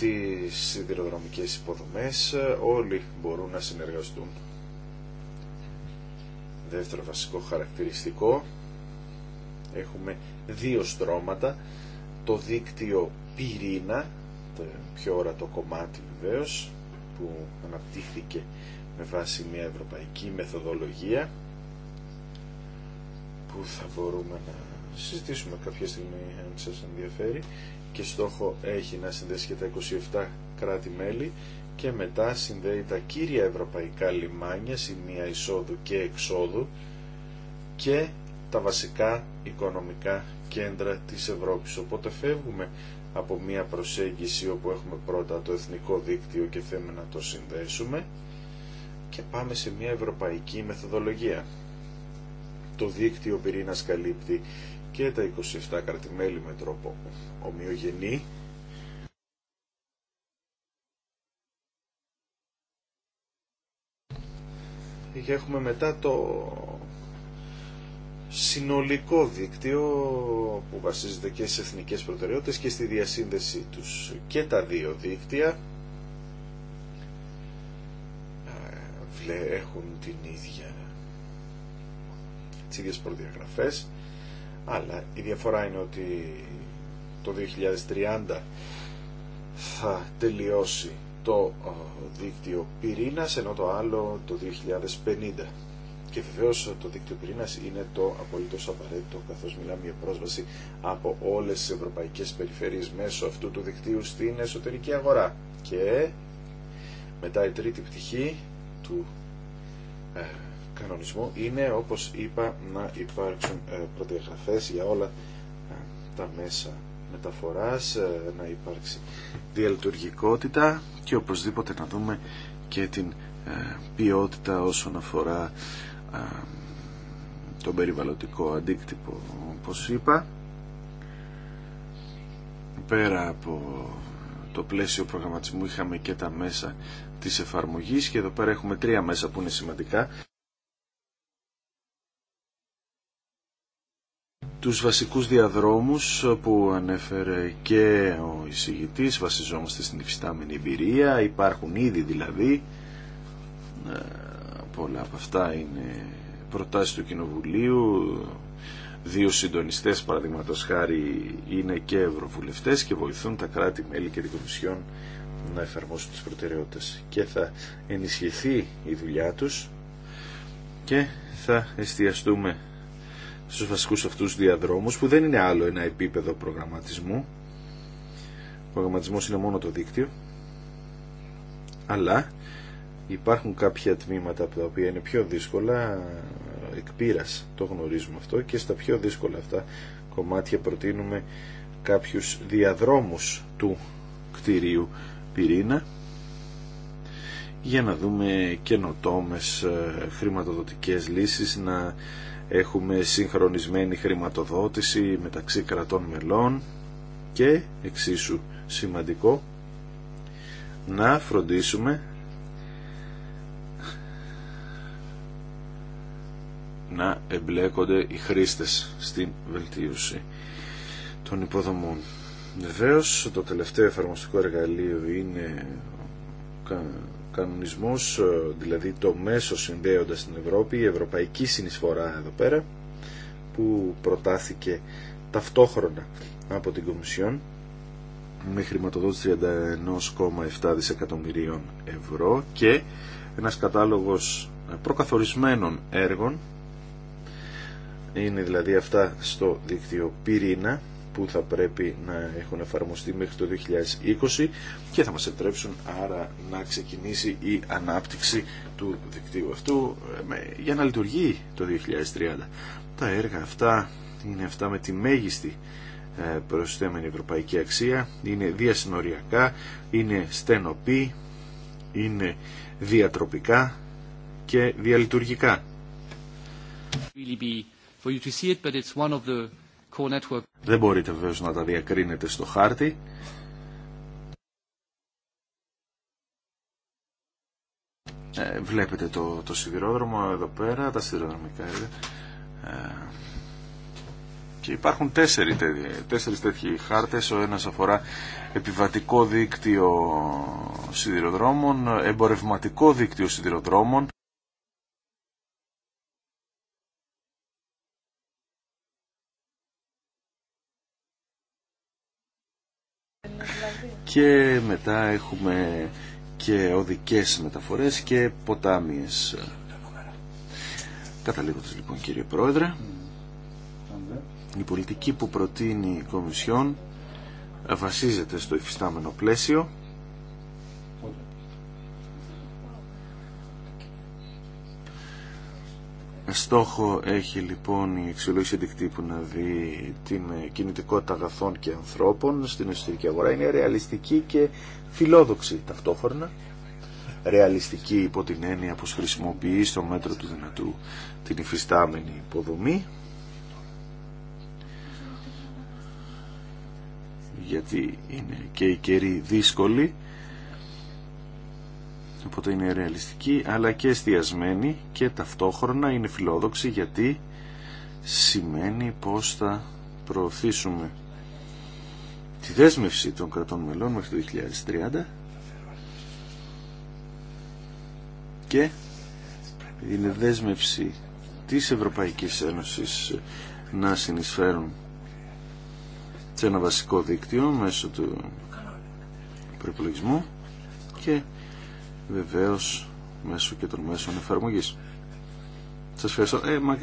τις σιδηροδρομικές υποδομές, όλοι μπορούν να συνεργαστούν. Δεύτερο βασικό χαρακτηριστικό, έχουμε δύο στρώματα, το δίκτυο πυρήνα, το πιο ορατό κομμάτι βεβαίω, που αναπτύχθηκε με βάση μια ευρωπαϊκή μεθοδολογία, που θα μπορούμε να συζητήσουμε κάποια στιγμή αν σας ενδιαφέρει και στόχο έχει να συνδέσει και τα 27 κράτη-μέλη και μετά συνδέει τα κύρια ευρωπαϊκά λιμάνια, σημεία εισόδου και εξόδου και τα βασικά οικονομικά κέντρα της Ευρώπης. Οπότε φεύγουμε από μια προσέγγιση όπου έχουμε πρώτα το εθνικό δίκτυο και θέλουμε να το συνδέσουμε και πάμε σε μια ευρωπαϊκή μεθοδολογία. Το δίκτυο πυρήνας καλύπτει και τα 27 κρατημέλη με τρόπο ομοιογενή και έχουμε μετά το συνολικό δίκτυο που βασίζεται και στι εθνικές προτεραιότητες και στη διασύνδεση τους και τα δύο δίκτυα ε, έχουν την ίδια τις ίδιες προδιαγραφές αλλά η διαφορά είναι ότι το 2030 θα τελειώσει το ε, δίκτυο πυρήνας ενώ το άλλο το 2050. Και βεβαίω το δίκτυο πυρήνα είναι το απολύτω απαραίτητο, καθώ μιλάμε για πρόσβαση από όλε τι ευρωπαϊκέ περιφερείες μέσω αυτού του δικτύου στην εσωτερική αγορά. Και μετά η τρίτη πτυχή του ε, κανονισμού είναι, όπως είπα, να υπάρξουν ε, για όλα ε, τα μέσα μεταφοράς, ε, να υπάρξει διαλειτουργικότητα και οπωσδήποτε να δούμε και την ε, ποιότητα όσον αφορά ε, τον περιβαλλοντικό αντίκτυπο όπως είπα πέρα από το πλαίσιο προγραμματισμού είχαμε και τα μέσα της εφαρμογής και εδώ πέρα έχουμε τρία μέσα που είναι σημαντικά τους βασικούς διαδρόμους που ανέφερε και ο εισηγητής βασιζόμαστε στην υφιστάμενη εμπειρία υπάρχουν ήδη δηλαδή ε, πολλά από αυτά είναι προτάσεις του Κοινοβουλίου δύο συντονιστές παραδείγματο χάρη είναι και ευρωβουλευτές και βοηθούν τα κράτη-μέλη και την Κομισιόν να εφαρμόσουν τις προτεραιότητες και θα ενισχυθεί η δουλειά τους και θα εστιαστούμε στους βασικούς αυτούς διαδρόμους που δεν είναι άλλο ένα επίπεδο προγραμματισμού ο προγραμματισμός είναι μόνο το δίκτυο αλλά υπάρχουν κάποια τμήματα από τα οποία είναι πιο δύσκολα εκπείρας το γνωρίζουμε αυτό και στα πιο δύσκολα αυτά κομμάτια προτείνουμε κάποιους διαδρόμους του κτηρίου πυρήνα για να δούμε καινοτόμες ε, χρηματοδοτικές λύσεις να Έχουμε συγχρονισμένη χρηματοδότηση μεταξύ κρατών μελών και εξίσου σημαντικό να φροντίσουμε να εμπλέκονται οι χρήστες στην βελτίωση των υποδομών. Βεβαίω, το τελευταίο εφαρμοστικό εργαλείο είναι κανονισμός, ε, δηλαδή το μέσο συνδέοντα την Ευρώπη, η ευρωπαϊκή συνεισφορά εδώ πέρα, που προτάθηκε ταυτόχρονα από την Κομισιόν με χρηματοδότηση 31,7 δισεκατομμυρίων ευρώ και ένας κατάλογος προκαθορισμένων έργων είναι δηλαδή αυτά στο δίκτυο πυρήνα που θα πρέπει να έχουν εφαρμοστεί μέχρι το 2020 και θα μας επιτρέψουν άρα να ξεκινήσει η ανάπτυξη του δικτύου αυτού ε, για να λειτουργεί το 2030. Τα έργα αυτά είναι αυτά με τη μέγιστη ε, προσθέμενη ευρωπαϊκή αξία, είναι διασυνοριακά, είναι στενοπή, είναι διατροπικά και διαλειτουργικά. for you to see it, but it's one of the δεν μπορείτε βεβαίω να τα διακρίνετε στο χάρτη. Ε, βλέπετε το, το σιδηρόδρομο εδώ πέρα, τα σιδηροδρομικά ε, και υπάρχουν τέσσερι, τέσσερις τέτοιοι χάρτες. Ο ένας αφορά επιβατικό δίκτυο σιδηροδρόμων, εμπορευματικό δίκτυο σιδηροδρόμων, και μετά έχουμε και οδικές μεταφορές και ποτάμιες. Καταλήγοντας λοιπόν κύριε Πρόεδρε, η πολιτική που προτείνει η Κομισιόν βασίζεται στο υφιστάμενο πλαίσιο Στόχο έχει λοιπόν η αξιολόγηση που να δει την ε, κινητικότητα αγαθών και ανθρώπων στην εσωτερική αγορά. Είναι ρεαλιστική και φιλόδοξη ταυτόχρονα. Ρεαλιστική υπό την έννοια πως χρησιμοποιεί στο μέτρο του δυνατού την υφιστάμενη υποδομή. Γιατί είναι και οι καιροί δύσκολοι Οπότε είναι ρεαλιστική αλλά και εστιασμένη και ταυτόχρονα είναι φιλόδοξη γιατί σημαίνει πως θα προωθήσουμε τη δέσμευση των κρατών μελών μέχρι το 2030 και είναι δέσμευση της Ευρωπαϊκής Ένωσης να συνεισφέρουν σε ένα βασικό δίκτυο μέσω του προπολογισμού και βεβαίως μέσω και των μέσων εφαρμογής. Σας ευχαριστώ. Ε, μα,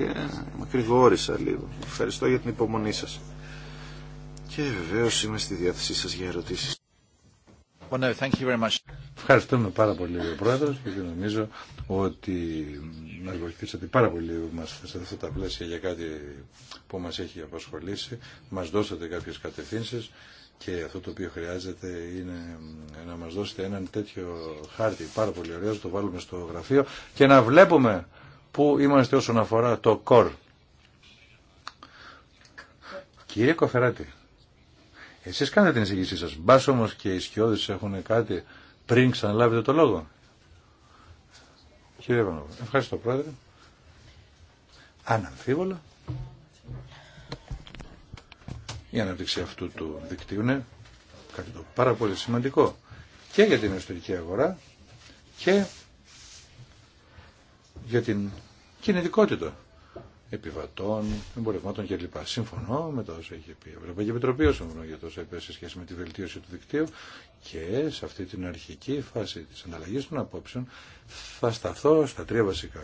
ε, λίγο. Ευχαριστώ για την υπομονή σας. Και βεβαίως είμαι στη διάθεσή σας για ερωτήσεις. Well, Ευχαριστούμε πάρα πολύ ο Πρόεδρος γιατί νομίζω ότι μας βοηθήσατε πάρα πολύ μας σε αυτά τα πλαίσια για κάτι που μας έχει απασχολήσει. Μας δώσατε κάποιες κατευθύνσεις και αυτό το οποίο χρειάζεται είναι να μας δώσετε έναν τέτοιο χάρτη πάρα πολύ ωραίο, το βάλουμε στο γραφείο και να βλέπουμε πού είμαστε όσον αφορά το κορ. Κύριε Κοφεράτη, εσείς κάνετε την εισηγήσή σας. Μπάς και οι σκιώδεις έχουν κάτι πριν ξαναλάβετε το λόγο. Κύριε Βανόβο, ευχαριστώ πρόεδρε. Αναμφίβολα η ανάπτυξη αυτού του δικτύου είναι κάτι το πάρα πολύ σημαντικό και για την εσωτερική αγορά και για την κινητικότητα επιβατών, εμπορευμάτων κλπ. Συμφωνώ με τα όσα είχε πει η Ευρωπαϊκή Επιτροπή, συμφωνώ για τόσα είπε σε σχέση με τη βελτίωση του δικτύου και σε αυτή την αρχική φάση της ανταλλαγής των απόψεων θα σταθώ στα τρία βασικά.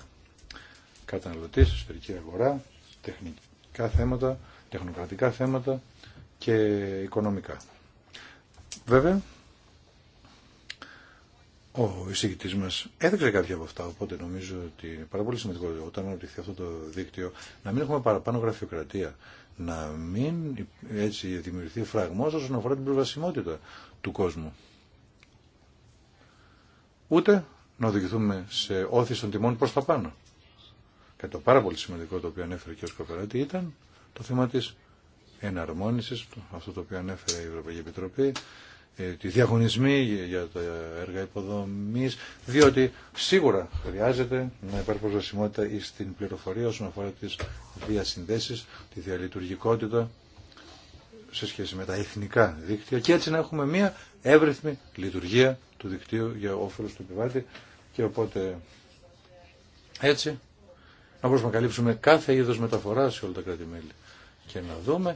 Καταναλωτής, εσωτερική αγορά, τεχνικά θέματα, τεχνοκρατικά θέματα και οικονομικά. Βέβαια, ο εισηγητή μα έδειξε κάποια από αυτά, οπότε νομίζω ότι είναι πάρα πολύ σημαντικό όταν αναπτυχθεί αυτό το δίκτυο να μην έχουμε παραπάνω γραφειοκρατία. Να μην έτσι δημιουργηθεί φραγμό όσον αφορά την προσβασιμότητα του κόσμου. Ούτε να οδηγηθούμε σε όθηση των τιμών προ τα πάνω. Και το πάρα πολύ σημαντικό το οποίο ανέφερε και ο Σκοπεράτη ήταν το θέμα τη εναρμόνισης, αυτό το οποίο ανέφερε η Ευρωπαϊκή Επιτροπή, ε, τη διαγωνισμή για τα έργα υποδομής, διότι σίγουρα χρειάζεται να υπάρχει προσβασιμότητα στην πληροφορία όσον αφορά τις διασυνδέσεις, τη διαλειτουργικότητα σε σχέση με τα εθνικά δίκτυα και έτσι να έχουμε μια εύρυθμη λειτουργία του δικτύου για όφελος του επιβάτη και οπότε έτσι να μπορούμε να καλύψουμε κάθε είδος μεταφορά σε όλα τα κράτη-μέλη και να δούμε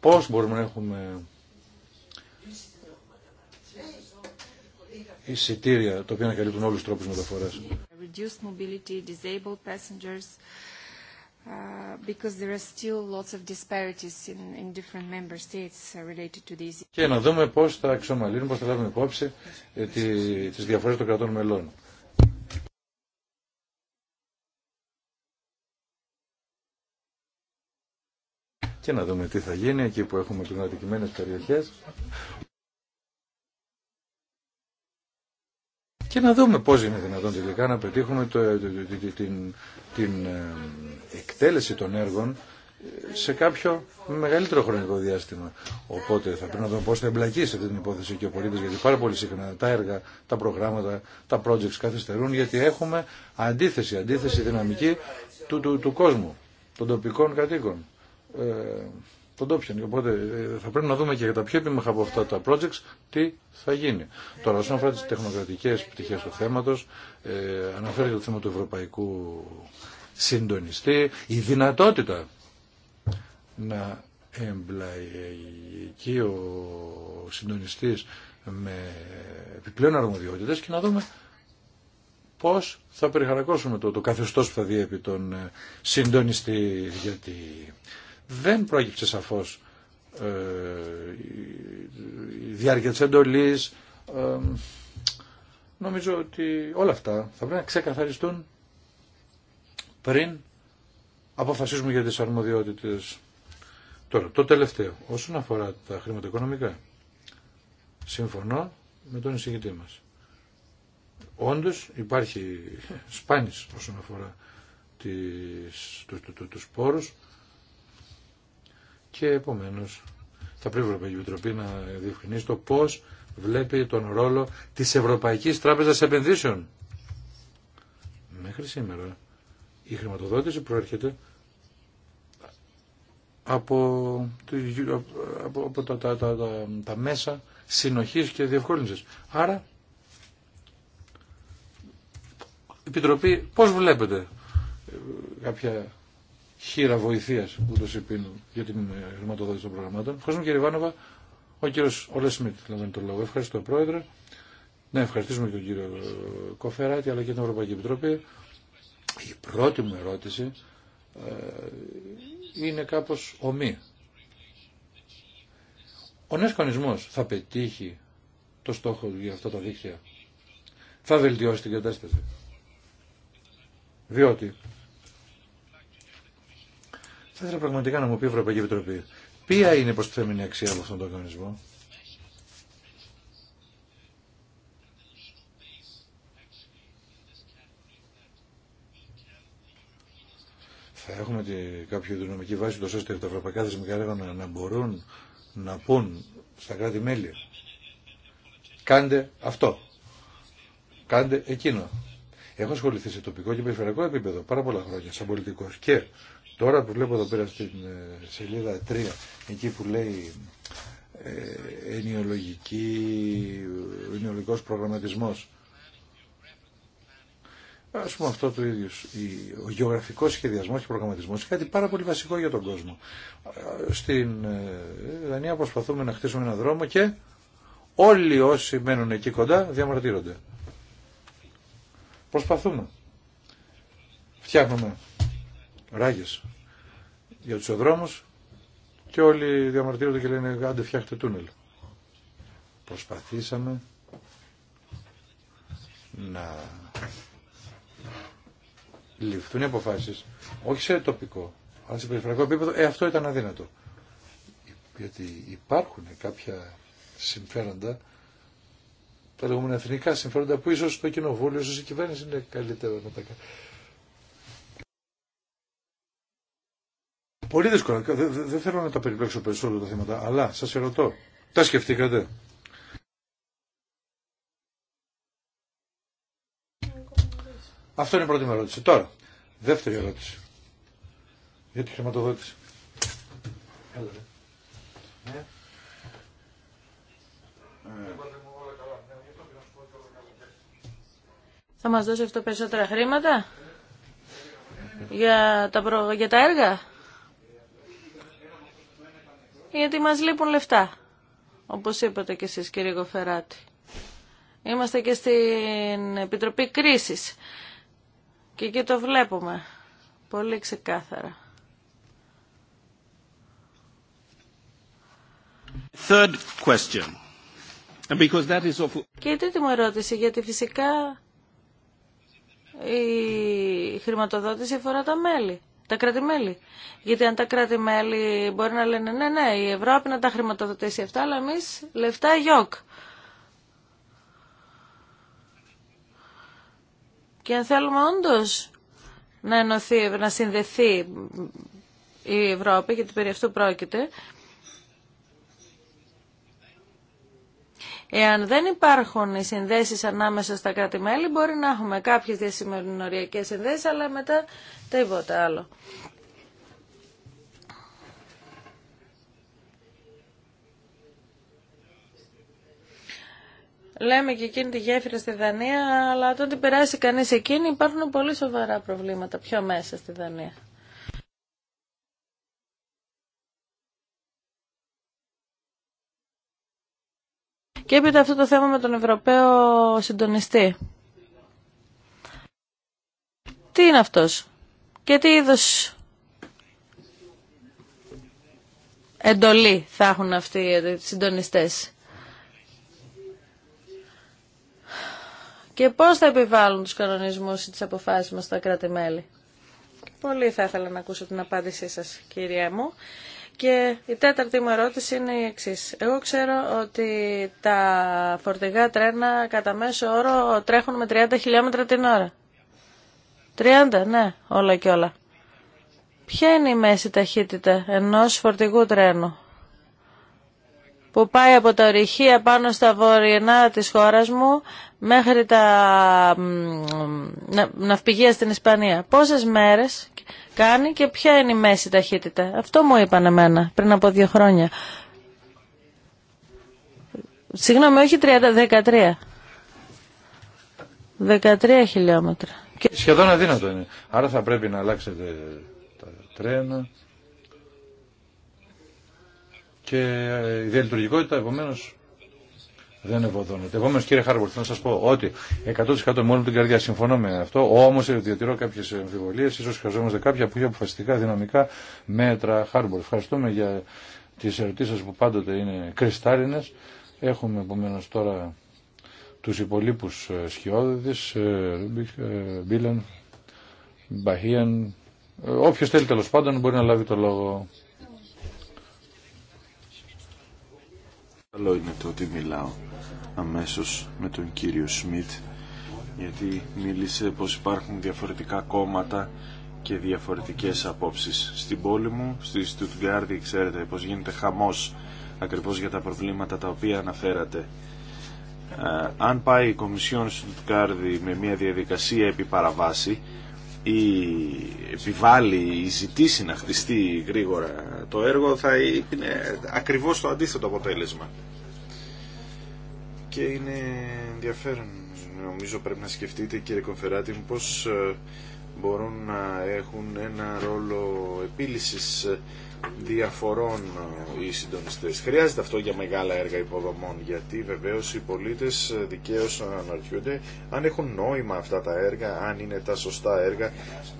πώς μπορούμε να έχουμε εισιτήρια τα οποία να καλύπτουν όλους τους τρόπους μεταφοράς. Reduced mobility, disabled passengers, uh, because there are still lots of disparities in, in different member states uh, related to these. Και να δούμε πώς θα εξομαλύνουμε, πώς θα λάβουμε υπόψη ε, τις διαφορές των κρατών μελών. και να δούμε τι θα γίνει εκεί που έχουμε κλιματικημένες περιοχές και να δούμε πώς είναι δυνατόν τελικά να πετύχουμε την, την, την ε, εκτέλεση των έργων ε, σε κάποιο μεγαλύτερο χρονικό διάστημα. Οπότε θα πρέπει να δούμε πώ θα εμπλακεί σε αυτή την υπόθεση και ο πολίτη, γιατί πάρα πολύ συχνά τα έργα, τα προγράμματα, τα projects καθυστερούν, γιατί έχουμε αντίθεση, αντίθεση δυναμική του, του, του, του κόσμου, των τοπικών κατοίκων ε, τόπιον. Οπότε ε, θα πρέπει να δούμε και για τα πιο επίμαχα από αυτά τα projects τι θα γίνει. Τώρα, όσον αφορά τι τεχνοκρατικέ πτυχέ του θέματο, ε, αναφέρεται το θέμα του ευρωπαϊκού συντονιστή, η δυνατότητα να εμπλαϊκεί ο συντονιστής με επιπλέον αρμοδιότητες και να δούμε πώς θα περιχαρακώσουμε το, το καθεστώς που θα διέπει τον ε, συντονιστή γιατί δεν πρόκειψε σαφώς ε, η διάρκεια της εντολής. Ε, νομίζω ότι όλα αυτά θα πρέπει να ξεκαθαριστούν πριν αποφασίσουμε για τις αρμοδιότητες. Τώρα, το τελευταίο, όσον αφορά τα χρηματοοικονομικά, συμφωνώ με τον εισηγητή μας. Όντως υπάρχει σπάνιση όσον αφορά τις, τους, τους πόρους, και επομένω, θα πρέπει η Ευρωπαϊκή Επιτροπή να διευκρινίσει το πώς βλέπει τον ρόλο της Ευρωπαϊκή Τράπεζα Επενδύσεων. Μέχρι σήμερα η χρηματοδότηση προέρχεται από, από, από τα, τα, τα, μέσα συνοχής και διευκόλυνσης. Άρα, Επιτροπή, πώς βλέπετε ε, κάποια χείρα βοηθεία που το συμπίνουν για την ε, χρηματοδότηση των προγραμμάτων. Ευχαριστούμε κύριε Βάνοβα. Ο κύριο Όλε Σμιτ λαμβάνει τον λόγο. Ευχαριστώ πρόεδρε. Να ευχαριστήσουμε και τον κύριο ε, Κοφεράτη αλλά και την Ευρωπαϊκή Επιτροπή. Η πρώτη μου ερώτηση ε, είναι κάπω ομή. Ο νέο κανονισμός θα πετύχει το στόχο του για αυτά τα δίκτυα. Θα βελτιώσει την κατάσταση. Διότι θα ήθελα πραγματικά να μου πει η Ευρωπαϊκή Επιτροπή ποια είναι η προστιθέμενη αξία από αυτόν τον οργανισμό. Θα έχουμε τη, κάποιο δυναμική βάση τόσο ώστε τα ευρωπαϊκά θεσμικά έργα να, να μπορούν να πούν στα κράτη-μέλη κάντε αυτό, κάντε εκείνο. Έχω ασχοληθεί σε τοπικό και περιφερειακό επίπεδο πάρα πολλά χρόνια σαν πολιτικό και Τώρα που βλέπω εδώ πέρα στην ε, σελίδα 3, εκεί που λέει ε, προγραμματισμό. προγραμματισμός, Α πούμε αυτό το ίδιο. Ο γεωγραφικό σχεδιασμό και προγραμματισμό είναι κάτι πάρα πολύ βασικό για τον κόσμο. Στην ε, Δανία προσπαθούμε να χτίσουμε ένα δρόμο και όλοι όσοι μένουν εκεί κοντά διαμαρτύρονται. Προσπαθούμε. Φτιάχνουμε ράγε για του οδρόμου και όλοι διαμαρτύρονται και λένε άντε φτιάχτε τούνελ. Προσπαθήσαμε να ληφθούν οι αποφάσεις όχι σε τοπικό αλλά σε περιφερειακό επίπεδο. Ε, αυτό ήταν αδύνατο. Γιατί υπάρχουν κάποια συμφέροντα τα λεγόμενα εθνικά συμφέροντα που ίσως το κοινοβούλιο, ίσως η κυβέρνηση είναι καλύτερα να τα κάνει. Πολύ δύσκολα. Δεν θέλω να τα περιπλέξω περισσότερο τα θέματα, αλλά σας ερωτώ. Τα σκεφτήκατε. Αυτό είναι η πρώτη μου ερώτηση. Τώρα, δεύτερη ερώτηση. Για τη χρηματοδότηση. Έλα, ναι. Θα μας δώσει αυτό περισσότερα χρήματα για τα, για τα έργα γιατί μας λείπουν λεφτά, όπως είπατε και εσείς κύριε Γοφεράτη. Είμαστε και στην Επιτροπή Κρίσης και εκεί το βλέπουμε πολύ ξεκάθαρα. Third question. Because that is of... Και η τρίτη μου ερώτηση, γιατί φυσικά η χρηματοδότηση αφορά τα μέλη τα κράτη-μέλη. Γιατί αν τα κράτη-μέλη μπορεί να λένε ναι, ναι, η Ευρώπη να τα χρηματοδοτήσει αυτά, αλλά εμεί λεφτά γιοκ. Και αν θέλουμε όντω να ενωθεί, να συνδεθεί η Ευρώπη, γιατί περί αυτού πρόκειται, Εάν δεν υπάρχουν οι συνδέσεις ανάμεσα στα κράτη-μέλη, μπορεί να έχουμε κάποιε διασημερινοριακές συνδέσει, αλλά μετά τίποτα άλλο. Λέμε και εκείνη τη γέφυρα στη Δανία, αλλά όταν την περάσει κανείς εκείνη υπάρχουν πολύ σοβαρά προβλήματα πιο μέσα στη Δανία. Και έπειτα αυτό το θέμα με τον Ευρωπαίο συντονιστή. Τι είναι αυτός και τι είδος εντολή θα έχουν αυτοί οι συντονιστές. Και πώς θα επιβάλλουν τους κανονισμούς ή τις αποφάσεις μας στα κράτη-μέλη. Πολύ θα ήθελα να ακούσω την απάντησή σας, κυρία μου. Και η τέταρτη μου ερώτηση είναι η εξή. Εγώ ξέρω ότι τα φορτηγά τρένα κατά μέσο όρο τρέχουν με 30 χιλιόμετρα την ώρα. 30, ναι, όλα και όλα. Ποια είναι η μέση ταχύτητα ενός φορτηγού τρένου που πάει από τα ορυχεία πάνω στα βορεινά της χώρας μου μέχρι τα ναυπηγεία στην Ισπανία. Πόσες μέρες κάνει και ποια είναι η μέση ταχύτητα. Αυτό μου είπαν εμένα πριν από δύο χρόνια. Συγγνώμη, όχι 30, 13. 13 χιλιόμετρα. Σχεδόν αδύνατο είναι. Άρα θα πρέπει να αλλάξετε τα τρένα και ε, η διαλειτουργικότητα επομένως δεν ευωδώνεται. Επομένω, κύριε Χάρβορτ, να σα πω ότι 100% μόνο την καρδιά συμφωνώ με αυτό, όμω διατηρώ κάποιε αμφιβολίε. σω χρειαζόμαστε κάποια πιο αποφασιστικά δυναμικά μέτρα. Χάρβορτ, ευχαριστούμε για τι ερωτήσει που πάντοτε είναι κρυστάλλινε. Έχουμε επομένω τώρα του υπολείπου ε, σκιώδηδε, ε, Μπίλεν, Μπαχίαν. Ε, Όποιο θέλει τέλο πάντων μπορεί να λάβει το λόγο. Καλό είναι το ότι μιλάω αμέσως με τον κύριο Σμιτ γιατί μίλησε πως υπάρχουν διαφορετικά κόμματα και διαφορετικές απόψεις. Στην πόλη μου, στη Στουτγκάρδη, ξέρετε πως γίνεται χαμός ακριβώς για τα προβλήματα τα οποία αναφέρατε. Ε, αν πάει η Κομισιόν Στουτγκάρδη με μια διαδικασία επί παραβάση, ή επιβάλλει ή ζητήσει να χτιστεί γρήγορα το έργο θα είναι ακριβώς το αντίθετο αποτέλεσμα και είναι ενδιαφέρον. Νομίζω πρέπει να σκεφτείτε κύριε Κονφεράτη πως ε, μπορούν να έχουν ένα ρόλο επίλυσης ε, διαφορών ε, οι συντονιστές. Χρειάζεται αυτό για μεγάλα έργα υποδομών γιατί βεβαίως οι πολίτες δικαίως αναρωτιούνται αν έχουν νόημα αυτά τα έργα, αν είναι τα σωστά έργα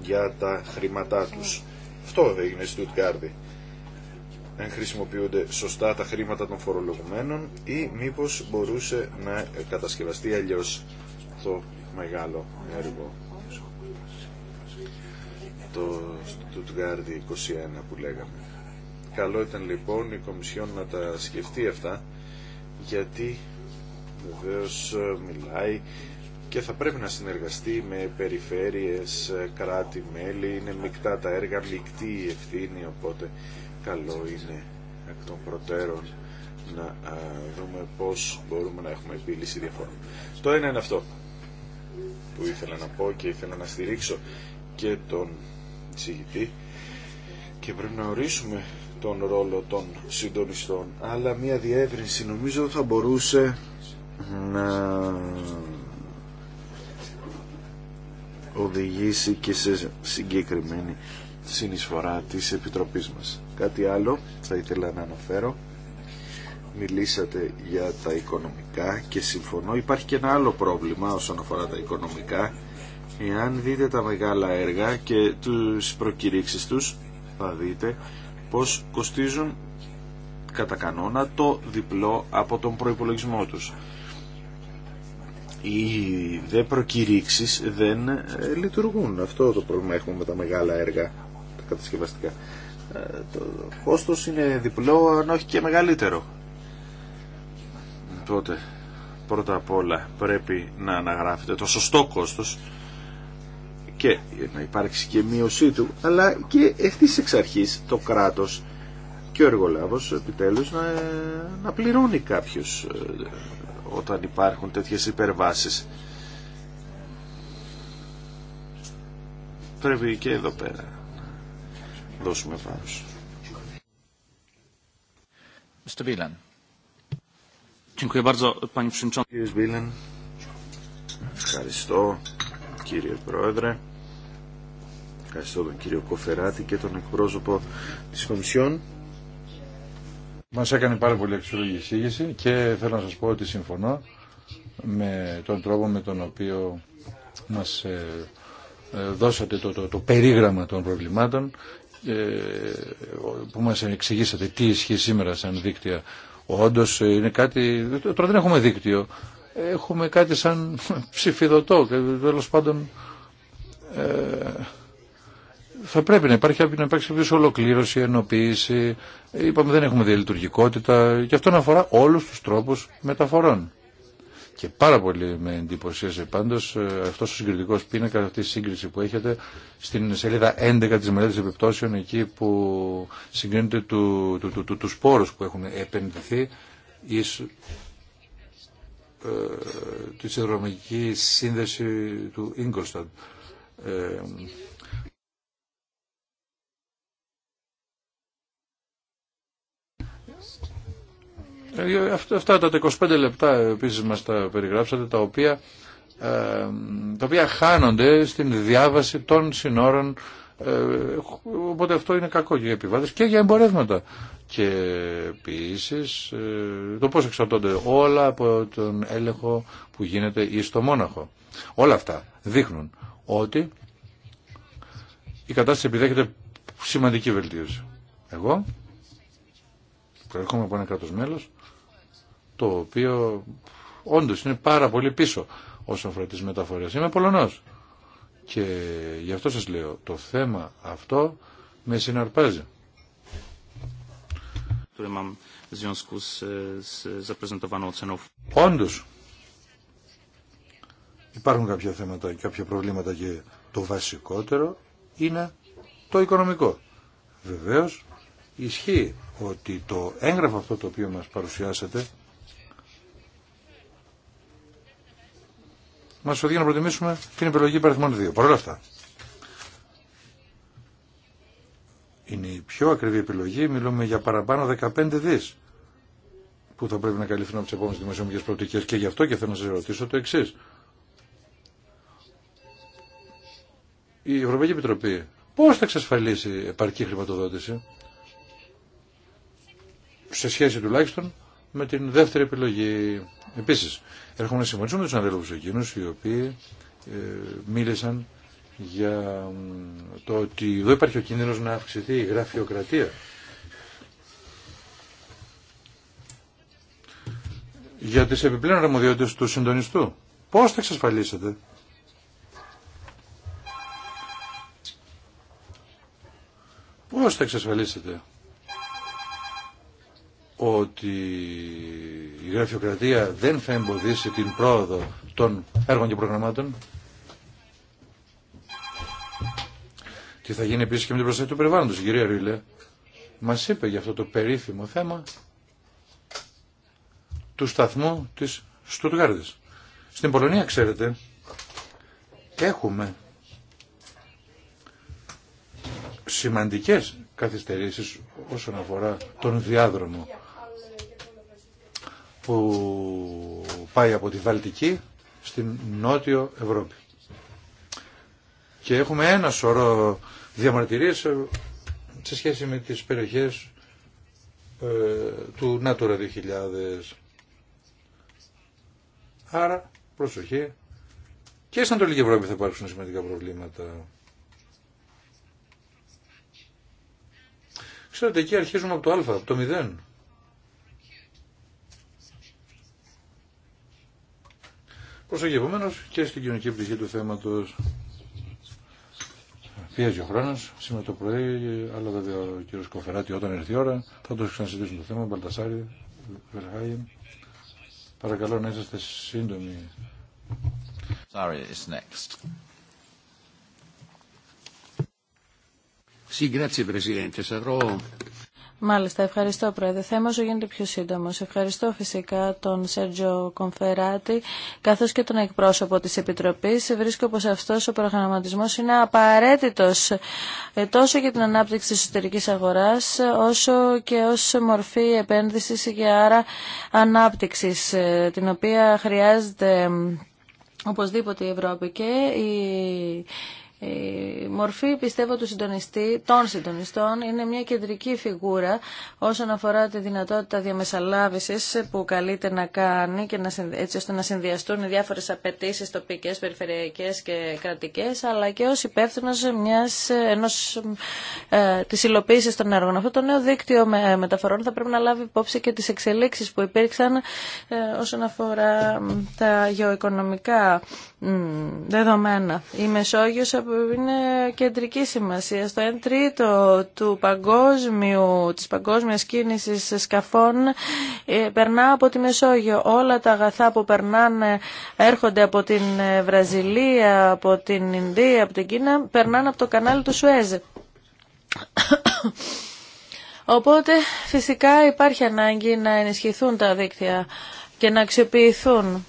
για τα χρήματά τους. Αυτό έγινε στη Στουτγκάρδη αν χρησιμοποιούνται σωστά τα χρήματα των φορολογουμένων ή μήπως μπορούσε να κατασκευαστεί αλλιώς το μεγάλο έργο το Στουτγκάρδι 21 που λέγαμε. Καλό ήταν λοιπόν η Κομισιόν να τα σκεφτεί αυτά γιατί βεβαίω ε, μιλάει και θα πρέπει να συνεργαστεί με περιφέρειες, ε, κράτη, μέλη, είναι μεικτά τα έργα, μεικτή η ευθύνη, οπότε καλό είναι εκ των προτέρων να δούμε πώς μπορούμε να έχουμε επίλυση διαφόρων. Το ένα είναι αυτό που ήθελα να πω και ήθελα να στηρίξω και τον συγητή και πρέπει να ορίσουμε τον ρόλο των συντονιστών αλλά μια διεύρυνση νομίζω θα μπορούσε να οδηγήσει και σε συγκεκριμένη συνεισφορά της Επιτροπής μας. Κάτι άλλο θα ήθελα να αναφέρω. Μιλήσατε για τα οικονομικά και συμφωνώ. Υπάρχει και ένα άλλο πρόβλημα όσον αφορά τα οικονομικά. Εάν δείτε τα μεγάλα έργα και τις προκηρύξεις τους, θα δείτε πως κοστίζουν κατά κανόνα το διπλό από τον προϋπολογισμό τους. Οι δε προκηρύξεις δεν ε, λειτουργούν. Αυτό το πρόβλημα έχουμε με τα μεγάλα έργα, τα κατασκευαστικά το κόστος είναι διπλό αν όχι και μεγαλύτερο. Τότε πρώτα απ' όλα πρέπει να αναγράφεται το σωστό κόστος και να υπάρξει και μείωσή του αλλά και ευθύς εξ αρχής το κράτος και ο εργολάβος επιτέλους να, να πληρώνει κάποιους ε, όταν υπάρχουν τέτοιες υπερβάσεις. Πρέπει και εδώ πέρα δώσουμε βάρος. Κύριε ευχαριστώ κύριε Πρόεδρε, ευχαριστώ τον κύριο Κοφεράτη και τον εκπρόσωπο της Κομισιόν. Μας έκανε πάρα πολύ αξιολογική εισήγηση και θέλω να σας πω ότι συμφωνώ με τον τρόπο με τον οποίο μας ε, ε, δώσατε το, το, το περίγραμμα των προβλημάτων ε, που μας εξηγήσατε τι ισχύει σήμερα σαν δίκτυα. Όντω ε, είναι κάτι, τώρα δεν έχουμε δίκτυο, έχουμε κάτι σαν ψηφιδωτό και τέλο πάντων ε, θα πρέπει να υπάρχει, να υπάρξει ολοκλήρωση, ενοποίηση, είπαμε δεν έχουμε διαλειτουργικότητα και αυτό αφορά όλους τους τρόπους μεταφορών. Και πάρα πολύ με εντυπωσίασε πάντω ε, αυτό ο συγκριτικό πίνακα, αυτή η σύγκριση που έχετε στην σελίδα 11 τη μελέτη επιπτώσεων, εκεί που συγκρίνεται του, του, του, του, του πόρου που έχουν επενδυθεί εις ε, τη συνδρομική σύνδεση του Ίγκολσταντ. Ε, αυτά τα 25 λεπτά επίσης μα τα περιγράψατε, τα οποία, ε, τα οποία χάνονται στην διάβαση των συνόρων ε, οπότε αυτό είναι κακό για επιβάτες και για εμπορεύματα. Και επίση το πώς εξαρτώνται όλα από τον έλεγχο που γίνεται ή στο Μόναχο. Όλα αυτά δείχνουν ότι η κατάσταση επιδέχεται σημαντική βελτίωση. Εγώ προέρχομαι από ένα κράτος μέλος το οποίο όντω είναι πάρα πολύ πίσω όσον αφορά τι μεταφορέ. Είμαι Πολωνός και γι' αυτό σας λέω το θέμα αυτό με συναρπάζει. Όντω, υπάρχουν κάποια θέματα, και κάποια προβλήματα και το βασικότερο είναι το οικονομικό. Βεβαίως ισχύει ότι το έγγραφο αυτό το οποίο μας παρουσιάσατε μα οδηγεί να προτιμήσουμε την επιλογή υπαριθμών 2. Παρ' όλα αυτά, είναι η πιο ακριβή επιλογή. Μιλούμε για παραπάνω 15 δι που θα πρέπει να καλυφθούν από τι επόμενε δημοσιονομικέ προοπτικέ και γι' αυτό και θέλω να σα ρωτήσω το εξή. Η Ευρωπαϊκή Επιτροπή πώ θα εξασφαλίσει επαρκή χρηματοδότηση σε σχέση τουλάχιστον με την δεύτερη επιλογή. Επίσης, έρχομαι να συμφωνήσω με τους ανθρώπους εκείνους οι οποίοι ε, μίλησαν για το ότι εδώ υπάρχει ο κίνδυνος να αυξηθεί η γραφειοκρατία. Για τις επιπλέον αρμοδιότητες του συντονιστού. Πώς θα εξασφαλίσετε. Πώς θα εξασφαλίσετε ότι η γραφειοκρατία δεν θα εμποδίσει την πρόοδο των έργων και προγραμμάτων. Τι θα γίνει επίσης και με την προστασία του περιβάλλοντος. Η κυρία Ρίλε μας είπε για αυτό το περίφημο θέμα του σταθμού της Στουτγάρδης. Στην Πολωνία, ξέρετε, έχουμε σημαντικές καθυστερήσεις όσον αφορά τον διάδρομο που πάει από τη Βαλτική στην Νότιο Ευρώπη. Και έχουμε ένα σωρό διαμαρτυρίες ε, σε σχέση με τις περιοχές ε, του Natura 2000. Άρα, προσοχή, και στην Ανατολική Ευρώπη θα υπάρξουν σημαντικά προβλήματα. Ξέρετε, εκεί αρχίζουμε από το α, από το 0. Προσοχή επομένω και στην κοινωνική πτυχή του θέματο. Πιέζει ο χρόνο σήμερα το πρωί, αλλά βέβαια ο κ. Κοφεράτη όταν έρθει η ώρα θα το ξανασυζητήσουμε το θέμα. Μπαλτασάρι, Βερχάγεν. Παρακαλώ να είσαστε σύντομοι. Sorry, it's next. Sì, grazie Presidente. Sarò Μάλιστα, ευχαριστώ Πρόεδρε. Θα γίνεται πιο σύντομος. Ευχαριστώ φυσικά τον Σέρτζο Κομφεράτη, καθώς και τον εκπρόσωπο της Επιτροπής. Βρίσκω πως αυτός ο προγραμματισμός είναι απαραίτητος ε, τόσο για την ανάπτυξη της εσωτερικής αγοράς, όσο και ως μορφή επένδυσης και άρα ανάπτυξης, ε, την οποία χρειάζεται ε, οπωσδήποτε η Ευρώπη και η η μορφή, πιστεύω, του συντονιστή, των συντονιστών είναι μια κεντρική φιγούρα όσον αφορά τη δυνατότητα διαμεσαλάβησης που καλείται να κάνει και να, έτσι ώστε να συνδυαστούν οι διάφορες απαιτήσει τοπικές, περιφερειακές και κρατικές αλλά και ως υπεύθυνο μιας, ενός, ε, της υλοποίησης των έργων. Αυτό το νέο δίκτυο με, μεταφορών θα πρέπει να λάβει υπόψη και τις εξελίξεις που υπήρξαν ε, όσον αφορά τα γεωοικονομικά δεδομένα. Η Μεσόγειος είναι κεντρική σημασία. Στο 1 τρίτο του παγκόσμιου, της παγκόσμιας κίνησης σκαφών ε, περνά από τη Μεσόγειο. Όλα τα αγαθά που περνάνε έρχονται από την ε, Βραζιλία, από την Ινδία, από την Κίνα, περνάνε από το κανάλι του Σουέζ. Οπότε φυσικά υπάρχει ανάγκη να ενισχυθούν τα δίκτυα και να αξιοποιηθούν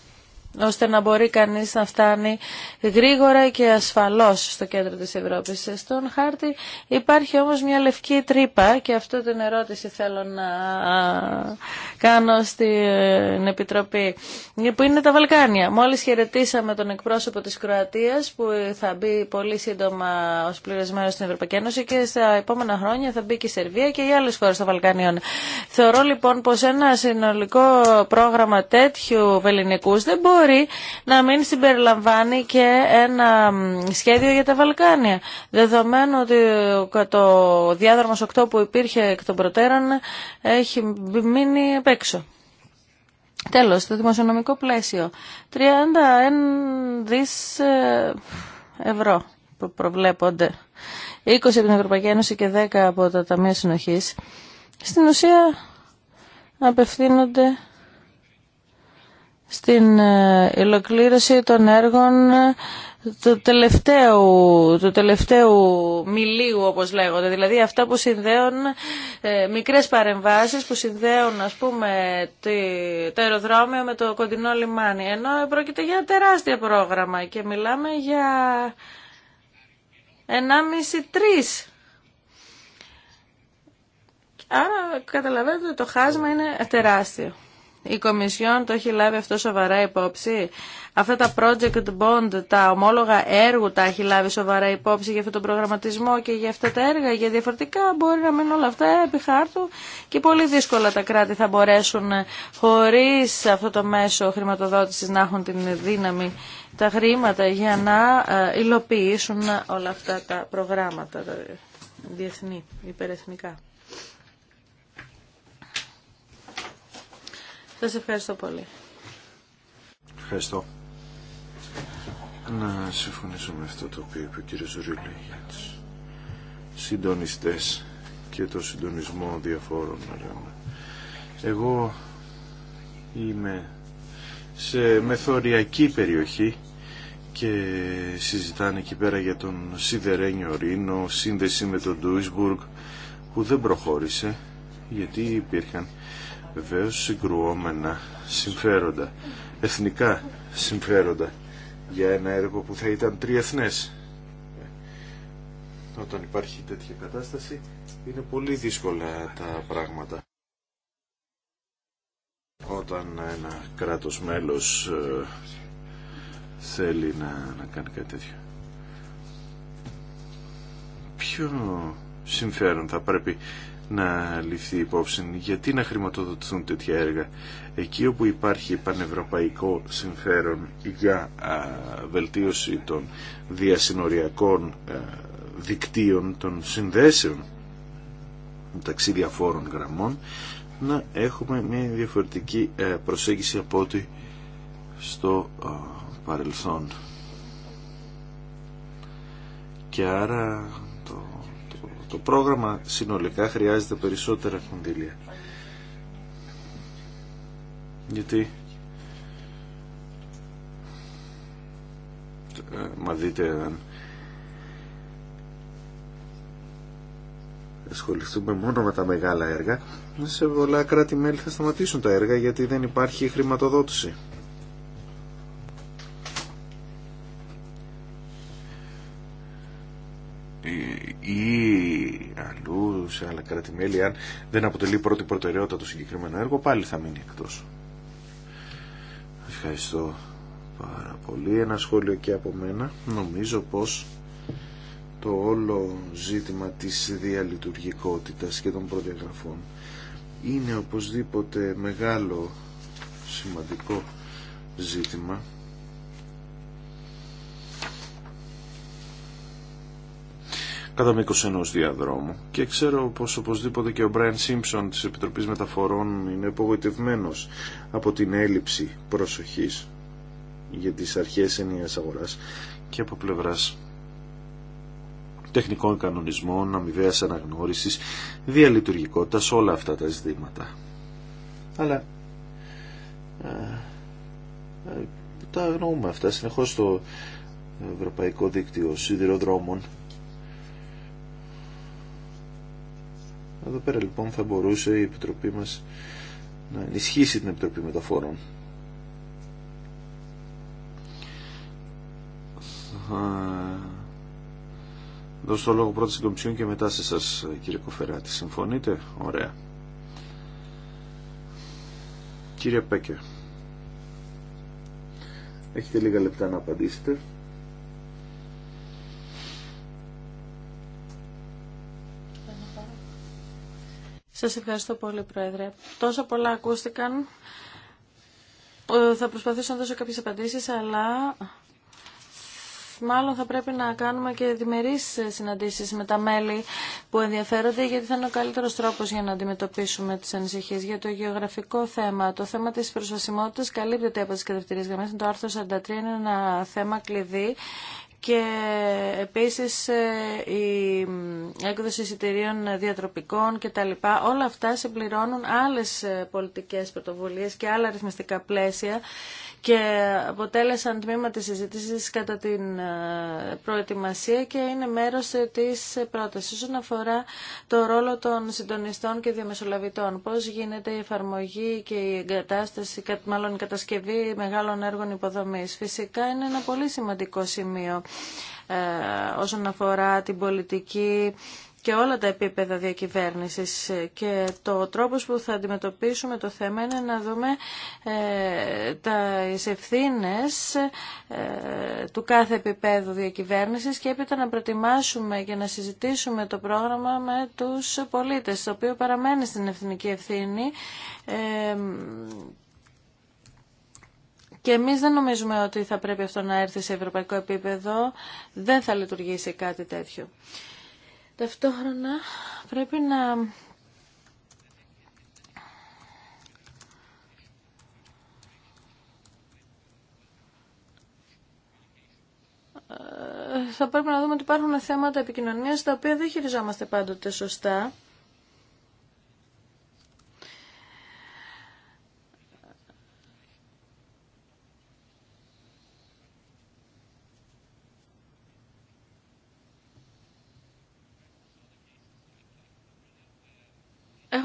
ώστε να μπορεί κανείς να φτάνει γρήγορα και ασφαλώς στο κέντρο της Ευρώπης. Στον χάρτη υπάρχει όμως μια λευκή τρύπα και αυτή την ερώτηση θέλω να κάνω στην Επιτροπή που είναι τα Βαλκάνια. Μόλις χαιρετήσαμε τον εκπρόσωπο της Κροατίας που θα μπει πολύ σύντομα ως πλήρες μέρος στην Ευρωπαϊκή Ένωση και στα επόμενα χρόνια θα μπει και η Σερβία και οι άλλες χώρες των Βαλκανίων. Θεωρώ λοιπόν πως ένα συνολικό πρόγραμμα τέτοιου Ελληνικού δεν μπορεί μπορεί να μην συμπεριλαμβάνει και ένα σχέδιο για τα Βαλκάνια. Δεδομένου ότι το διάδρομο 8 που υπήρχε εκ των προτέρων έχει μείνει απ' έξω. Τέλος, το δημοσιονομικό πλαίσιο. 31 δις ε, ευρώ που προβλέπονται. 20 από την Ευρωπαϊκή Ένωση και 10 από τα Ταμεία Συνοχής. Στην ουσία απευθύνονται στην ε, ολοκλήρωση των έργων ε, του τελευταίου, του τελευταίου μιλίου όπως λέγονται, δηλαδή αυτά που συνδέουν ε, μικρές παρεμβάσεις που συνδέουν ας πούμε το αεροδρόμιο με το κοντινό λιμάνι ενώ πρόκειται για τεράστια πρόγραμμα και μιλάμε για 1,5-3 Άρα καταλαβαίνετε το χάσμα είναι τεράστιο. Η Κομισιόν το έχει λάβει αυτό σοβαρά υπόψη. Αυτά τα project bond, τα ομόλογα έργου τα έχει λάβει σοβαρά υπόψη για αυτόν τον προγραμματισμό και για αυτά τα έργα. Για διαφορετικά μπορεί να μείνουν όλα αυτά επί χάρτου και πολύ δύσκολα τα κράτη θα μπορέσουν ε, χωρίς αυτό το μέσο χρηματοδότησης να έχουν την δύναμη τα χρήματα για να ε, υλοποιήσουν όλα αυτά τα προγράμματα διεθνή, υπερεθνικά. Σα ευχαριστώ πολύ. Ευχαριστώ. Να συμφωνήσω με αυτό το οποίο είπε ο για του συντονιστέ και το συντονισμό διαφόρων Εγώ είμαι σε μεθοριακή περιοχή και συζητάνε εκεί πέρα για τον Σιδερένιο Ρήνο, σύνδεση με τον Ντουίσμπουργκ που δεν προχώρησε γιατί υπήρχαν βεβαίως συγκρουόμενα συμφέροντα, εθνικά συμφέροντα για ένα έργο που θα ήταν τριεθνές. Όταν υπάρχει τέτοια κατάσταση είναι πολύ δύσκολα τα πράγματα. Όταν ένα κράτος μέλος ε, θέλει να, να κάνει κάτι τέτοιο. Ποιο συμφέρον θα πρέπει να ληφθεί υπόψη. Γιατί να χρηματοδοτηθούν τέτοια έργα. Εκεί όπου υπάρχει πανευρωπαϊκό συμφέρον για βελτίωση των διασυνοριακών δικτύων των συνδέσεων μεταξύ διαφόρων γραμμών να έχουμε μια διαφορετική προσέγγιση από ό,τι στο παρελθόν. Και άρα το πρόγραμμα συνολικά χρειάζεται περισσότερα κονδύλια. Γιατί ε, μα δείτε αν ασχοληθούμε μόνο με τα μεγάλα έργα σε πολλά κράτη-μέλη θα σταματήσουν τα έργα γιατί δεν υπάρχει χρηματοδότηση ή αλλού σε άλλα αν δεν αποτελεί πρώτη προτεραιότητα το συγκεκριμένο έργο, πάλι θα μείνει εκτός. Ευχαριστώ πάρα πολύ. Ένα σχόλιο και από μένα. Νομίζω πως το όλο ζήτημα της διαλειτουργικότητας και των προδιαγραφών είναι οπωσδήποτε μεγάλο σημαντικό ζήτημα κατά μήκος ενός διαδρόμου και ξέρω πως οπωσδήποτε και ο Μπράιν Σίμψον της Επιτροπής Μεταφορών είναι απογοητευμένο από την έλλειψη προσοχής για τις αρχές ενιαίας αγοράς και από πλευράς τεχνικών κανονισμών, αμοιβαίας αναγνώρισης, διαλειτουργικότητας, όλα αυτά τα ζητήματα. Αλλά ε, ε, τα γνωρούμε αυτά συνεχώς στο Ευρωπαϊκό Δίκτυο Σιδηροδρόμων Εδώ πέρα λοιπόν θα μπορούσε η Επιτροπή μας να ενισχύσει την Επιτροπή Μεταφορών. Δώσω το λόγο πρώτα στην Κομισιόν και μετά σε σας κύριε Κοφεράτη. Συμφωνείτε? Ωραία. Κύριε Πέκε, έχετε λίγα λεπτά να απαντήσετε. Σας ευχαριστώ πολύ, Πρόεδρε. Τόσα πολλά ακούστηκαν. Θα προσπαθήσω να δώσω κάποιες απαντήσεις, αλλά μάλλον θα πρέπει να κάνουμε και διμερείς συναντήσεις με τα μέλη που ενδιαφέρονται γιατί θα είναι ο καλύτερος τρόπος για να αντιμετωπίσουμε τις ανησυχίες για το γεωγραφικό θέμα. Το θέμα της προσβασιμότητας καλύπτεται από τις κατευθυντήριες γραμμές. Το άρθρο 43 είναι ένα θέμα κλειδί και επίσης ε, η έκδοση εισιτηρίων διατροπικών λοιπά, Όλα αυτά συμπληρώνουν άλλες ε, πολιτικές πρωτοβουλίες και άλλα αριθμιστικά πλαίσια και αποτέλεσαν τμήμα της συζήτησης κατά την ε, προετοιμασία και είναι μέρος της πρότασης όσον αφορά το ρόλο των συντονιστών και διαμεσολαβητών. Πώς γίνεται η εφαρμογή και η εγκατάσταση, μάλλον η κατασκευή μεγάλων έργων υποδομής. Φυσικά είναι ένα πολύ σημαντικό σημείο ε, όσον αφορά την πολιτική και όλα τα επίπεδα διακυβέρνησης και το τρόπος που θα αντιμετωπίσουμε το θέμα είναι να δούμε ε, τα ευθύνε ε, του κάθε επίπεδου διακυβέρνησης και έπειτα να προετοιμάσουμε και να συζητήσουμε το πρόγραμμα με τους πολίτες, το οποίο παραμένει στην εθνική ευθύνη ε, και εμείς δεν νομίζουμε ότι θα πρέπει αυτό να έρθει σε ευρωπαϊκό επίπεδο, δεν θα λειτουργήσει κάτι τέτοιο. Ταυτόχρονα πρέπει να ε, θα πρέπει να δούμε ότι υπάρχουν θέματα επικοινωνίας τα οποία δεν χειριζόμαστε πάντοτε σωστά.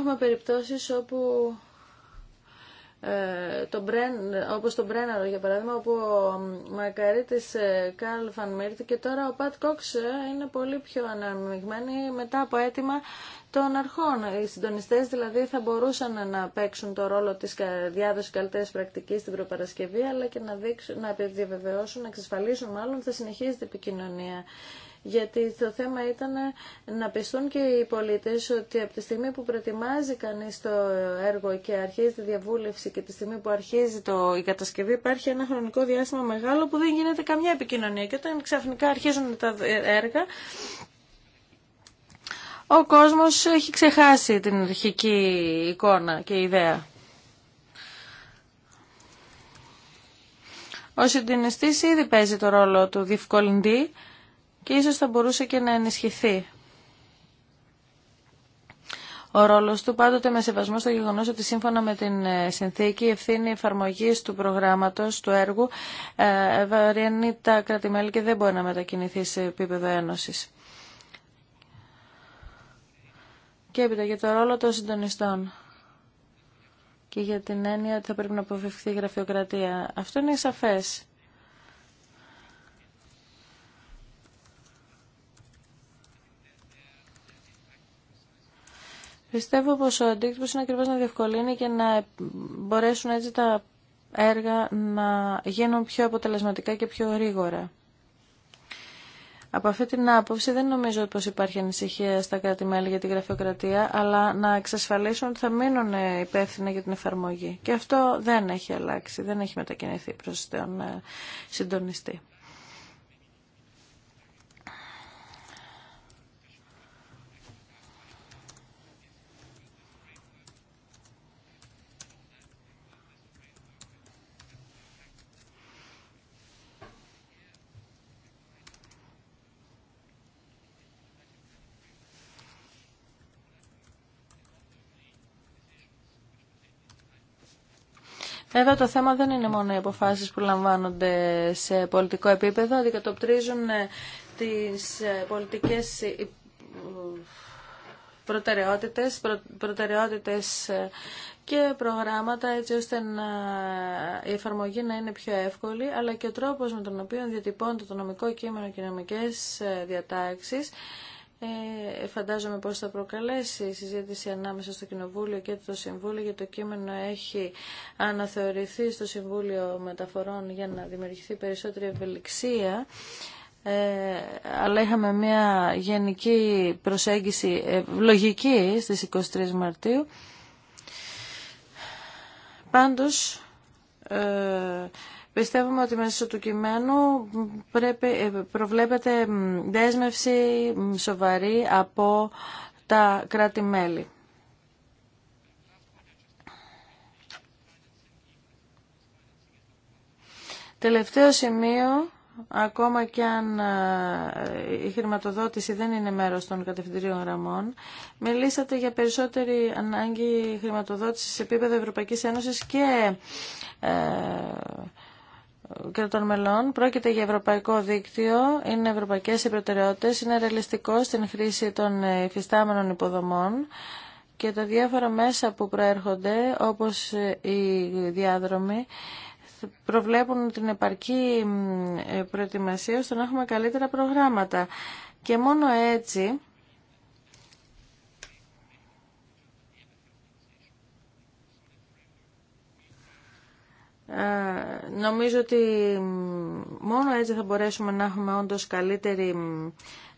έχουμε περιπτώσεις όπου ε, το Μπρεν, όπως τον Μπρέναρο για παράδειγμα όπου ο μακαρίτης ε, Καρλ Φαν και τώρα ο Πατ Κόξ ε, είναι πολύ πιο αναμειγμένοι μετά από αίτημα των αρχών. Οι συντονιστές δηλαδή θα μπορούσαν να παίξουν το ρόλο της διάδοσης καλύτερης πρακτικής στην προπαρασκευή αλλά και να, δείξουν, να διαβεβαιώσουν, να εξασφαλίσουν μάλλον θα συνεχίζεται η επικοινωνία γιατί το θέμα ήταν να πιστούν και οι πολίτες ότι από τη στιγμή που προετοιμάζει κανείς το έργο και αρχίζει τη διαβούλευση και τη στιγμή που αρχίζει το, η κατασκευή υπάρχει ένα χρονικό διάστημα μεγάλο που δεν γίνεται καμιά επικοινωνία και όταν ξαφνικά αρχίζουν τα έργα ο κόσμος έχει ξεχάσει την αρχική εικόνα και ιδέα. Ο συντηνιστής ήδη παίζει το ρόλο του διευκολυντή και ίσως θα μπορούσε και να ενισχυθεί. Ο ρόλο του πάντοτε με σεβασμό στο γεγονό ότι σύμφωνα με την ε, συνθήκη η ευθύνη εφαρμογή του προγράμματο, του έργου, ε, βαρύνει τα κρατημέλη και δεν μπορεί να μετακινηθεί σε επίπεδο ένωση. Και έπειτα για το ρόλο των συντονιστών και για την έννοια ότι θα πρέπει να αποφευχθεί η γραφειοκρατία. Αυτό είναι σαφές. Πιστεύω πως ο αντίκτυπος είναι ακριβώς να διευκολύνει και να μπορέσουν έτσι τα έργα να γίνουν πιο αποτελεσματικά και πιο γρήγορα. Από αυτή την άποψη δεν νομίζω πως υπάρχει ανησυχία στα κράτη-μέλη για τη γραφειοκρατία, αλλά να εξασφαλίσουν ότι θα μείνουν υπεύθυνα για την εφαρμογή. Και αυτό δεν έχει αλλάξει, δεν έχει μετακινηθεί προς τον ε, συντονιστή. Εδώ το θέμα δεν είναι μόνο οι αποφάσεις που λαμβάνονται σε πολιτικό επίπεδο, αντικατοπτρίζουν ε, τις ε, πολιτικές ε, προτεραιότητες, προτεραιότητες και προγράμματα έτσι ώστε η εφαρμογή να είναι πιο εύκολη αλλά και ο τρόπος με τον οποίο διατυπώνεται το νομικό κείμενο και οι νομικές διατάξεις ε, φαντάζομαι πως θα προκαλέσει η συζήτηση ανάμεσα στο Κοινοβούλιο και το Συμβούλιο γιατί το κείμενο έχει αναθεωρηθεί στο Συμβούλιο Μεταφορών για να δημιουργηθεί περισσότερη ευελιξία ε, αλλά είχαμε μια γενική προσέγγιση ε, λογική στις 23 Μαρτίου. Πάντως, ε, Πιστεύουμε ότι μέσω του κειμένου πρέπει, ε, προβλέπεται δέσμευση σοβαρή από τα κράτη-μέλη. Τελευταίο σημείο, ακόμα και αν ε, η χρηματοδότηση δεν είναι μέρος των κατευθυντηρίων γραμμών, μιλήσατε για περισσότερη ανάγκη χρηματοδότησης σε επίπεδο Ευρωπαϊκής Ένωσης και ε, κρατών μελών. Πρόκειται για ευρωπαϊκό δίκτυο, είναι ευρωπαϊκές οι προτεραιότητε, είναι ρεαλιστικό στην χρήση των υφιστάμενων υποδομών και τα διάφορα μέσα που προέρχονται, όπως οι διάδρομοι, προβλέπουν την επαρκή προετοιμασία ώστε να έχουμε καλύτερα προγράμματα. Και μόνο έτσι Ε, νομίζω ότι μόνο έτσι θα μπορέσουμε να έχουμε όντως καλύτερη,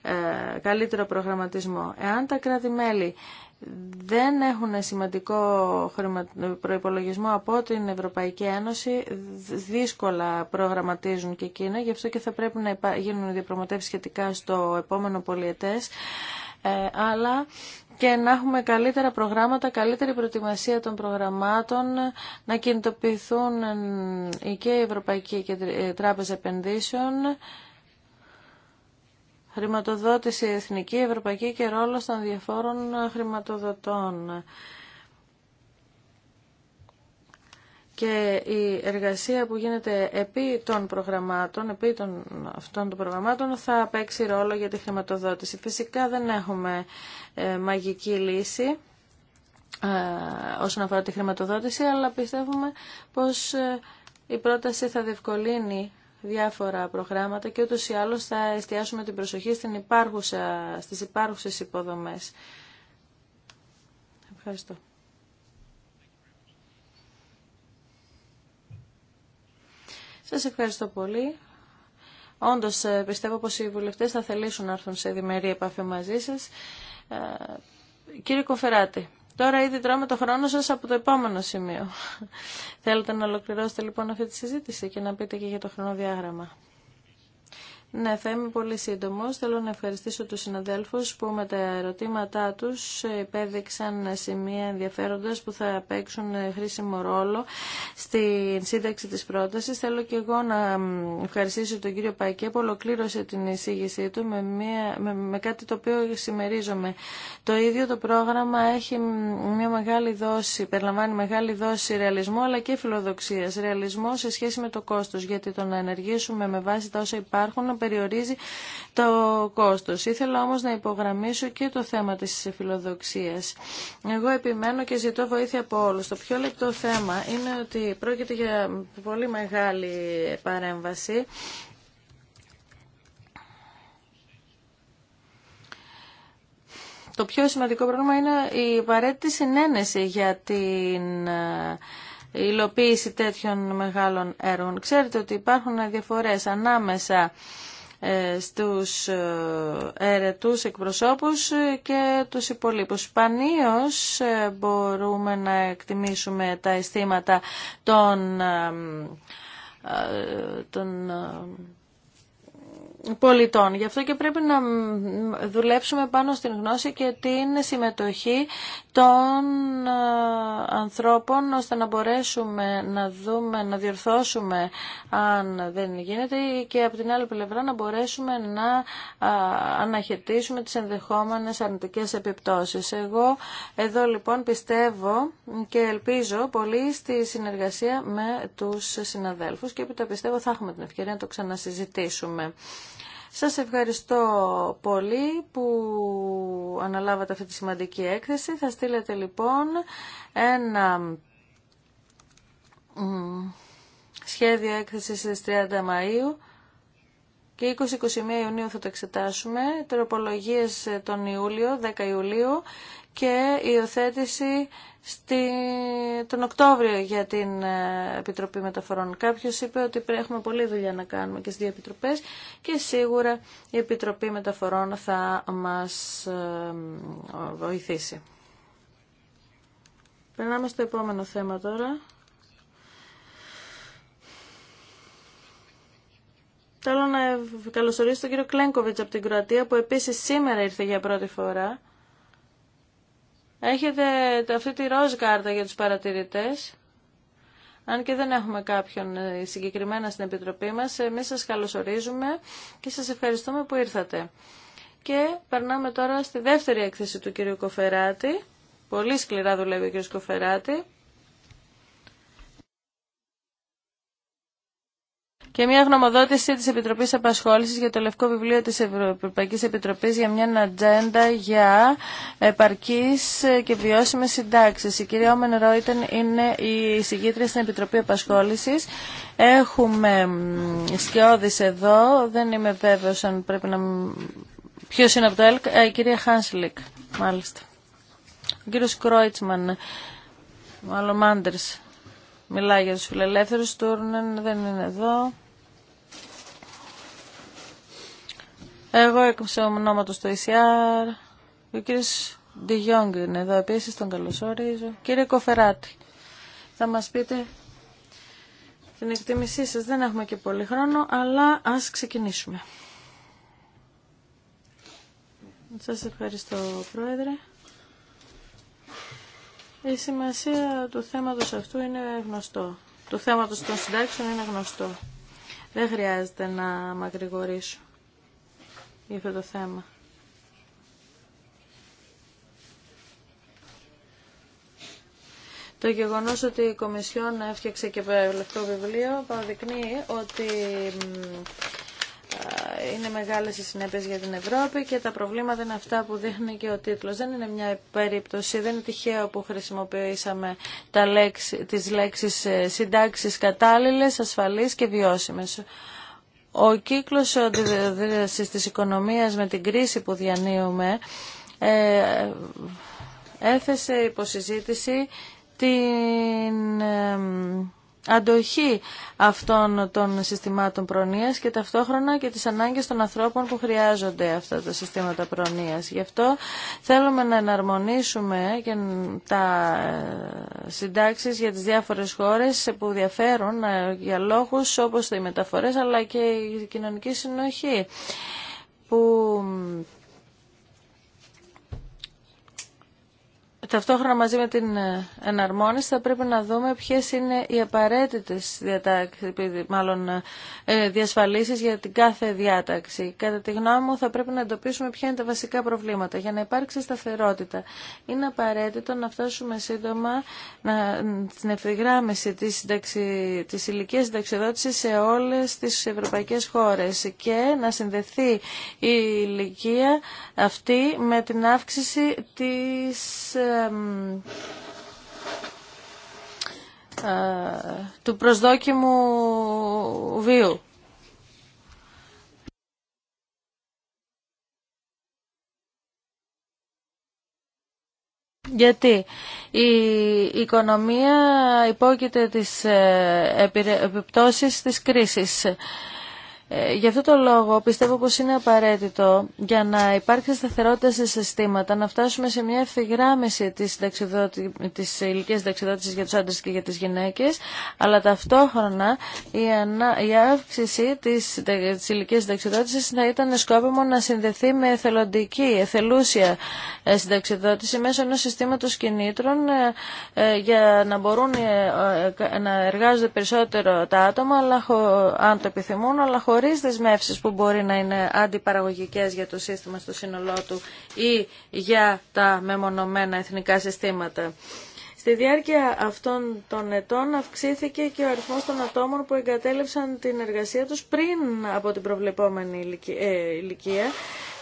ε, καλύτερο προγραμματισμό. Εάν τα κράτη-μέλη δεν έχουν σημαντικό προϋπολογισμό από την Ευρωπαϊκή Ένωση, δύσκολα προγραμματίζουν και εκείνα, γι' αυτό και θα πρέπει να γίνουν διαπραγματεύσεις σχετικά στο επόμενο πολιετές, ε, αλλά και να έχουμε καλύτερα προγράμματα, καλύτερη προετοιμασία των προγραμμάτων, να κινητοποιηθούν και η Ευρωπαϊκή ε, Τράπεζα Επενδύσεων, χρηματοδότηση εθνική, ευρωπαϊκή και ρόλο των διαφόρων χρηματοδοτών. και η εργασία που γίνεται επί των προγραμμάτων, επί των, αυτών των προγραμμάτων θα παίξει ρόλο για τη χρηματοδότηση. Φυσικά δεν έχουμε ε, μαγική λύση ε, όσον αφορά τη χρηματοδότηση, αλλά πιστεύουμε πως ε, η πρόταση θα διευκολύνει διάφορα προγράμματα και ούτως ή άλλως θα εστιάσουμε την προσοχή στην υπάρχουσα, στις υπάρχουσες υποδομές. Ευχαριστώ. Σας ευχαριστώ πολύ. Όντως ε, πιστεύω πως οι βουλευτές θα θελήσουν να έρθουν σε διμερή επαφή μαζί σας. Ε, κύριε Κοφεράτη, τώρα ήδη τρώμε το χρόνο σας από το επόμενο σημείο. Θέλετε να ολοκληρώσετε λοιπόν αυτή τη συζήτηση και να πείτε και για το χρονοδιάγραμμα. Ναι, θα είμαι πολύ σύντομο. Θέλω να ευχαριστήσω του συναδέλφου που με τα ερωτήματά του υπέδειξαν σημεία ενδιαφέροντα που θα παίξουν χρήσιμο ρόλο στην σύνταξη τη πρόταση. Θέλω και εγώ να ευχαριστήσω τον κύριο Πακέ που ολοκλήρωσε την εισήγησή του με, με, κάτι το οποίο συμμερίζομαι. Το ίδιο το πρόγραμμα έχει μια μεγάλη δόση, περιλαμβάνει μεγάλη δόση ρεαλισμού αλλά και φιλοδοξία. Ρεαλισμό σε σχέση με το κόστο, γιατί το να ενεργήσουμε με βάση τα όσα υπάρχουν περιορίζει το κόστος. Ήθελα όμως να υπογραμμίσω και το θέμα της φιλοδοξίας. Εγώ επιμένω και ζητώ βοήθεια από όλους. Το πιο λεπτό θέμα είναι ότι πρόκειται για πολύ μεγάλη παρέμβαση Το πιο σημαντικό πρόβλημα είναι η απαραίτητη συνένεση για την υλοποίηση τέτοιων μεγάλων έργων. Ξέρετε ότι υπάρχουν διαφορές ανάμεσα ε, στους ε, αιρετούς εκπροσώπους και τους υπολείπους. Σπανίως ε, μπορούμε να εκτιμήσουμε τα αισθήματα των, των πολιτών. Γι' αυτό και πρέπει να δουλέψουμε πάνω στην γνώση και την συμμετοχή των ε, ανθρώπων ώστε να μπορέσουμε να δούμε, να διορθώσουμε αν δεν γίνεται και από την άλλη πλευρά να μπορέσουμε να αναχαιτήσουμε τις ενδεχόμενες αρνητικές επιπτώσεις. Εγώ εδώ λοιπόν πιστεύω και ελπίζω πολύ στη συνεργασία με τους συναδέλφους και επειδή το πιστεύω θα έχουμε την ευκαιρία να το ξανασυζητήσουμε. Σας ευχαριστώ πολύ που αναλάβατε αυτή τη σημαντική έκθεση. Θα στείλετε λοιπόν ένα σχέδιο έκθεσης στις 30 Μαΐου και 20-21 Ιουνίου θα το εξετάσουμε, τροπολογίες ε, τον Ιούλιο, 10 Ιουλίου και υιοθέτηση στη... τον Οκτώβριο για την ε, Επιτροπή Μεταφορών. Κάποιος είπε ότι έχουμε πολλή δουλειά να κάνουμε και στις δύο επιτροπές και σίγουρα η Επιτροπή Μεταφορών θα μας ε, βοηθήσει. Περνάμε στο επόμενο θέμα τώρα. Θέλω να καλωσορίσω τον κύριο Κλένκοβιτς από την Κροατία που επίσης σήμερα ήρθε για πρώτη φορά. Έχετε αυτή τη ροζ κάρτα για τους παρατηρητές. Αν και δεν έχουμε κάποιον ε, συγκεκριμένα στην Επιτροπή μας, εμείς σας καλωσορίζουμε και σας ευχαριστούμε που ήρθατε. Και περνάμε τώρα στη δεύτερη έκθεση του κ. Κοφεράτη. Πολύ σκληρά δουλεύει ο κ. Κοφεράτη. και μια γνωμοδότηση τη Επιτροπή Απασχόληση για το Λευκό Βιβλίο τη Ευρωπαϊκή Επιτροπή για μια ατζέντα για επαρκή και βιώσιμε συντάξει. Η κυρία Όμεν Ρόιτεν είναι η συγκίτρια στην Επιτροπή Απασχόληση. Έχουμε σκιώδης εδώ, δεν είμαι βέβαιο αν πρέπει να... Ποιο είναι από το ΕΛΚ, ε, η κυρία Χάνσλικ, μάλιστα. Ο κύριο Κρόιτσμαν, μάλλον Μάντερ. μιλάει για του φιλελεύθερους, Τούρνεν δεν είναι εδώ. Εγώ εξομονόματος στο ECR. Ο κύριο Ντιγιόγκ είναι εδώ επίση τον καλωσορίζω. Κύριε Κοφεράτη, θα μας πείτε την εκτίμησή σα, Δεν έχουμε και πολύ χρόνο, αλλά ας ξεκινήσουμε. Σας ευχαριστώ, Πρόεδρε. Η σημασία του θέματος αυτού είναι γνωστό. Του θέματος των συντάξεων είναι γνωστό. Δεν χρειάζεται να μακρηγορήσω για αυτό το θέμα. Το γεγονός ότι η Κομισιόν έφτιαξε και λευκό βιβλίο παραδεικνύει ότι ε, είναι μεγάλες οι συνέπειες για την Ευρώπη και τα προβλήματα είναι αυτά που δείχνει και ο τίτλος. Δεν είναι μια περίπτωση, δεν είναι τυχαίο που χρησιμοποιήσαμε τα λέξη, τις λέξεις ε, συντάξεις κατάλληλες, ασφαλείς και βιώσιμες. Ο κύκλος αντιδράσης της οικονομίας με την κρίση που διανύουμε ε, έθεσε υποσυζήτηση την ε, αντοχή αυτών των συστημάτων προνοίας και ταυτόχρονα και τις ανάγκες των ανθρώπων που χρειάζονται αυτά τα συστήματα προνοίας. Γι' αυτό θέλουμε να εναρμονίσουμε και τα ε, συντάξεις για τις διάφορες χώρες που διαφέρουν ε, για λόγους όπως οι μεταφορές αλλά και η κοινωνική συνοχή που Ταυτόχρονα μαζί με την ε, εναρμόνιση θα πρέπει να δούμε ποιες είναι οι απαραίτητες μάλλον ε, ε, διασφαλίσεις για την κάθε διάταξη. Κατά τη γνώμη μου θα πρέπει να εντοπίσουμε ποια είναι τα βασικά προβλήματα για να υπάρξει σταθερότητα. Είναι απαραίτητο να φτάσουμε σύντομα να, στην ευθυγράμμιση της, συνταξι, της ηλικίας σε όλες τις ευρωπαϊκές χώρες και να συνδεθεί η ηλικία αυτή με την αύξηση της ε, του προσδόκιμου βίου. Γιατί η οικονομία υπόκειται τις ε, επιπτώσεις της κρίσης. Ε, γι' αυτό το λόγο πιστεύω πως είναι απαραίτητο για να υπάρξει σταθερότητα σε συστήματα, να φτάσουμε σε μια ευθυγράμμιση της, της ηλικίας συνταξιδότησης για τους άντρες και για τις γυναίκες, αλλά ταυτόχρονα η, η αύξηση της, της ηλικίας συνταξιδότησης να ήταν σκόπιμο να συνδεθεί με εθελοντική, εθελούσια ε, συνταξιδότηση μέσω ενός συστήματος κινήτρων ε, για να μπορούν να εργάζονται περισσότερο τα άτομα, αλλά, αν το επιθυμούν, αλλά χωρίς δεσμεύσει που μπορεί να είναι αντιπαραγωγικές για το σύστημα στο σύνολό του ή για τα μεμονωμένα εθνικά συστήματα. Στη διάρκεια αυτών των ετών αυξήθηκε και ο αριθμός των ατόμων που εγκατέλειψαν την εργασία τους πριν από την προβλεπόμενη ε, ηλικία.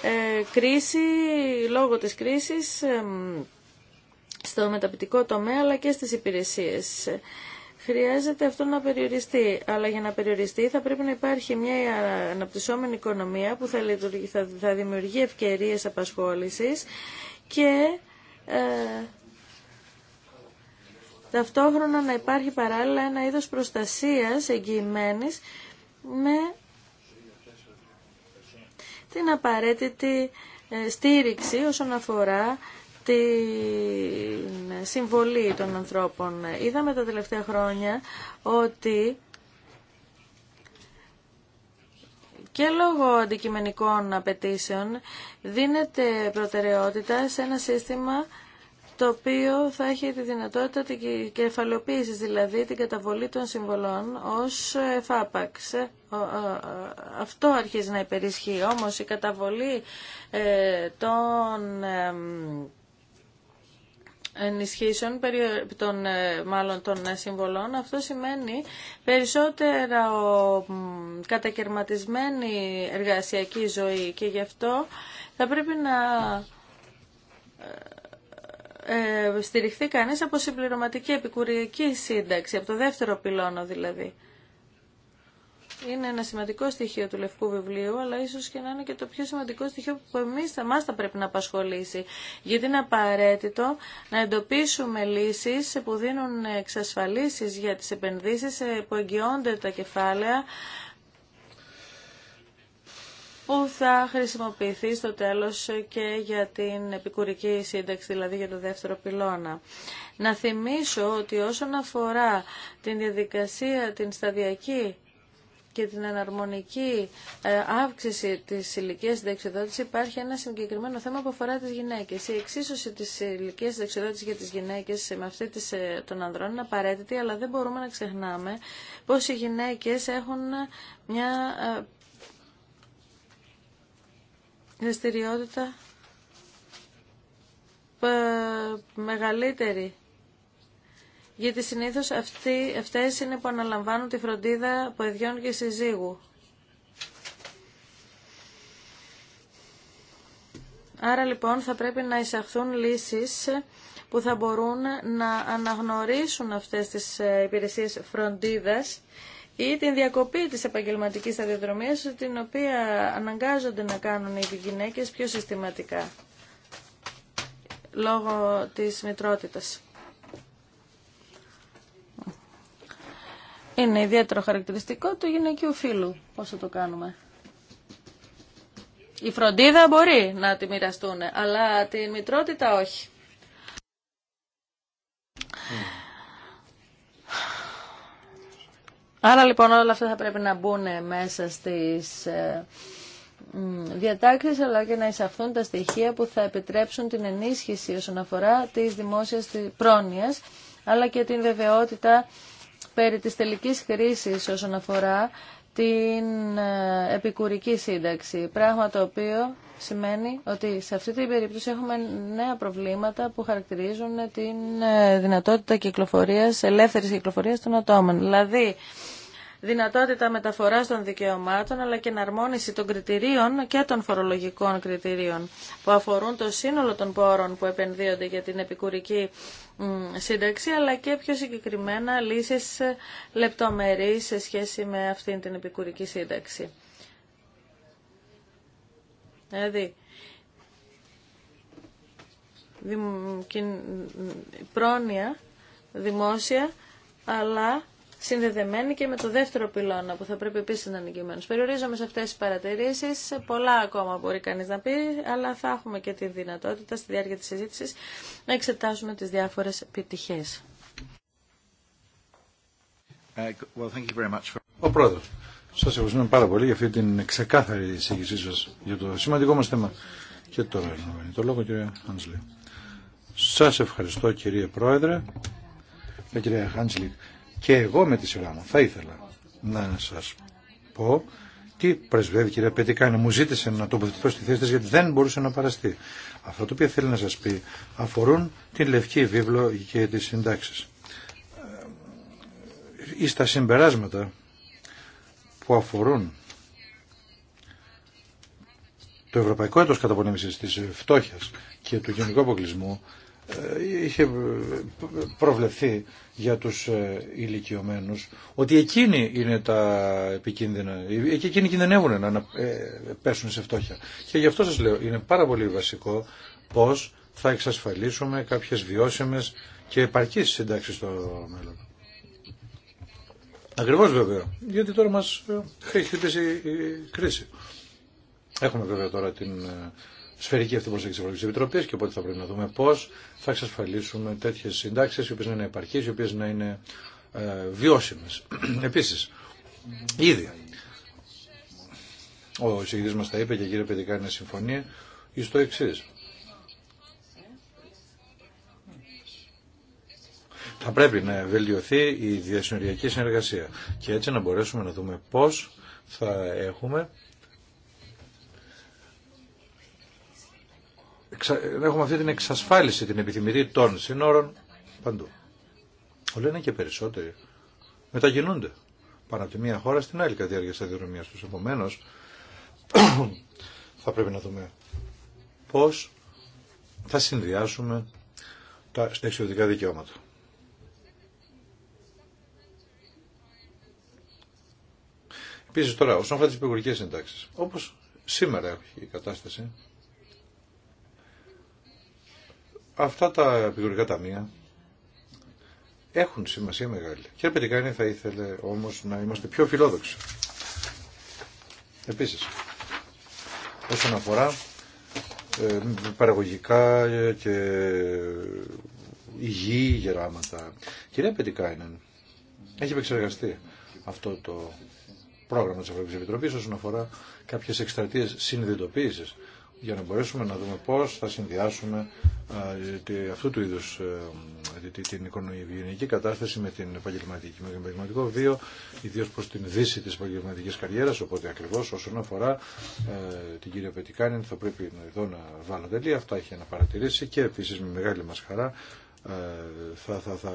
Ε, κρίση, λόγω της κρίσης στο μεταπητικό τομέα αλλά και στις υπηρεσίες. Χρειάζεται αυτό να περιοριστεί, αλλά για να περιοριστεί θα πρέπει να υπάρχει μια αναπτυσσόμενη οικονομία που θα, θα δημιουργεί ευκαιρίες απασχόλησης και ε, ταυτόχρονα να υπάρχει παράλληλα ένα είδος προστασίας εγγυημένης με την απαραίτητη ε, στήριξη όσον αφορά την συμβολή των ανθρώπων. Είδαμε τα τελευταία χρόνια ότι και λόγω αντικειμενικών απαιτήσεων δίνεται προτεραιότητα σε ένα σύστημα το οποίο θα έχει τη δυνατότητα την κεφαλοποίηση, δηλαδή την καταβολή των συμβολών ως εφάπαξ. Ε, ε, αυτό αρχίζει να υπερισχύει, όμως η καταβολή ε, των ενισχύσεων των, ε, μάλλον των ε, συμβολών. Αυτό σημαίνει περισσότερα κατακαιρματισμένη εργασιακή ζωή και γι' αυτό θα πρέπει να ε, στηριχθεί κανείς από συμπληρωματική επικουρική σύνταξη, από το δεύτερο πυλώνο δηλαδή είναι ένα σημαντικό στοιχείο του Λευκού Βιβλίου, αλλά ίσως και να είναι και το πιο σημαντικό στοιχείο που εμείς θα θα πρέπει να απασχολήσει. Γιατί είναι απαραίτητο να εντοπίσουμε λύσεις που δίνουν εξασφαλίσει για τις επενδύσεις που εγγυώνται τα κεφάλαια που θα χρησιμοποιηθεί στο τέλος και για την επικουρική σύνταξη, δηλαδή για το δεύτερο πυλώνα. Να θυμίσω ότι όσον αφορά την διαδικασία, την σταδιακή και την αναρμονική ε, αύξηση της ηλικία δεξιδότηση υπάρχει ένα συγκεκριμένο θέμα που αφορά τις γυναίκες. Η εξίσωση της ηλικία δεξιδότηση για τις γυναίκες με αυτή της, ε, των ανδρών είναι απαραίτητη, αλλά δεν μπορούμε να ξεχνάμε πως οι γυναίκες έχουν μια ε, δραστηριότητα μεγαλύτερη γιατί συνήθως αυτοί, αυτές είναι που αναλαμβάνουν τη φροντίδα παιδιών και συζύγου. Άρα λοιπόν θα πρέπει να εισαχθούν λύσεις που θα μπορούν να αναγνωρίσουν αυτές τις ε, υπηρεσίες φροντίδας ή την διακοπή της επαγγελματικής σταδιοδρομίας την οποία αναγκάζονται να κάνουν οι γυναίκες πιο συστηματικά λόγω της μητρότητας. Είναι ιδιαίτερο χαρακτηριστικό του γυναικείου φίλου, όσο το κάνουμε. Η φροντίδα μπορεί να τη μοιραστούν, αλλά τη μητρότητα όχι. Άρα λοιπόν όλα αυτά θα πρέπει να μπουν μέσα στις ε, διατάξεις αλλά και να εισαφθούν τα στοιχεία που θα επιτρέψουν την ενίσχυση όσον αφορά της δημόσιας πρόνοιας αλλά και την βεβαιότητα περί της τελικής χρήσης όσον αφορά την ε, επικουρική σύνταξη, πράγμα το οποίο σημαίνει ότι σε αυτή την περίπτωση έχουμε νέα προβλήματα που χαρακτηρίζουν την ε, δυνατότητα κυκλοφορίας, ελεύθερης κυκλοφορίας των ατόμων. Δηλαδή, δυνατότητα μεταφοράς των δικαιωμάτων αλλά και εναρμόνιση των κριτηρίων και των φορολογικών κριτηρίων που αφορούν το σύνολο των πόρων που επενδύονται για την επικουρική σύνταξη αλλά και πιο συγκεκριμένα λύσεις ε, λεπτομερείς σε σχέση με αυτήν την επικουρική σύνταξη. Δηλαδή, πρόνοια δημόσια αλλά συνδεδεμένη και με το δεύτερο πυλώνα που θα πρέπει επίση να είναι εγγυημένο. Περιορίζομαι σε αυτέ τι παρατηρήσει. πολλά ακόμα μπορεί κανεί να πει, αλλά θα έχουμε και τη δυνατότητα στη διάρκεια τη συζήτηση να εξετάσουμε τι διάφορε επιτυχίε. Ε, well, thank you very much for... Ο πρόεδρο. Σα ευχαριστούμε πάρα πολύ για αυτή την ξεκάθαρη εισήγησή σα για το σημαντικό μα θέμα. Και τώρα είναι το λόγο κυρία Χάνσλη. Σα ευχαριστώ κύριε Πρόεδρε και ε, κυρία Χάνσλη. Και εγώ με τη σειρά μου θα ήθελα να σας πω τι πρεσβεύει η κυρία Πετικάνη. Μου ζήτησε να τοποθετηθώ στη θέση της γιατί δεν μπορούσε να παραστεί. Αυτό το οποίο θέλει να σας πει αφορούν την Λευκή Βίβλο και τις συντάξεις. Ή ε, στα συμπεράσματα που αφορούν το Ευρωπαϊκό Έτος Καταπολέμησης της Φτώχειας και του Γενικού Αποκλεισμού ε, είχε προβλεφθεί για τους ε, ηλικιωμένους ότι εκείνοι είναι τα επικίνδυνα, ε, και εκείνοι κινδυνεύουν να πέσουν σε φτώχεια. Και γι' αυτό σας λέω, είναι πάρα πολύ βασικό πώς θα εξασφαλίσουμε κάποιες βιώσιμες και επαρκείς συντάξεις στο μέλλον. Ακριβώς βέβαια, γιατί τώρα μας έχει χτυπήσει η κρίση. Έχουμε βέβαια τώρα την σφαιρική αυτή προσέγγιση τη Ευρωπαϊκή Επιτροπή και οπότε θα πρέπει να δούμε πώ θα εξασφαλίσουμε τέτοιε συντάξει οι οποίε να είναι επαρκεί, οι οποίε να είναι ε, βιώσιμε. Επίση, ήδη ο εισηγητή μα τα είπε και κύριε Παιδικά είναι συμφωνία ει το εξή. Θα πρέπει να βελτιωθεί η διασυνοριακή συνεργασία και έτσι να μπορέσουμε να δούμε πώς θα έχουμε έχουμε αυτή την εξασφάλιση, την επιθυμητή των σύνορων παντού. Όλα είναι και περισσότεροι. Μετακινούνται πάνω από τη μία χώρα στην άλλη κατά διάρκεια αδειοδρομία του. Επομένω, θα πρέπει να δούμε πώ θα συνδυάσουμε τα συνταξιωτικά δικαιώματα. Επίση τώρα, όσον αφορά τι υπηκουρικέ συντάξει, όπω σήμερα έχει η κατάσταση, Αυτά τα τα ταμεία έχουν σημασία μεγάλη. Κύριε Πετικάνη θα ήθελε όμως να είμαστε πιο φιλόδοξοι. Επίσης, όσον αφορά ε, παραγωγικά και υγιή γεράματα. Κυρία Πετικάινεν, έχει επεξεργαστεί αυτό το πρόγραμμα της Ευρωπαϊκής Επιτροπής όσον αφορά κάποιες εκστρατείες συνειδητοποίησης για να μπορέσουμε να δούμε πώς θα συνδυάσουμε αυτού του είδους ε, την οικονομική κατάσταση με την επαγγελματική, με τον επαγγελματικό βίο, ιδίως προ την δύση τη επαγγελματική καριέρα, οπότε ακριβώ, όσον αφορά ε, την κυρία Πετικάνη θα πρέπει εδώ να βάλω τελεία, αυτά έχει να παρατηρήσει και επίση με μεγάλη μα χαρά ε, θα, θα, θα,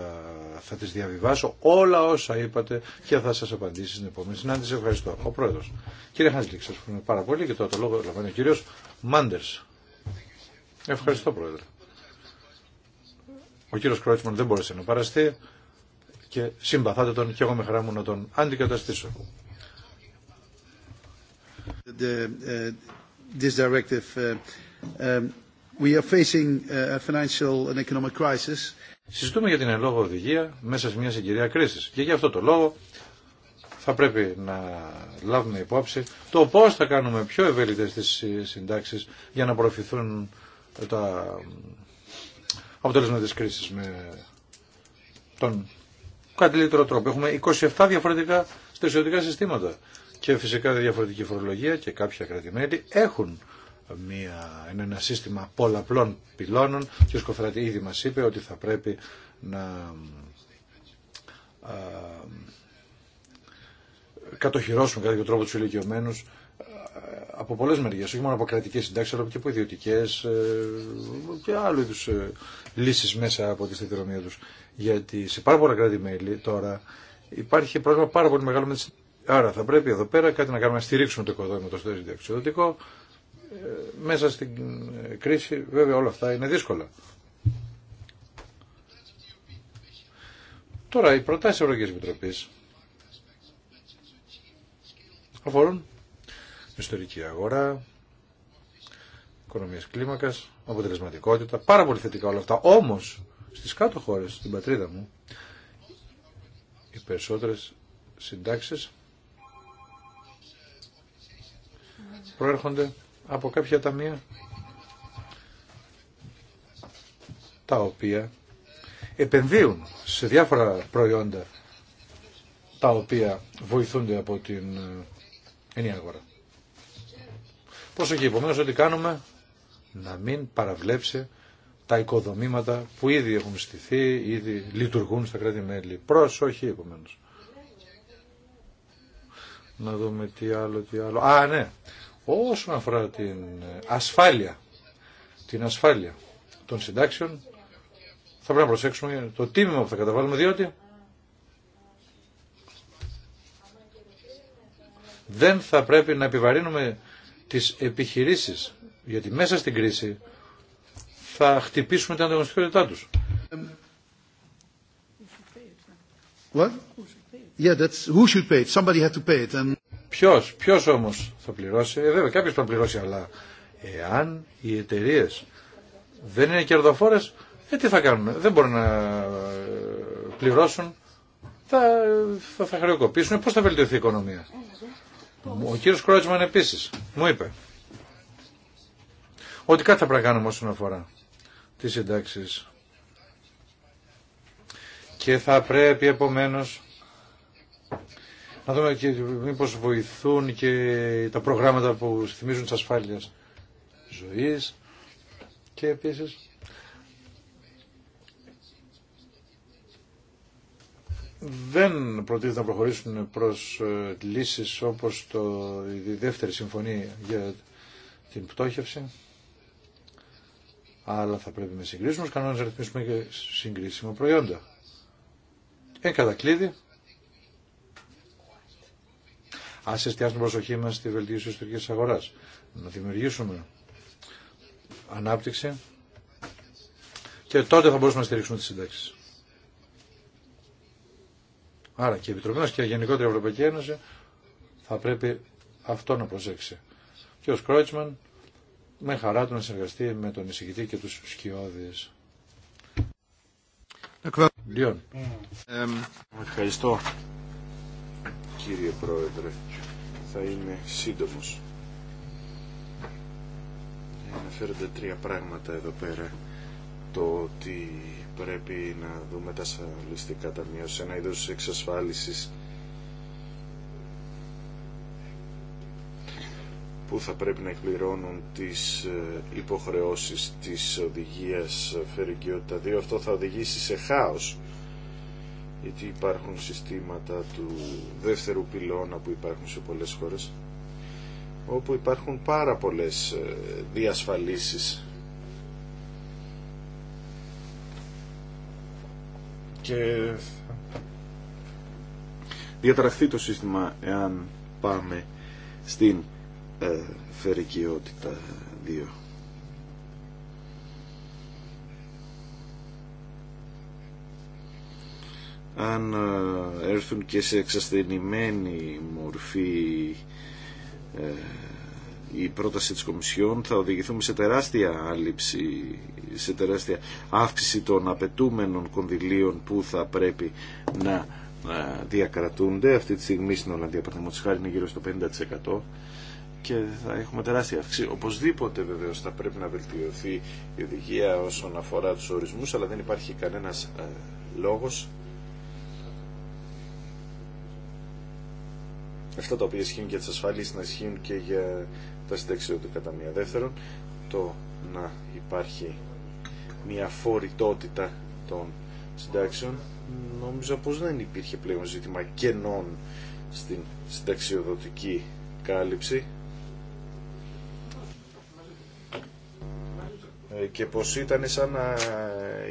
θα τις διαβιβάσω όλα όσα είπατε και θα σας απαντήσει στην επόμενη συνάντηση. Ευχαριστώ. Ο Πρόεδρος. Κύριε Χαντλίκ σας ευχαριστούμε πάρα πολύ και τώρα το λόγο λαμβάνει ο κύριος Μάντερς. Ευχαριστώ Πρόεδρε. Ο κύριος Κρότσμαν δεν μπόρεσε να παραστεί και συμπαθάτε τον και εγώ με χαρά μου να τον αντικαταστήσω. The, uh, directive, uh, um... We Συζητούμε για την ελόγω οδηγία μέσα σε μια συγκυρία κρίση. Και για αυτό το λόγο θα πρέπει να λάβουμε υπόψη το πώ θα κάνουμε πιο ευέλικτε τι συντάξει για να προωθηθούν τα αποτέλεσματα τη κρίση με τον καλύτερο τρόπο. Έχουμε 27 διαφορετικά στεσιωτικά συστήματα και φυσικά διαφορετική φορολογία και κάποια κρατημέλη έχουν μια, ένα σύστημα πολλαπλών πυλώνων και ο Σκοφράτη ήδη μας είπε ότι θα πρέπει να α, κατοχυρώσουμε κατά τον τρόπο του ηλικιωμένους από πολλές μεριές, όχι μόνο από κρατικέ συντάξεις αλλά και από ιδιωτικέ ε, και άλλου είδους ε, λύσεις μέσα από τη σταθερομία του. Γιατί σε πάρα πολλά κράτη-μέλη τώρα υπάρχει πρόβλημα πάρα πολύ μεγάλο με τις Άρα θα πρέπει εδώ πέρα κάτι να κάνουμε να στηρίξουμε το οικοδόμημα το συνταξιδοτικό μέσα στην κρίση βέβαια όλα αυτά είναι δύσκολα. Τώρα οι προτάσεις της Ευρωπαϊκής Επιτροπής αφορούν ιστορική αγορά, οικονομία κλίμακας, αποτελεσματικότητα, πάρα πολύ θετικά όλα αυτά. Όμως στις κάτω χώρες, στην πατρίδα μου, οι περισσότερες συντάξεις προέρχονται από κάποια ταμεία τα οποία επενδύουν σε διάφορα προϊόντα τα οποία βοηθούνται από την ε, ενιαία αγορά. Προσοχή, επομένως, ότι κάνουμε να μην παραβλέψει τα οικοδομήματα που ήδη έχουν στηθεί, ήδη λειτουργούν στα κράτη-μέλη. Προσοχή, επομένως. Να δούμε τι άλλο, τι άλλο. Α, ναι όσον αφορά την ασφάλεια, την ασφάλεια των συντάξεων, θα πρέπει να προσέξουμε το τίμημα που θα καταβάλουμε, διότι δεν θα πρέπει να επιβαρύνουμε τις επιχειρήσεις, γιατί μέσα στην κρίση θα χτυπήσουμε την ανταγωνιστικότητά τους. What? Yeah, that's who should pay Somebody to pay And... Ποιο, Ποιο όμως θα πληρώσει. Ε, βέβαια κάποιος θα πληρώσει, αλλά εάν οι εταιρείε δεν είναι κερδοφόρες, ε, τι θα κάνουν. Δεν μπορούν να ε, πληρώσουν. Θα, θα, θα χρεοκοπήσουν. Ε, πώς θα βελτιωθεί η οικονομία. Ο κύριο Κρότσμαν επίσης μου είπε ότι κάτι θα πρέπει να κάνουμε όσον αφορά Τι συντάξεις. Και θα πρέπει επομένως να δούμε και μήπως βοηθούν και τα προγράμματα που θυμίζουν τις ασφάλειες ζωής και επίσης δεν προτείνεται να προχωρήσουν προς ε, λύσεις όπως το, η δεύτερη συμφωνία για την πτώχευση αλλά θα πρέπει με συγκρίσιμους κανόνες να ρυθμίσουμε και συγκρίσιμα προϊόντα. Εν κατακλείδη, Α εστιάσουμε προσοχή μα στη βελτίωση τη τουρκική αγοράς. Να δημιουργήσουμε ανάπτυξη και τότε θα μπορούμε να στηρίξουμε τις συνταξει. Άρα και η Επιτροπή μας και η γενικότερη Ευρωπαϊκή Ένωση θα πρέπει αυτό να προσέξει. Και ο Σκρόιτσμαν με χαρά του να συνεργαστεί με τον εισηγητή και τους σκιώδεις. Ευχαριστώ κύριε Πρόεδρε. Θα είμαι σύντομος. Αναφέρονται τρία πράγματα εδώ πέρα. Το ότι πρέπει να δούμε τα σαλίστικα ταμεία σε ένα είδος εξασφάλισης που θα πρέπει να εκπληρώνουν τις ε, υποχρεώσεις της οδηγίας Φερικιότητα 2. Αυτό θα οδηγήσει σε χάος γιατί υπάρχουν συστήματα του δεύτερου πυλώνα που υπάρχουν σε πολλές χώρες όπου υπάρχουν πάρα πολλές ε, διασφαλίσεις και διαταραχθεί το σύστημα εάν πάμε στην ε, φερικιότητα 2. αν ε, έρθουν και σε εξασθενημένη μορφή ε, η πρόταση της Κομισιόν θα οδηγηθούμε σε τεράστια άλυψη, σε τεράστια αύξηση των απαιτούμενων κονδυλίων που θα πρέπει να ε, διακρατούνται. Αυτή τη στιγμή στην Ολλανδία παραδείγματο χάρη είναι γύρω στο 50% και θα έχουμε τεράστια αύξηση. Οπωσδήποτε βεβαίως θα πρέπει να βελτιωθεί η οδηγία όσον αφορά τους ορισμούς αλλά δεν υπάρχει κανένας λόγος αυτά τα οποία ισχύουν για τι ασφαλίσει να ισχύουν και για τα συνταξιότητα κατά μία δεύτερον, το να υπάρχει μια φορητότητα των συντάξεων, νομίζω πως δεν υπήρχε πλέον ζήτημα κενών στην συνταξιοδοτική κάλυψη ε, και πως ήταν σαν να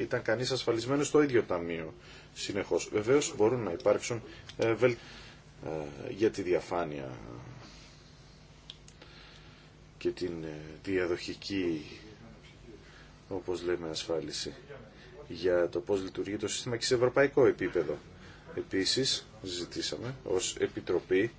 ήταν κανείς ασφαλισμένος στο ίδιο ταμείο συνεχώς. Βεβαίως μπορούν να υπάρξουν ε, βελτιώσεις ε, για τη διαφάνεια και την ε, διαδοχική όπως λέμε ασφάλιση για το πώς λειτουργεί το σύστημα και σε ευρωπαϊκό επίπεδο. Επίσης ζητήσαμε ως Επιτροπή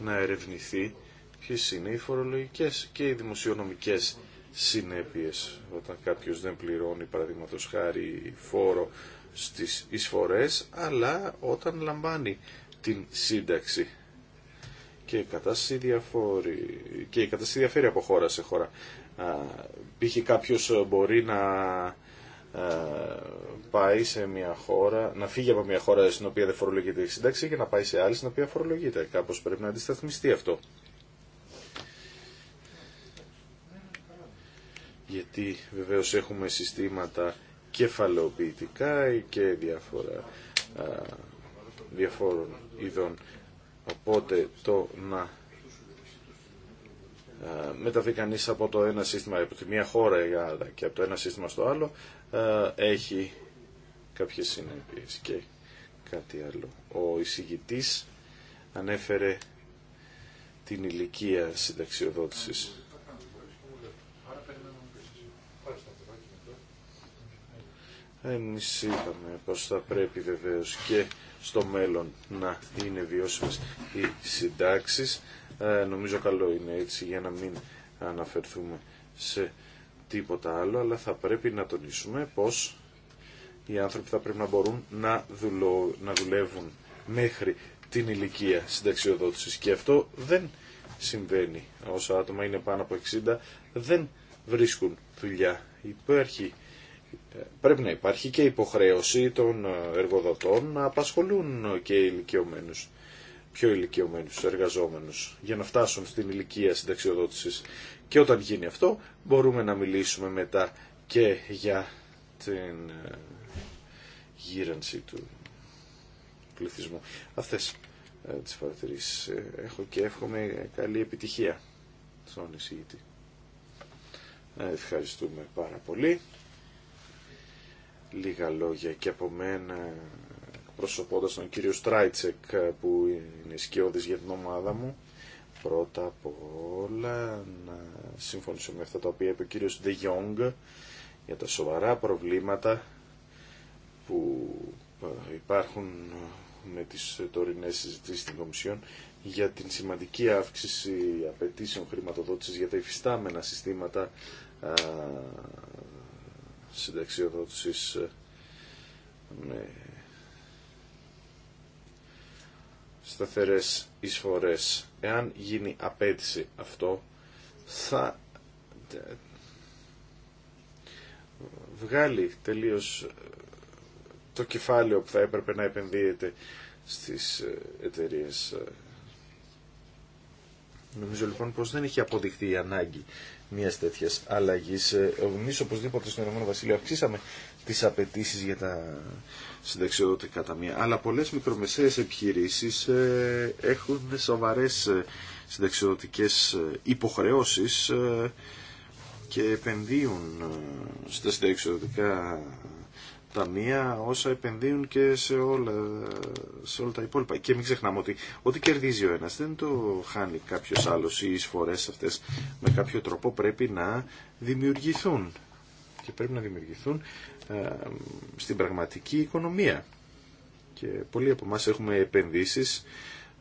να ερευνηθεί ποιες είναι οι φορολογικές και οι δημοσιονομικές συνέπειες όταν κάποιος δεν πληρώνει παραδείγματο χάρη φόρο στις εισφορές αλλά όταν λαμβάνει την σύνταξη. Και η κατάσταση, διαφορεί, και η κατάσταση διαφέρει από χώρα σε χώρα. Π.χ. κάποιος μπορεί να πάει σε μια χώρα, να φύγει από μια χώρα στην οποία δεν φορολογείται η σύνταξη και να πάει σε άλλη στην οποία φορολογείται. Κάπως πρέπει να αντισταθμιστεί αυτό. Γιατί βεβαίως έχουμε συστήματα κεφαλαιοποιητικά και διάφορα, α, διαφόρων Οπότε το να ε, μεταβεί κανεί από το ένα σύστημα, από τη μία χώρα και από το ένα σύστημα στο άλλο, ε, έχει κάποιες συνέπειες και κάτι άλλο. Ο εισηγητής ανέφερε την ηλικία συνταξιοδότησης. Εμείς είπαμε πως θα πρέπει βεβαίως και στο μέλλον να είναι βιώσιμες οι συντάξεις. Ε, νομίζω καλό είναι έτσι για να μην αναφερθούμε σε τίποτα άλλο, αλλά θα πρέπει να τονίσουμε πως οι άνθρωποι θα πρέπει να μπορούν να, δουλω... να δουλεύουν μέχρι την ηλικία συνταξιοδότησης και αυτό δεν συμβαίνει. Όσα άτομα είναι πάνω από 60 δεν βρίσκουν δουλειά. Υπάρχει πρέπει να υπάρχει και υποχρέωση των ε, εργοδοτών να απασχολούν και ηλικιωμένους, πιο ηλικιωμένους εργαζόμενους για να φτάσουν στην ηλικία συνταξιοδότησης. Και όταν γίνει αυτό μπορούμε να μιλήσουμε μετά και για την ε, γύρανση του πληθυσμού. Αυτές ε, τις παρατηρήσεις έχω και εύχομαι καλή επιτυχία στον εισηγητή. Ευχαριστούμε πάρα πολύ λίγα λόγια και από μένα προσωπώντας τον κύριο Στράιτσεκ που είναι σκιώδης για την ομάδα μου πρώτα απ' όλα να συμφωνήσω με αυτά τα οποία είπε ο κύριος De για τα σοβαρά προβλήματα που ε, υπάρχουν με τις τωρινές συζητήσεις στην Κομισιόν για την σημαντική αύξηση απαιτήσεων χρηματοδότησης για τα υφιστάμενα συστήματα συνταξιοδότησης ε, με σταθερές εισφορές. Εάν γίνει απέτηση αυτό, θα ε, βγάλει τελείως ε, το κεφάλαιο που θα έπρεπε να επενδύεται στις εταιρείε. Νομίζω λοιπόν πως δεν έχει αποδειχθεί η ανάγκη μια τέτοια αλλαγή. Ε, Εμεί οπωσδήποτε στον Ηνωμένο Βασίλειο αυξήσαμε τι απαιτήσει για τα συνταξιοδοτικά ταμεία. Αλλά πολλέ μικρομεσαίε επιχειρήσει ε, έχουν σοβαρέ ε, συνταξιοδοτικέ υποχρεώσει και επενδύουν στα συνταξιοδοτικά τα μία όσα επενδύουν και σε όλα, σε όλα τα υπόλοιπα. Και μην ξεχνάμε ότι ό,τι κερδίζει ο ένας δεν το χάνει κάποιος άλλος ή οι εισφορές αυτές με κάποιο τρόπο πρέπει να δημιουργηθούν και πρέπει να δημιουργηθούν ε, στην πραγματική οικονομία. Και πολλοί από εμά έχουμε επενδύσεις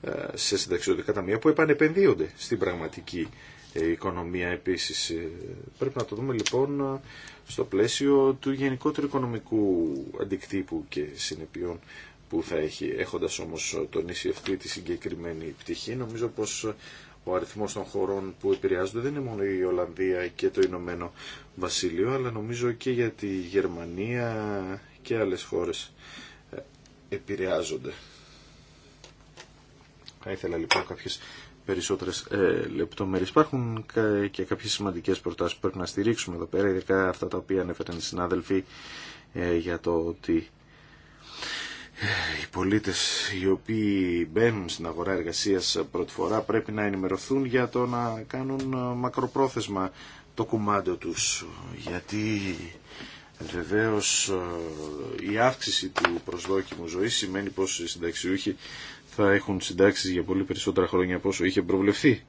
ε, σε σε συνταξιωτικά ταμεία που επανεπενδύονται στην πραγματική ε, η οικονομία επίσης. Ε, πρέπει να το δούμε λοιπόν ε, στο πλαίσιο του γενικότερου οικονομικού αντικτύπου και συνεπειών που θα έχει. Έχοντας όμως τονίσει αυτή τη συγκεκριμένη πτυχή, νομίζω πως ο αριθμός των χωρών που επηρεάζονται δεν είναι μόνο η Ολλανδία και το Ηνωμένο Βασίλειο, αλλά νομίζω και για τη Γερμανία και άλλες χώρες επηρεάζονται. Θα ήθελα λοιπόν κάποιες περισσότερες ε, λεπτομέρειες. Υπάρχουν και κάποιες σημαντικές προτάσεις που πρέπει να στηρίξουμε εδώ πέρα, ειδικά αυτά τα οποία ανέφεραν οι συνάδελφοι ε, για το ότι ε, οι πολίτες οι οποίοι μπαίνουν στην αγορά εργασίας πρώτη φορά πρέπει να ενημερωθούν για το να κάνουν ε, μακροπρόθεσμα το κουμάντο τους. Γιατί βεβαίως η αύξηση του προσδόκιμου ζωής σημαίνει πως οι συνταξιούχοι θα έχουν συντάξεις για πολύ περισσότερα χρόνια από όσο είχε προβλεφθεί.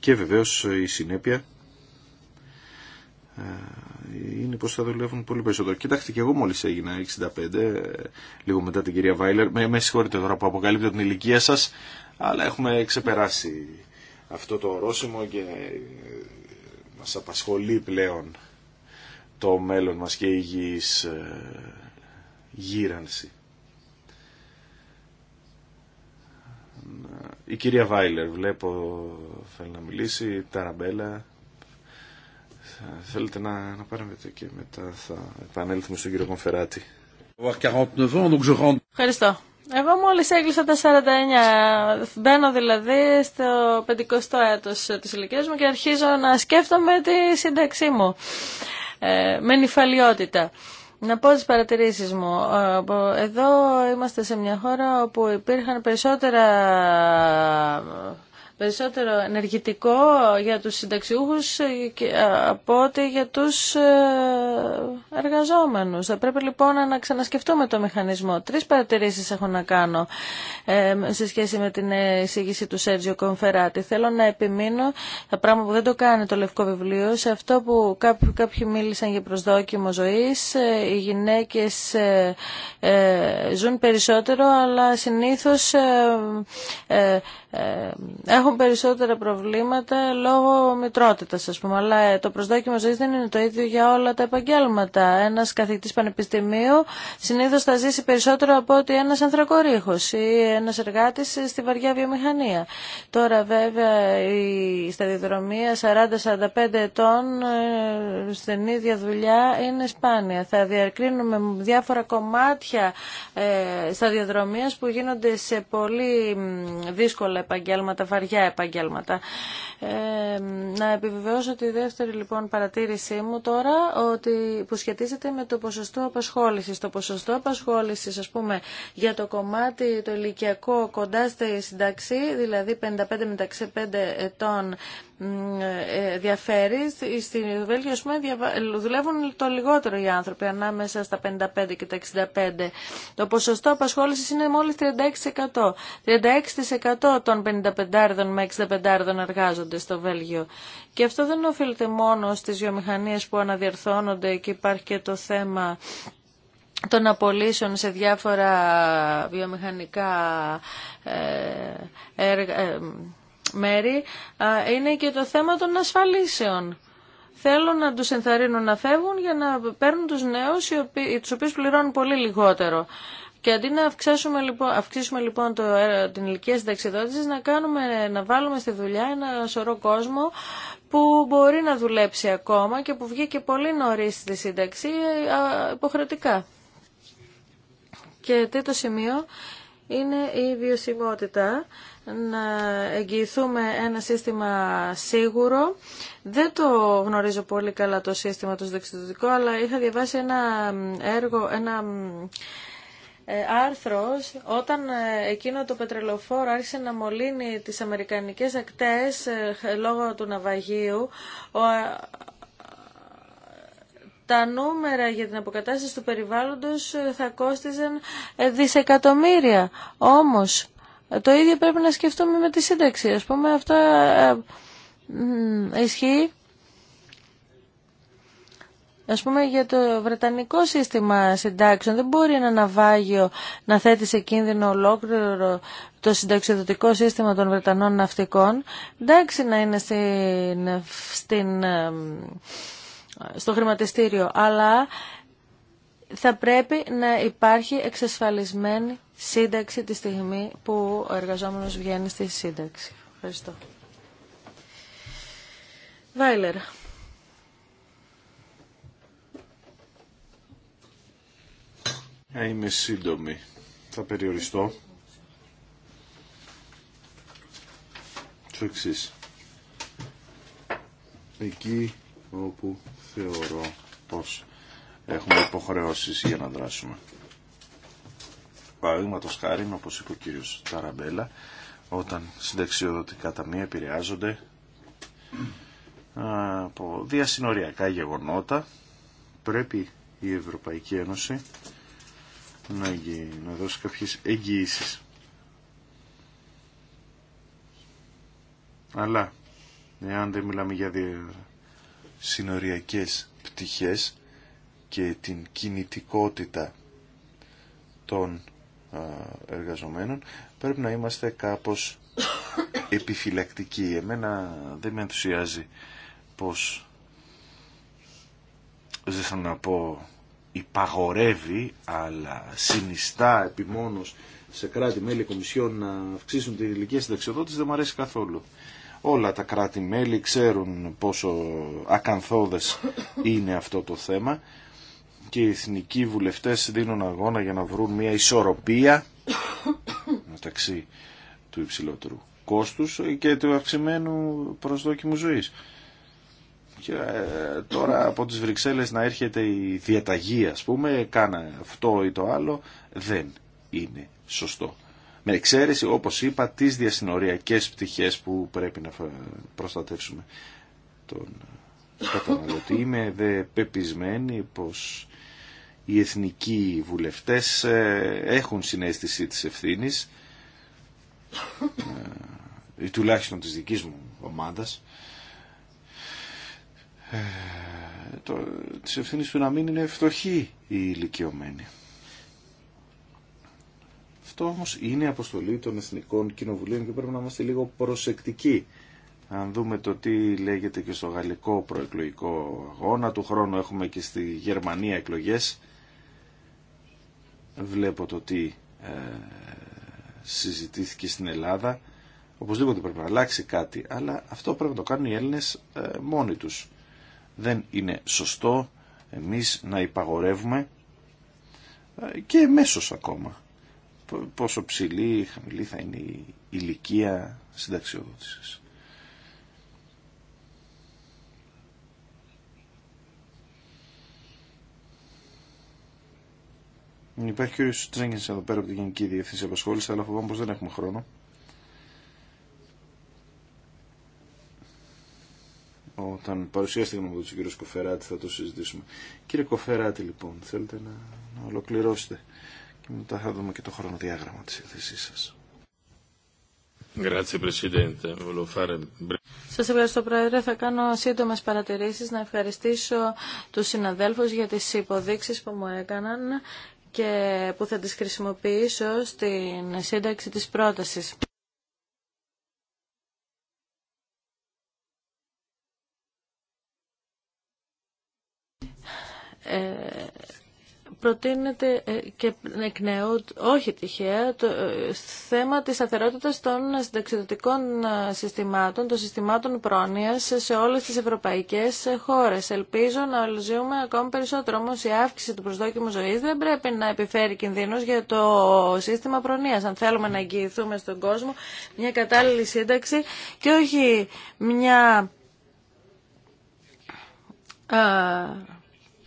Και βεβαίως η συνέπεια ε, είναι πως θα δουλεύουν πολύ περισσότερο. Κοιτάξτε και εγώ μόλις έγινα 65, ε, λίγο μετά την κυρία Βάιλερ. Με, με συγχωρείτε τώρα που αποκαλύπτω την ηλικία σας, αλλά έχουμε ξεπεράσει αυτό το ορόσημο και ε, μας απασχολεί πλέον το μέλλον μας και η υγιής γύρανση. Η κυρία Βάιλερ, βλέπω, θέλει να μιλήσει, Ταραμπέλα. Θέλετε να, να παραμείνετε και μετά θα επανέλθουμε στον κύριο Κομφεράτη. Ευχαριστώ. Εγώ μόλις έκλεισα τα 49, μπαίνω δηλαδή στο 50ο έτος της ηλικίας μου και αρχίζω να σκέφτομαι τη σύνταξή μου ε, με νυφαλιότητα. Να πω τις παρατηρήσεις μου. Ε, εδώ είμαστε σε μια χώρα όπου υπήρχαν περισσότερα περισσότερο ενεργητικό για τους συνταξιούχους ε, από ότι για τους ε, εργαζόμενους. Θα πρέπει λοιπόν να ξανασκεφτούμε το μηχανισμό. Τρεις παρατηρήσεις έχω να κάνω ε, σε σχέση με την εισήγηση του Σέργιο Κομφεράτη. Θέλω να επιμείνω, τα πράγμα που δεν το κάνει το Λευκό Βιβλίο, σε αυτό που κάποιοι μίλησαν για προσδόκιμο ζωής. Οι γυναίκες ζουν περισσότερο, αλλά συνήθως ε, έχουν περισσότερα προβλήματα λόγω μητρότητα, α πούμε. Αλλά ε, το προσδόκιμο ζωή δεν είναι το ίδιο για όλα τα επαγγέλματα. Ένα καθηγητή πανεπιστημίου συνήθω θα ζήσει περισσότερο από ότι ένα ανθρακορίχο ή ένα εργάτη στη βαριά βιομηχανία. Τώρα, βέβαια, η σταδιοδρομία 40-45 ετών ε, στην ίδια δουλειά είναι σπάνια. Θα διακρίνουμε διάφορα κομμάτια σταδιοδρομία που γίνονται σε πολύ δύσκολα επαγγέλματα, βαριά επαγγέλματα. Ε, να επιβεβαιώσω τη δεύτερη λοιπόν παρατήρησή μου τώρα ότι, που σχετίζεται με το ποσοστό απασχόλησης. Το ποσοστό απασχόλησης ας πούμε για το κομμάτι το ηλικιακό κοντά στη συνταξή, δηλαδή 55 μεταξύ 5 ετών διαφέρει. Στην Βέλγιο, πούμε, δουλεύουν το λιγότερο οι άνθρωποι ανάμεσα στα 55 και τα 65. Το ποσοστό απασχόλησης είναι μόλις 36%. 36% των 55 με 65 εργάζονται στο Βέλγιο. Και αυτό δεν οφείλεται μόνο στις βιομηχανίες που αναδιερθώνονται και υπάρχει και το θέμα των απολύσεων σε διάφορα βιομηχανικά ε, έργα, ε, μέρη είναι και το θέμα των ασφαλίσεων. Θέλουν να τους ενθαρρύνουν να φεύγουν για να παίρνουν τους νέους, τους οποίους πληρώνουν πολύ λιγότερο. Και αντί να αυξήσουμε λοιπόν, αυξήσουμε, λοιπόν το, ε, την ηλικία συνταξιδότησης, να, κάνουμε, να βάλουμε στη δουλειά ένα σωρό κόσμο που μπορεί να δουλέψει ακόμα και που βγήκε πολύ νωρίς στη σύνταξη υποχρεωτικά. Και τρίτο σημείο είναι η βιωσιμότητα να εγγυηθούμε ένα σύστημα σίγουρο. Δεν το γνωρίζω πολύ καλά το σύστημα το συνταξιδοτικό, αλλά είχα διαβάσει ένα έργο, ένα ε, άρθρο όταν ε, εκείνο το πετρελοφόρο άρχισε να μολύνει τις αμερικανικές ακτές ε, λόγω του ναυαγίου τα νούμερα για την αποκατάσταση του περιβάλλοντος θα κόστιζαν δισεκατομμύρια. Όμως το ίδιο πρέπει να σκεφτούμε με τη σύνταξη. Ας πούμε αυτά ε, ισχύει Ας πούμε για το βρετανικό σύστημα συντάξεων δεν μπορεί ένα ναυάγιο να θέτει σε κίνδυνο ολόκληρο το συνταξιδοτικό σύστημα των Βρετανών ναυτικών. Εντάξει να είναι στην, ε, στο χρηματιστήριο, αλλά θα πρέπει να υπάρχει εξασφαλισμένη σύνταξη τη στιγμή που ο εργαζόμενος βγαίνει στη σύνταξη. Ευχαριστώ. Βάιλερ. Ε, είμαι σύντομη. Θα περιοριστώ. Το εξή. Εκεί όπου θεωρώ πως έχουμε υποχρεώσεις για να δράσουμε. Παραδείγματο χάρη, όπω είπε ο κύριο Ταραμπέλα, όταν συνταξιοδοτικά ταμεία επηρεάζονται από διασυνοριακά γεγονότα, πρέπει η Ευρωπαϊκή Ένωση να, να δώσει κάποιες εγγυήσει. Αλλά, εάν δεν μιλάμε για διασυνοριακές πτυχές και την κινητικότητα των εργαζομένων, πρέπει να είμαστε κάπως επιφυλακτικοί. Εμένα δεν με ενθουσιάζει πως, δεν θέλω να πω υπαγορεύει, αλλά συνιστά επιμόνως σε κράτη-μέλη κομισιών να αυξήσουν τη ηλικία συνταξιοδότηση δεν μου αρέσει καθόλου. Όλα τα κράτη-μέλη ξέρουν πόσο ακαθόδες είναι αυτό το θέμα και οι εθνικοί βουλευτές δίνουν αγώνα για να βρουν μια ισορροπία μεταξύ του υψηλότερου κόστους και του αυξημένου προσδόκιμου ζωής. Και ε, τώρα από τις Βρυξέλλες να έρχεται η διαταγή ας πούμε, κάνα αυτό ή το άλλο, δεν είναι σωστό. Με εξαίρεση, όπως είπα, τις διασυνοριακές πτυχές που πρέπει να προστατεύσουμε τον καταναλωτή. Είμαι δε πεπισμένη πως οι εθνικοί βουλευτές ε, έχουν συνέστηση της ευθύνης ε, ή τουλάχιστον της δικής μου ομάδας ε, το, της ευθύνης του να μην είναι φτωχοί οι ηλικιωμένοι. Αυτό όμως είναι αποστολή των Εθνικών Κοινοβουλίων και πρέπει να είμαστε λίγο προσεκτικοί αν δούμε το τι λέγεται και στο γαλλικό προεκλογικό αγώνα του χρόνου έχουμε και στη Γερμανία εκλογές. Βλέπω το τι ε, συζητήθηκε στην Ελλάδα. Οπωσδήποτε πρέπει να αλλάξει κάτι, αλλά αυτό πρέπει να το κάνουν οι Έλληνες ε, μόνοι τους. Δεν είναι σωστό εμείς να υπαγορεύουμε ε, και μέσος ακόμα πόσο ψηλή ή χαμηλή θα είναι η ηλικία συνταξιοδότησης. Υπάρχει Ιωσή Τσέγγεν εδώ πέρα από την Γενική Διευθύνση Απασχόληση, αλλά φοβάμαι πω δεν έχουμε χρόνο. Όταν παρουσιάστηκε με τον κύριο Κοφεράτη θα το συζητήσουμε. Κύριε Κοφεράτη, λοιπόν, θέλετε να, να ολοκληρώσετε και μετά θα δούμε και το χρονοδιάγραμμα τη εκθεσή σα. Σας ευχαριστώ Πρόεδρε. Θα κάνω σύντομες παρατηρήσεις να ευχαριστήσω τους συναδέλφους για τις υποδείξεις που μου έκαναν και που θα τις χρησιμοποιήσω στην σύνταξη της πρότασης. Ε, προτείνεται ε, και εκ νέου, όχι τυχαία, το ε, θέμα της σταθερότητας των συνταξιδοτικών ε, συστημάτων, των συστημάτων πρόνοιας σε όλες τις ευρωπαϊκές χώρες. Ελπίζω να ζούμε ακόμη περισσότερο, όμως η αύξηση του προσδόκιμου ζωής δεν πρέπει να επιφέρει κινδύνους για το σύστημα προνοίας. Αν θέλουμε να εγγυηθούμε στον κόσμο μια κατάλληλη σύνταξη και όχι μια...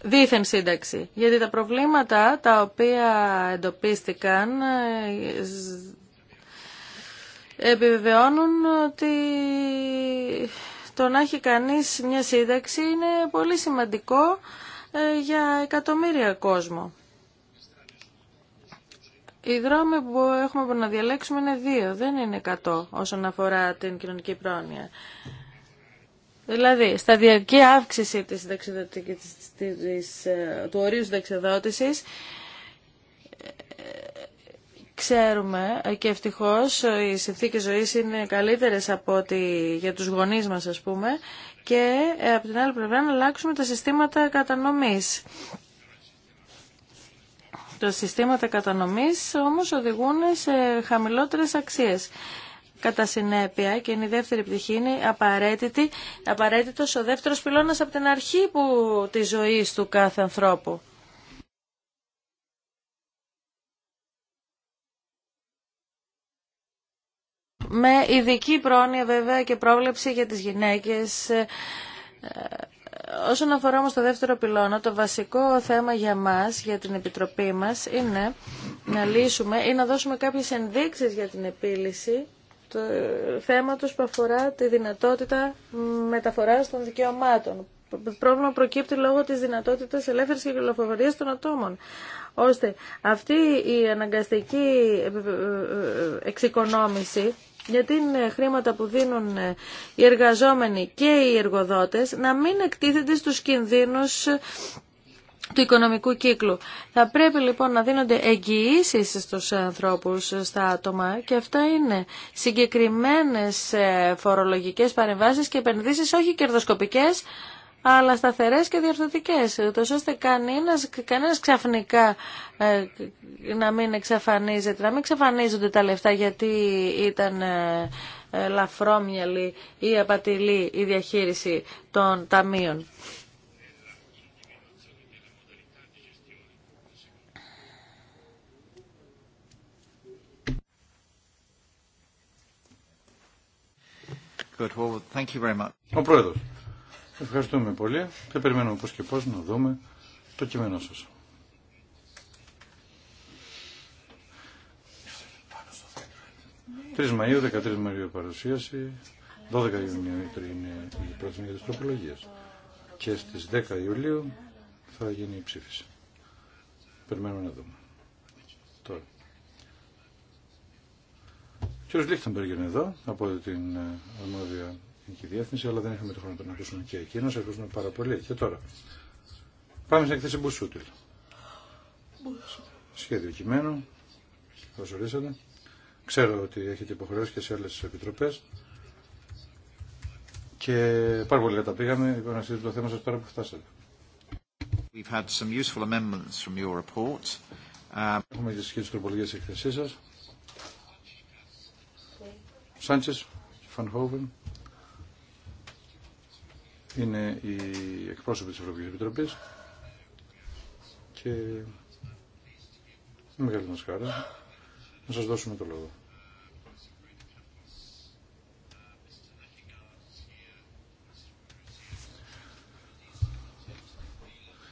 Δήθεν σύνταξη. Γιατί τα προβλήματα τα οποία εντοπίστηκαν ε, επιβεβαιώνουν ότι το να έχει κανείς μια σύνταξη είναι πολύ σημαντικό ε, για εκατομμύρια κόσμο. Οι δρόμοι που έχουμε να διαλέξουμε είναι δύο, δεν είναι 100 όσον αφορά την κοινωνική πρόνοια. Δηλαδή, σταδιακή αύξηση της, της, ε, του ορίου δεξιδότησης ξέρουμε και ευτυχώς ε, οι συνθήκες ζωής είναι καλύτερες από για τους γονείς μας ας πούμε και ε, από την άλλη πλευρά να αλλάξουμε τα συστήματα κατανομής. Τα συστήματα κατανομής όμως οδηγούν σε χαμηλότερες αξίες. Κατά συνέπεια, και είναι η δεύτερη πτυχή, είναι απαραίτητη, απαραίτητος ο δεύτερος πυλώνας από την αρχή που, της ζωής του κάθε ανθρώπου. Με ειδική πρόνοια βέβαια και πρόβλεψη για τις γυναίκες. Ε, ε, όσον αφορά όμως το δεύτερο πυλώνα, το βασικό θέμα για μας, για την Επιτροπή μας, είναι να λύσουμε ή να δώσουμε κάποιες ενδείξεις για την επίλυση το θέμα τους που αφορά τη δυνατότητα μεταφοράς των δικαιωμάτων. το Πρόβλημα προκύπτει λόγω της δυνατότητας ελεύθερης κυκλοφορίας των ατόμων ώστε αυτή η αναγκαστική ε, ε, ε, εξοικονόμηση γιατί είναι χρήματα που δίνουν οι εργαζόμενοι και οι εργοδότες να μην εκτίθεται στους κινδύνους του οικονομικού κύκλου. Θα πρέπει λοιπόν να δίνονται εγγυήσει στους ανθρώπους, στα άτομα και αυτά είναι συγκεκριμένες ε, φορολογικές παρεμβάσεις και επενδύσεις όχι κερδοσκοπικές αλλά σταθερές και διορθωτικές, τόσο ώστε κανένας, κανένας ξαφνικά ε, να μην εξαφανίζεται, να μην εξαφανίζονται τα λεφτά γιατί ήταν ε, ε η διαχείριση των ταμείων. Ο Πρόεδρος, ευχαριστούμε πολύ και περιμένουμε πώς και πώς να δούμε το κείμενό σας. 3 Μαΐου, 13 Μαΐου παρουσίαση, 12 Ιουνίου είναι η για της τροπολογίας και στις 10 Ιουλίου θα γίνει η ψήφιση. Περιμένουμε να δούμε. Ο κ. Λίχτεμπεργκ είναι εδώ από την ε, αρμόδια Γενική Διεύθυνση, αλλά δεν είχαμε το χρόνο να τον ακούσουμε και εκείνο. Ακούσαμε πάρα πολύ. Και τώρα. Πάμε στην εκθέση Μπουσούτιλ. Σχέδιο κειμένου. Καλώ Ξέρω ότι έχετε υποχρεώσει και σε άλλε επιτροπέ. Και πάρα πολύ τα πήγαμε. Είπα να συζητήσω το θέμα σα τώρα που φτάσατε. We've had some useful amendments from Έχουμε και σχέσει τροπολογία τη εκθεσή σα. Σάντσες Φανχόβεν είναι η εκπρόσωπη της Ευρωπαϊκής Επιτροπής και με μεγάλη μας χαρά να σας δώσουμε το λόγο.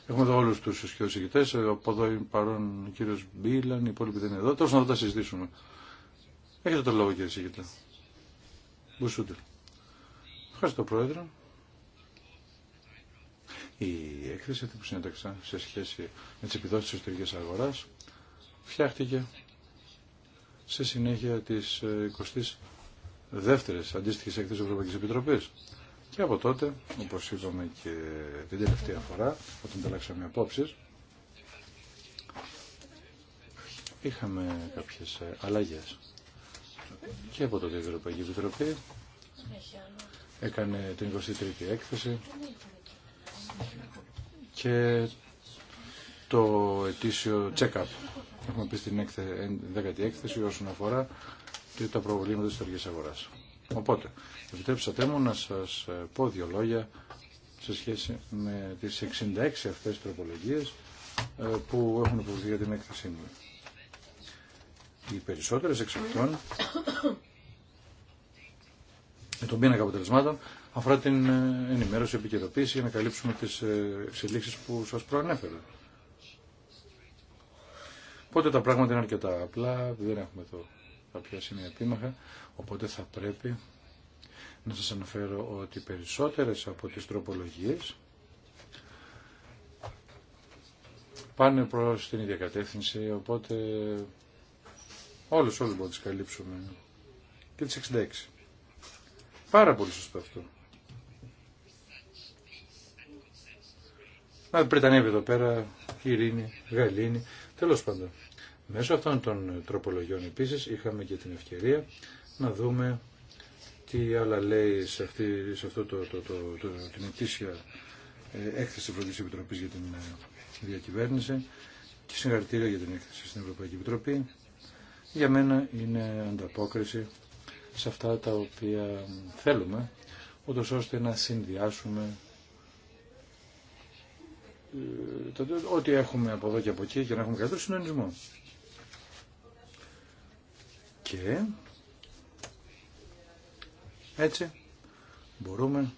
Έχουμε εδώ όλους τους ισχυροσυγητές, από εδώ είναι παρόν ο κύριος Μπίλαν, οι υπόλοιποι δεν είναι εδώ, τόσο να τα συζητήσουμε. Έχετε το λόγο κύριε Συγητά. Μπουσούτε. Ευχαριστώ Πρόεδρε. Η έκθεση που συνέταξα σε σχέση με τις επιδόσεις της εσωτερικής αγοράς φτιάχτηκε σε συνέχεια της 22ης ε, αντίστοιχης έκθεσης της Ευρωπαϊκής Επιτροπής. Και από τότε, όπως είπαμε και την τελευταία φορά, όταν ανταλλάξαμε απόψεις, είχαμε κάποιες ε, αλλαγές και από τότε η Ευρωπαϊκή Επιτροπή έκανε την 23η έκθεση και το ετήσιο check-up. Έχουμε πει στην 10η έκθεση όσον αφορά και τα προβλήματα της τελικής αγοράς. Οπότε, επιτρέψατε μου να σας ε, πω δύο λόγια σε σχέση με τις 66 αυτές προπολογίες ε, που έχουν υποβληθεί για την έκθεσή μου. Οι περισσότερες εξ αυτών με τον πίνακα αποτελεσμάτων αφορά την ε, ενημέρωση, επικαιροποίηση για να καλύψουμε τις ε, εξελίξεις που σας προανέφερα. Οπότε τα πράγματα είναι αρκετά απλά, δεν έχουμε εδώ κάποια σημεία επίμαχα, οπότε θα πρέπει να σας αναφέρω ότι περισσότερες από τις τροπολογίες πάνε προς την ίδια κατεύθυνση, οπότε Όλες, όλες μπορούμε να τις καλύψουμε. Και τις 66. Πάρα πολύ σωστό αυτό. Να ανέβει εδώ πέρα ειρήνη, γαλήνη, τέλος πάντων. Μέσω αυτών των τροπολογιών επίσης είχαμε και την ευκαιρία να δούμε τι άλλα λέει σε, αυτή, σε αυτό το, το, το, το την ετήσια ε, έκθεση Ευρωπαϊκή Επιτροπής για την ε, διακυβέρνηση και συγχαρητήρια για την έκθεση στην Ευρωπαϊκή Επιτροπή για μένα είναι ανταπόκριση σε αυτά τα οποία θέλουμε, ούτως ώστε να συνδυάσουμε ε, ό,τι έχουμε από εδώ και από εκεί και να έχουμε καλύτερο συνενισμό. Και έτσι μπορούμε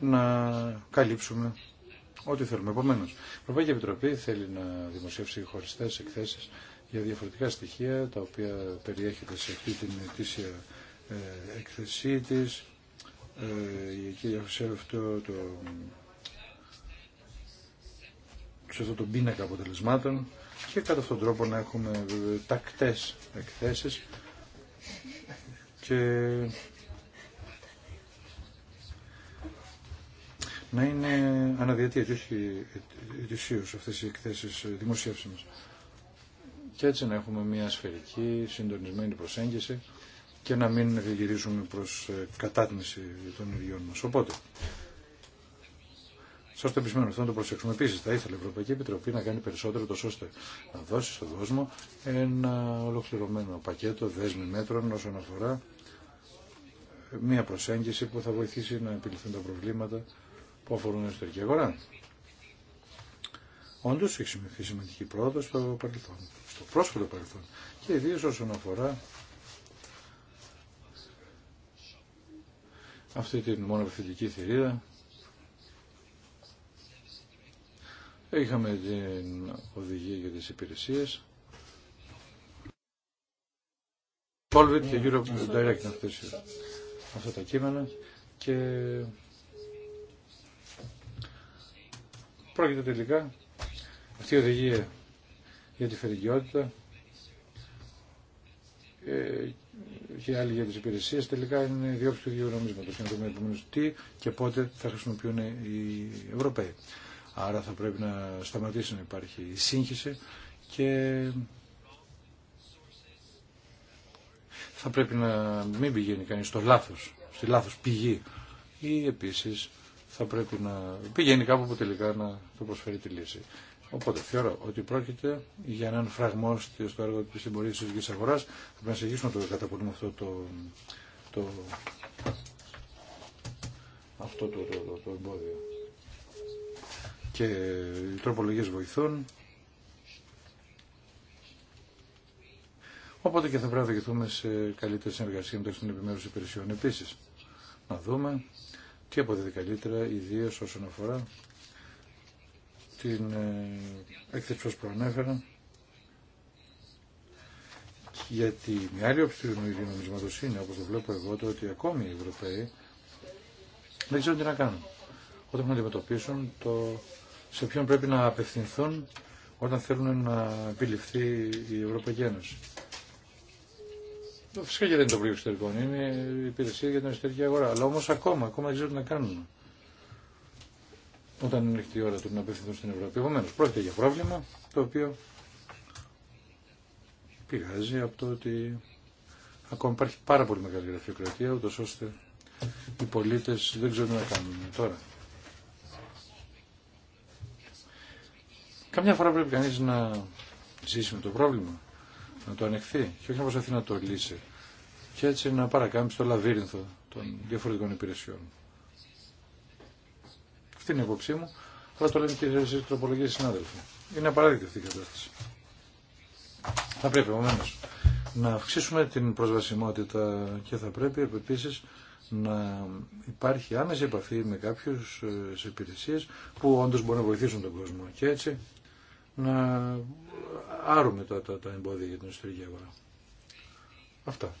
να καλύψουμε ό,τι θέλουμε. Επομένω, η Ευρωπαϊκή Επιτροπή θέλει να δημοσιεύσει χωριστές εκθέσει για διαφορετικά στοιχεία τα οποία περιέχεται σε αυτή την ετήσια εκθεσή της σε αυτό το σε αυτό πίνακα αποτελεσμάτων και κατά αυτόν τον τρόπο να έχουμε τακτές εκθέσεις και να είναι αναδιατήρια, όχι αυτές οι εκθέσεις δημοσίευσης και έτσι να έχουμε μια σφαιρική, συντονισμένη προσέγγιση και να μην γυρίσουμε προς ε, κατάτμιση των ιδιών μας. Οπότε, Σα το επισημαίνω αυτό να το προσέξουμε. Επίση, θα ήθελε η Ευρωπαϊκή Επιτροπή να κάνει περισσότερο, τόσο ώστε να δώσει στον κόσμο ένα ολοκληρωμένο πακέτο δέσμη μέτρων όσον αφορά ε, μια προσέγγιση που θα βοηθήσει να επιληθούν τα προβλήματα που αφορούν την εσωτερική αγορά. Όντω, έχει σημειωθεί σημαντική πρόοδο στο παρελθόν στο πρόσφατο παρελθόν και ιδίω όσον αφορά αυτή την μονοπευθυντική θηρίδα. Είχαμε την οδηγία για τις υπηρεσίες. Solvit και Europe Direct αυτές, αυτά τα κείμενα και πρόκειται τελικά αυτή η οδηγία για τη φερικαιότητα ε, και άλλοι για τις υπηρεσίες τελικά είναι διόψη του ίδιου νομίσματος να δούμε τι και πότε θα χρησιμοποιούν οι Ευρωπαίοι. Άρα θα πρέπει να σταματήσει να υπάρχει η σύγχυση και θα πρέπει να μην πηγαίνει κανείς στο λάθος, στη λάθος πηγή ή επίσης θα πρέπει να πηγαίνει κάπου που τελικά να το προσφέρει τη λύση. Οπότε θεωρώ ότι πρόκειται για έναν φραγμό στο έργο τη συμπορία τη ειδικής αγορά. Θα πρέπει να συνεχίσουμε να το καταπολύουμε αυτό το, το, αυτό το, το, το, το εμπόδιο. Και οι τρόπολογίε βοηθούν. Οπότε και θα πρέπει να δοκιθούμε σε καλύτερη συνεργασία μεταξύ των επιμέρους υπηρεσιών. Επίσης, να δούμε τι αποδίδει καλύτερα, ιδίω όσον αφορά την ε, έκθεση που προανέφερα γιατί μια άλλη όψη του νομισματος είναι, όπως το βλέπω εγώ, το ότι ακόμη οι Ευρωπαίοι δεν ξέρουν τι να κάνουν. Όταν να αντιμετωπίσουν το σε ποιον πρέπει να απευθυνθούν όταν θέλουν να επιληφθεί η Ευρωπαϊκή Ένωση. Φυσικά και δεν είναι το πλήρω εξωτερικό είναι η υπηρεσία για την εσωτερική αγορά. Αλλά όμω ακόμα, ακόμα δεν ξέρουν τι να κάνουν όταν είναι η ώρα του να απευθυνθούν στην Ευρώπη. Επομένω, πρόκειται για πρόβλημα το οποίο πηγάζει από το ότι ακόμα υπάρχει πάρα πολύ μεγάλη γραφειοκρατία, ούτω ώστε οι πολίτε δεν ξέρουν να κάνουν τώρα. Καμιά φορά πρέπει κανεί να ζήσει με το πρόβλημα, να το ανεχθεί και όχι να προσπαθεί να το λύσει και έτσι να παρακάμψει το λαβύρινθο των διαφορετικών υπηρεσιών. Αυτή είναι η υπόψή μου. Αλλά το λένε και οι τροπολογίε συνάδελφοι. Είναι απαράδεκτη αυτή η κατάσταση. Θα πρέπει επομένω να αυξήσουμε την προσβασιμότητα και θα πρέπει επίση να υπάρχει άμεση επαφή με κάποιου ε, υπηρεσίε που όντω μπορούν να βοηθήσουν τον κόσμο. Και έτσι να άρουμε τα, τα, τα εμπόδια για την ιστορική αγορά. Αυτά.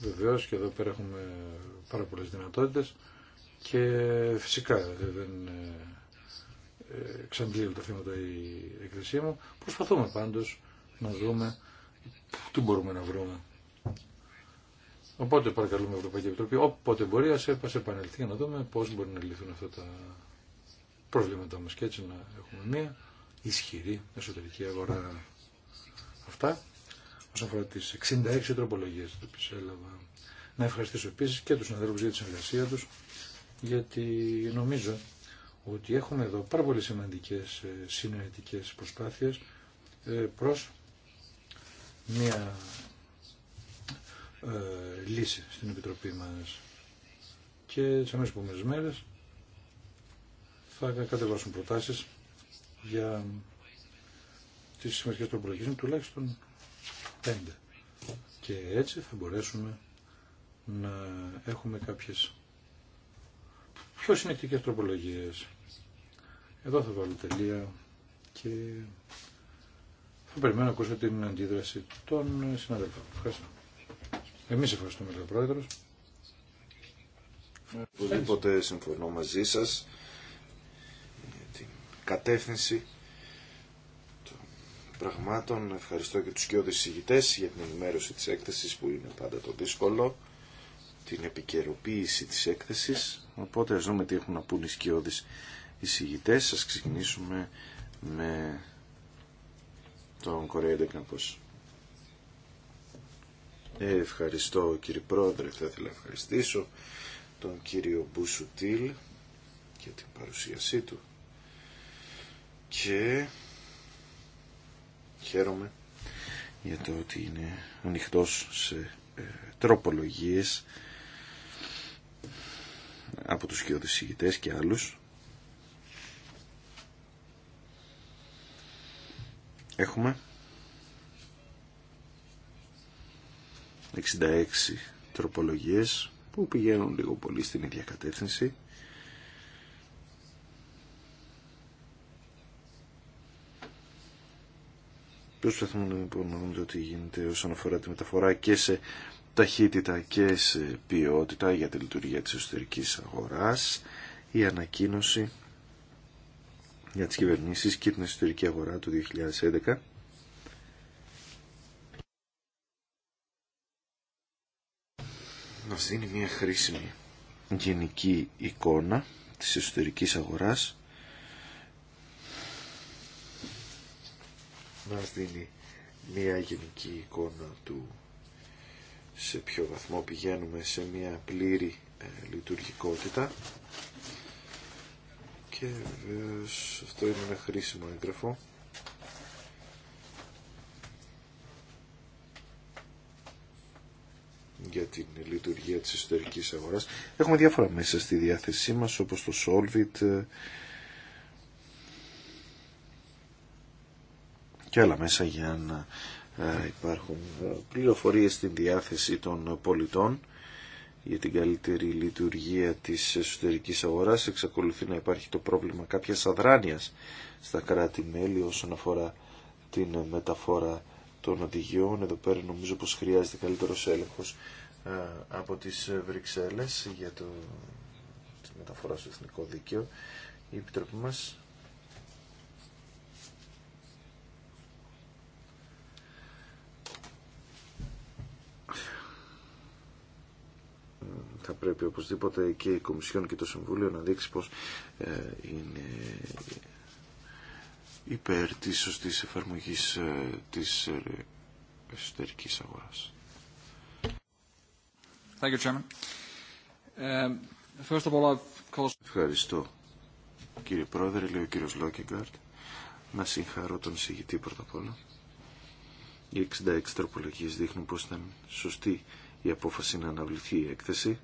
Βεβαίω και εδώ πέρα έχουμε πάρα πολλέ δυνατότητε. Και φυσικά ε, δεν εξαντλείω ε, τα θέματα η εκκλησία μου. Προσπαθούμε πάντως να δούμε τι μπορούμε να βρούμε. Οπότε παρακαλούμε η Ευρωπαϊκή Επιτροπή, όποτε μπορεί, ας επανελθεί για να δούμε πώς μπορεί να λυθούν αυτά τα προβλήματά μας και έτσι να έχουμε μία ισχυρή εσωτερική αγορά. Αυτά όσον αφορά τις 66 τροπολογίες που έλαβα. Να ευχαριστήσω επίσης και τους συναδέλφους για τη συνεργασία τους γιατί νομίζω ότι έχουμε εδώ πάρα πολύ σημαντικές ε, συνεργατικές προσπάθειες ε, προς μία ε, λύση στην Επιτροπή μας. Και σε αμέσως μερες μέρες θα κατεβάσουν προτάσεις για τις συμμετοχές των του τουλάχιστον πέντε. Και έτσι θα μπορέσουμε να έχουμε κάποιες πιο συνεκτικές τροπολογίε. Εδώ θα βάλω τελεία και θα περιμένω να ακούσω την αντίδραση των συναδελφών. Ευχαριστώ. Εμείς ευχαριστούμε, κύριε Πρόεδρος. Οπωσδήποτε συμφωνώ μαζί σα για την κατεύθυνση των πραγμάτων. Ευχαριστώ και τους κοιόδης συγητές για την ενημέρωση τη έκθεσης που είναι πάντα το δύσκολο την επικαιροποίηση της έκθεσης, οπότε ας δούμε τι έχουν να πούν οι σκιώδεις εισηγητές. Ας ξεκινήσουμε με τον Κορέα πως Ε, ευχαριστώ κύριε Πρόεδρε, θα ήθελα να ευχαριστήσω τον κύριο Μπουσούτιλ για την παρουσίασή του και χαίρομαι για το ότι είναι ανοιχτός σε ε, τροπολογίες από τους ηγητές και άλλους έχουμε 66 τροπολογίες που πηγαίνουν λίγο πολύ στην ίδια κατεύθυνση Προσπαθούμε λοιπόν να δούμε ότι γίνεται όσον αφορά τη μεταφορά και σε ταχύτητα και σε ποιότητα για τη λειτουργία της εσωτερικής αγοράς, η ανακοίνωση για τις κυβερνήσεις και την εσωτερική αγορά του 2011, μας δίνει μια χρήσιμη γενική εικόνα της εσωτερικής αγοράς. Μας δίνει μια γενική εικόνα του σε ποιο βαθμό πηγαίνουμε σε μια πλήρη ε, λειτουργικότητα και βεβαίω αυτό είναι ένα χρήσιμο έγγραφο για την λειτουργία της εσωτερικής αγοράς. Έχουμε διάφορα μέσα στη διάθεσή μας όπως το Solvit ε, και άλλα μέσα για να υπάρχουν ε, πληροφορίες στην διάθεση των πολιτών για την καλύτερη λειτουργία της εσωτερικής αγοράς. Εξακολουθεί να υπάρχει το πρόβλημα κάποιας αδράνειας στα κράτη-μέλη όσον αφορά την μεταφορά των οδηγιών. Εδώ πέρα νομίζω πως χρειάζεται καλύτερος έλεγχος ε, από τις Βρυξέλλες για το, τη μεταφορά στο εθνικό δίκαιο. Η Επιτροπή μας θα πρέπει οπωσδήποτε και η Κομισιόν και το Συμβούλιο να δείξει πως ε, είναι υπέρ της σωστής εφαρμογής ε, της ε, εσωτερικής αγοράς. Um, Ευχαριστώ κύριε Πρόεδρε, λέει ο κύριος Λόκεγκαρτ. Να συγχαρώ τον συγητή πρώτα απ' όλα. Οι 66 τροπολογίες δείχνουν πως ήταν σωστή η απόφαση να αναβληθεί η έκθεση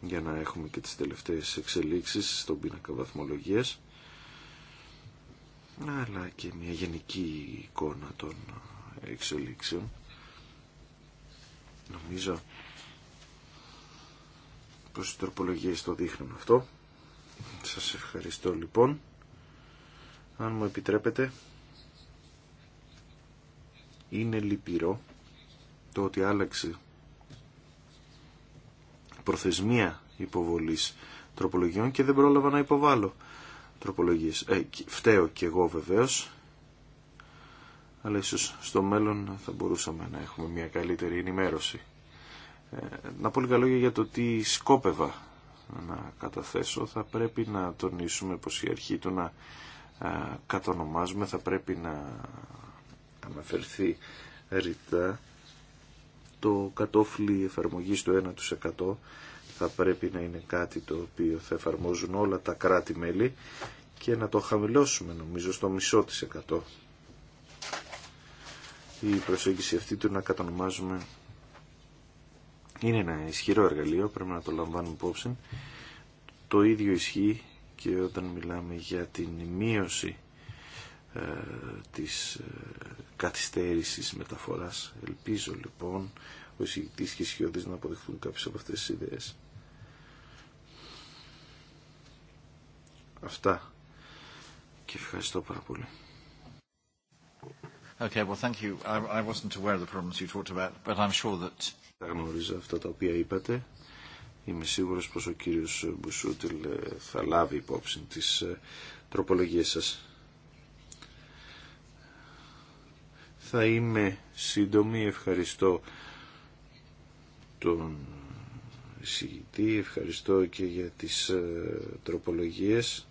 για να έχουμε και τις τελευταίες εξελίξεις στον πίνακα βαθμολογίας αλλά και μια γενική εικόνα των εξελίξεων. Νομίζω πως οι τροπολογίες το δείχνουν αυτό. Σας ευχαριστώ λοιπόν. Αν μου επιτρέπετε, είναι λυπηρό το ότι άλλαξε προθεσμία υποβολής τροπολογιών και δεν πρόλαβα να υποβάλω τροπολογίες. Ε, φταίω και εγώ βεβαίω. αλλά ίσω στο μέλλον θα μπορούσαμε να έχουμε μια καλύτερη ενημέρωση. Ε, να πω λίγα λόγια για το τι σκόπευα να καταθέσω. Θα πρέπει να τονίσουμε πως η αρχή του να κατονομάζουμε θα πρέπει να αναφερθεί ρητά το κατόφλι εφαρμογή του 1% θα πρέπει να είναι κάτι το οποίο θα εφαρμόζουν όλα τα κράτη-μέλη και να το χαμηλώσουμε νομίζω στο μισό της εκατό. Η προσέγγιση αυτή του να κατανομάζουμε είναι ένα ισχυρό εργαλείο, πρέπει να το λαμβάνουμε υπόψη. Το ίδιο ισχύει και όταν μιλάμε για την μείωση ε, της ε, καθυστέρησης μεταφοράς. Ελπίζω λοιπόν ο εισηγητής και οι να αποδεχθούν κάποιες από αυτές τις ιδέες. Αυτά και ευχαριστώ πάρα πολύ. Okay, well, thank you. I, I wasn't aware of the problems you talked about, but I'm sure that... Τα γνωρίζω αυτά τα οποία είπατε. Είμαι σίγουρος πως ο κύριος Μπουσούτιλ ε, θα λάβει υπόψη τις τροπολογίες σας. Θα είμαι σύντομη, ευχαριστώ τον συγητή, ευχαριστώ και για τις ε, τροπολογίες.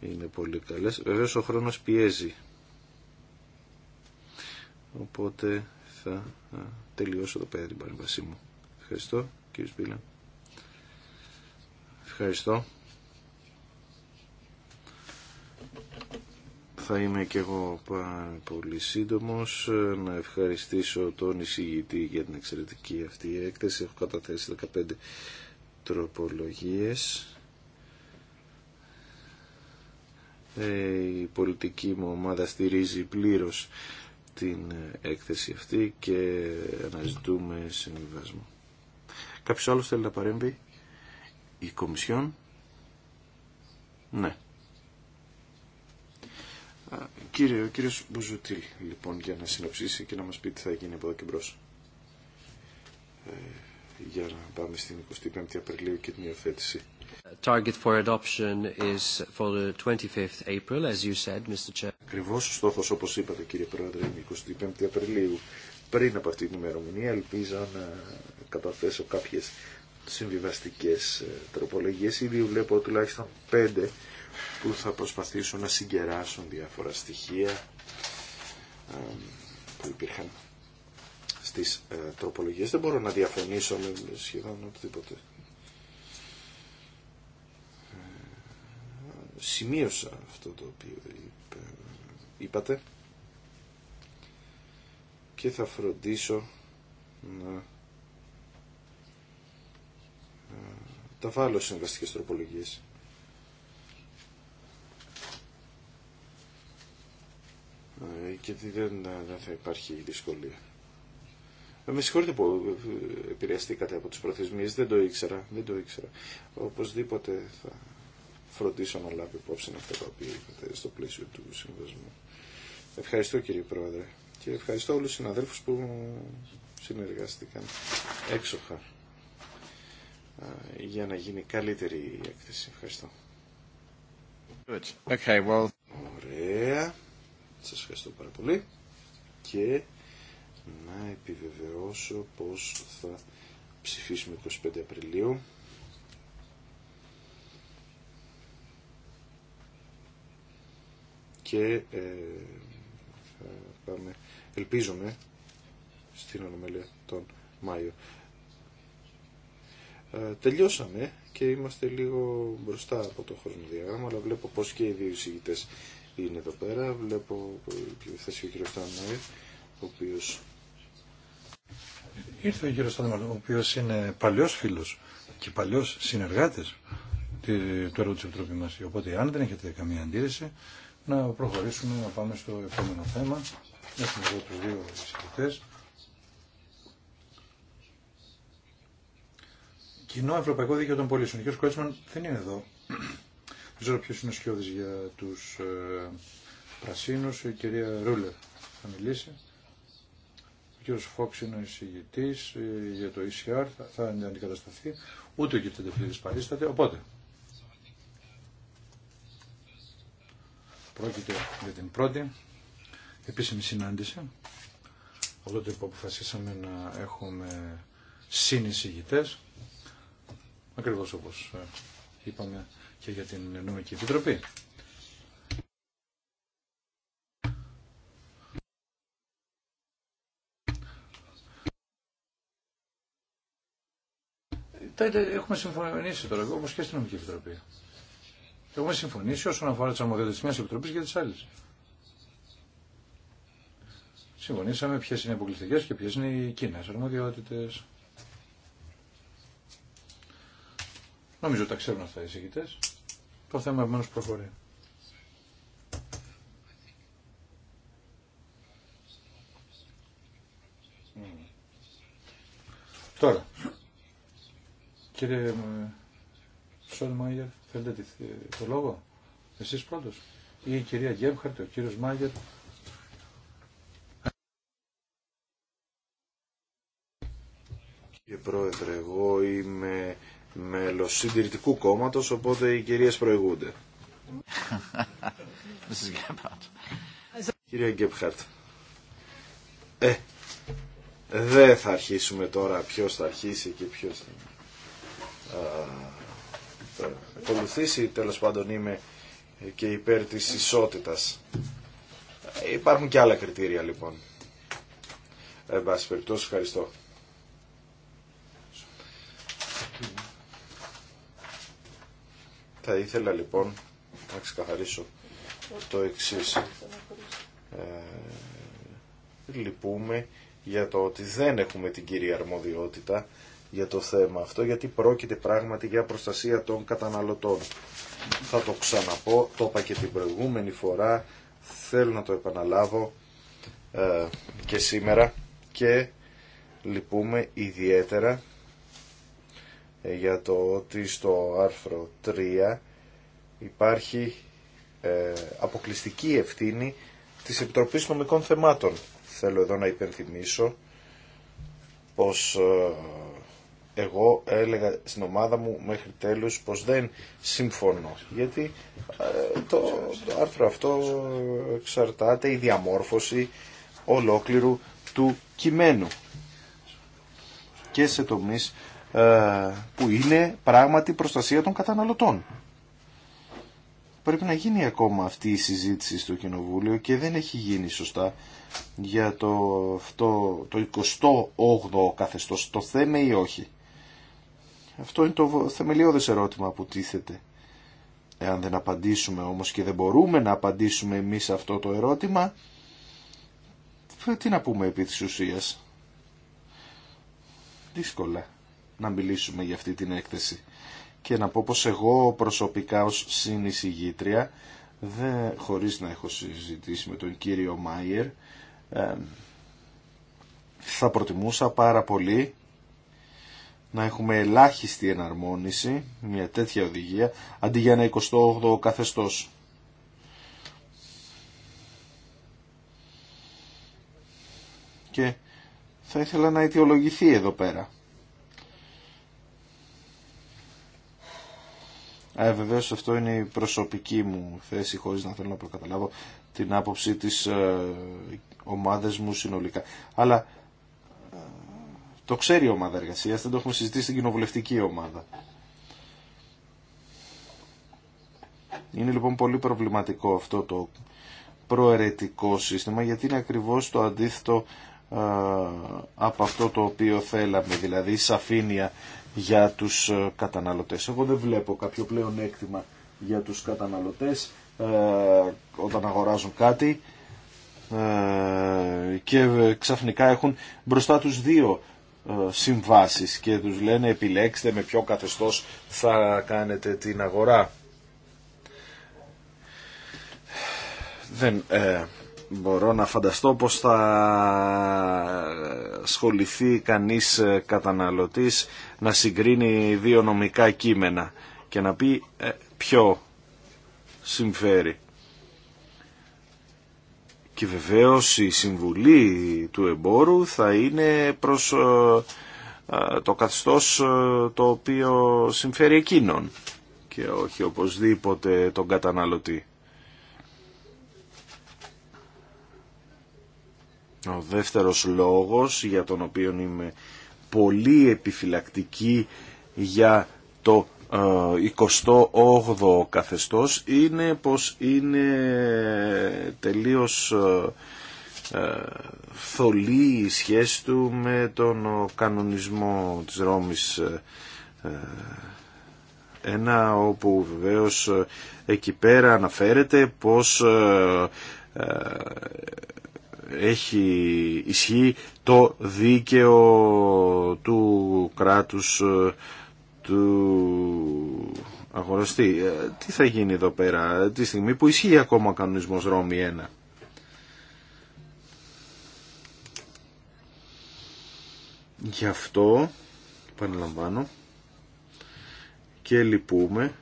Είναι πολύ καλές. Βεβαίως ο χρόνος πιέζει. Οπότε θα ε, τελειώσω το πέρα την παρέμβασή μου. Ευχαριστώ κύριε Σπίλα. Ευχαριστώ. θα είμαι και εγώ πάρα πολύ σύντομος. Να ευχαριστήσω τον εισηγητή για την εξαιρετική αυτή έκθεση. Έχω καταθέσει 15 τροπολογίες. Ε, η πολιτική μου ομάδα στηρίζει πλήρως την έκθεση αυτή και αναζητούμε συμβιβασμό. Κάποιος άλλος θέλει να παρέμβει. Η Κομισιόν. Ναι. Κύριε, ο κύριος Μπουζουτήλ, λοιπόν, για να συνοψίσει και να μας πει τι θα γίνει από εδώ και μπρος. Ε, για να πάμε στην 25η Απριλίου και την υιοθέτηση. Target for adoption is for the 25th April, as you said, Mr. Chair. Ακριβώς ο στόχος, όπως είπατε, κύριε Πρόεδρε, είναι 25η Απριλίου. Πριν από αυτή την ημερομηνία, ελπίζω να καταθέσω κάποιες συμβιβαστικές ε, τροπολογίες. Ήδη βλέπω τουλάχιστον πέντε που θα προσπαθήσω να συγκεράσω διάφορα στοιχεία που υπήρχαν στις ε, τροπολογίες. Δεν μπορώ να διαφωνήσω με σχεδόν οτιδήποτε. Ε, σημείωσα αυτό το οποίο είπατε και θα φροντίσω να ε, τα βάλω σε συμβαστικές τροπολογίες. και ε, δεν, θα υπάρχει δυσκολία. Ε, με συγχωρείτε που επηρεαστήκατε από τις προθεσμίες, δεν το ήξερα, δεν το ήξερα. Οπωσδήποτε θα φροντίσω να λάβει υπόψη αυτά τα οποία είπατε στο πλαίσιο του συμβασμού. Ευχαριστώ κύριε Πρόεδρε και ευχαριστώ όλους τους συναδέλφους που συνεργάστηκαν έξοχα ε, για να γίνει καλύτερη η έκθεση. Ευχαριστώ. Okay, well... Ωραία. Σας ευχαριστώ πάρα πολύ και να επιβεβαιώσω πως θα ψηφίσουμε 25 Απριλίου και ε, πάμε, ελπίζουμε, στην ονομέλεια τον Μάιο. Ε, τελειώσαμε και είμαστε λίγο μπροστά από το χρονοδιάγραμμα, αλλά βλέπω πως και οι δύο εισηγητές είναι εδώ πέρα. Βλέπω και θέση ο κύριο Στανόη, ο οποίο. Ήρθε ο κύριο ο οποίο είναι παλιό φίλο και παλιό συνεργάτη του έργου τη Επιτροπή μα. Οπότε αν δεν έχετε καμία αντίρρηση, να προχωρήσουμε να πάμε στο επόμενο θέμα. Έχουμε εδώ του δύο συγκεκριτές. Κοινό Ευρωπαϊκό Δίκαιο των Πολίσεων. Ο κ. Κότσμαν δεν είναι εδώ. Δεν ξέρω ποιος είναι ο σκιώδης για τους ε, πρασίνους. Η κυρία Ρούλερ θα μιλήσει. Ο κύριος Φόξ είναι ο εισηγητής ε, για το ECR. Θα, θα αντικατασταθεί. Ούτε ο κύριος Τεντεφλίδης παρίσταται. Οπότε, πρόκειται για την πρώτη επίσημη συνάντηση. Οπότε που αποφασίσαμε να έχουμε συνεισηγητές, ακριβώς όπως ε, είπαμε και για την νομική επιτροπή. Έχουμε συμφωνήσει τώρα, όπω και στην νομική επιτροπή. Έχουμε συμφωνήσει όσον αφορά τι αρμοδιότητε της μια επιτροπή και τη άλλη. Συμφωνήσαμε ποιε είναι οι αποκλειστικέ και ποιε είναι οι κοινέ αρμοδιότητε. Νομίζω τα ξέρουν αυτά οι συγκητέ. Το θέμα επομένω προχωρεί. Τώρα, κύριε Σόλμαγερ, θέλετε το λόγο, εσείς πρώτος, ή η κυρία Γκέμχαρτ, ο κύριος Μάγερ. Κύριε Πρόεδρε, εγώ είμαι Μέλο συντηρητικού κόμματο οπότε οι κυρίε προηγούνται. Κυρία Γκέπχαρτ. Ε, δεν θα αρχίσουμε τώρα ποιο θα αρχίσει και ποιο θα, ακολουθήσει. Τέλος πάντων είμαι και υπέρ τη ισότητα. Ε, υπάρχουν και άλλα κριτήρια λοιπόν. εν πάση περιπτώσει, ευχαριστώ. Θα ήθελα λοιπόν να ξεκαθαρίσω το εξή. Ε, λυπούμε για το ότι δεν έχουμε την κυρία αρμοδιότητα για το θέμα αυτό, γιατί πρόκειται πράγματι για προστασία των καταναλωτών. Θα το ξαναπώ, το είπα και την προηγούμενη φορά, θέλω να το επαναλάβω ε, και σήμερα και λυπούμε ιδιαίτερα ε, για το ότι στο άρθρο 3 υπάρχει ε, αποκλειστική ευθύνη της Επιτροπής Νομικών Θεμάτων. Θέλω εδώ να υπενθυμίσω πως ε, εγώ έλεγα στην ομάδα μου μέχρι τέλους πως δεν συμφωνώ. Γιατί το, άρθρο αυτό εξαρτάται η διαμόρφωση ολόκληρου του κειμένου και σε τομείς ε, που είναι πράγματι προστασία των καταναλωτών. Πρέπει να γίνει ακόμα αυτή η συζήτηση στο Κοινοβούλιο και δεν έχει γίνει σωστά για το, αυτό, το 28ο καθεστώς. Το θέμε ή όχι. Αυτό είναι το θεμελιώδες ερώτημα που τίθεται. Εάν δεν απαντήσουμε όμως και δεν μπορούμε να απαντήσουμε εμείς αυτό το ερώτημα, τι να πούμε επί της ουσίας. Δύσκολα να μιλήσουμε για αυτή την έκθεση. Και να πω πως εγώ προσωπικά ως συνεισηγήτρια, δε, χωρίς να έχω συζητήσει με τον κύριο Μάιερ, θα προτιμούσα πάρα πολύ να έχουμε ελάχιστη εναρμόνιση, μια τέτοια οδηγία, αντί για ένα 28 28ο καθεστώς. Και θα ήθελα να αιτιολογηθεί εδώ πέρα. Ε, βεβαίως αυτό είναι η προσωπική μου θέση χωρίς να θέλω να προκαταλάβω την άποψη της ε, μου συνολικά. Αλλά ε, το ξέρει η ομάδα εργασία, δεν το έχουμε συζητήσει στην κοινοβουλευτική ομάδα. Είναι λοιπόν πολύ προβληματικό αυτό το προαιρετικό σύστημα γιατί είναι ακριβώς το αντίθετο από αυτό το οποίο θέλαμε, δηλαδή σαφήνεια για τους ε, καταναλωτές. Εγώ δεν βλέπω κάποιο πλέον έκτημα για τους καταναλωτές ε, όταν αγοράζουν κάτι ε, και ξαφνικά έχουν μπροστά τους δύο συμβάσεις και τους λένε επιλέξτε με ποιο καθεστώς θα κάνετε την αγορά. Δεν μπορώ να φανταστώ πως θα σχοληθεί κανείς ε, καταναλωτής να συγκρίνει δύο νομικά κείμενα και να πει ε, ποιο συμφέρει. Και βεβαίως η συμβουλή του εμπόρου θα είναι προς ε, το καθιστός το οποίο συμφέρει εκείνον και όχι οπωσδήποτε τον καταναλωτή. Ο δεύτερος λόγος για τον οποίο είμαι πολύ επιφυλακτική για το 28ο ε, καθεστώς είναι πως είναι τελείως ε, ε, θολή η σχέση του με τον κανονισμό της Ρώμης ένα όπου βεβαίως εκεί πέρα αναφέρεται πως έχει ισχύει το δίκαιο του κράτους ε, του αγοραστή. Ε, τι θα γίνει εδώ πέρα τη στιγμή που ισχύει ακόμα ο κανονισμός Ρώμη 1. Γι' αυτό, επαναλαμβάνω, και λυπούμε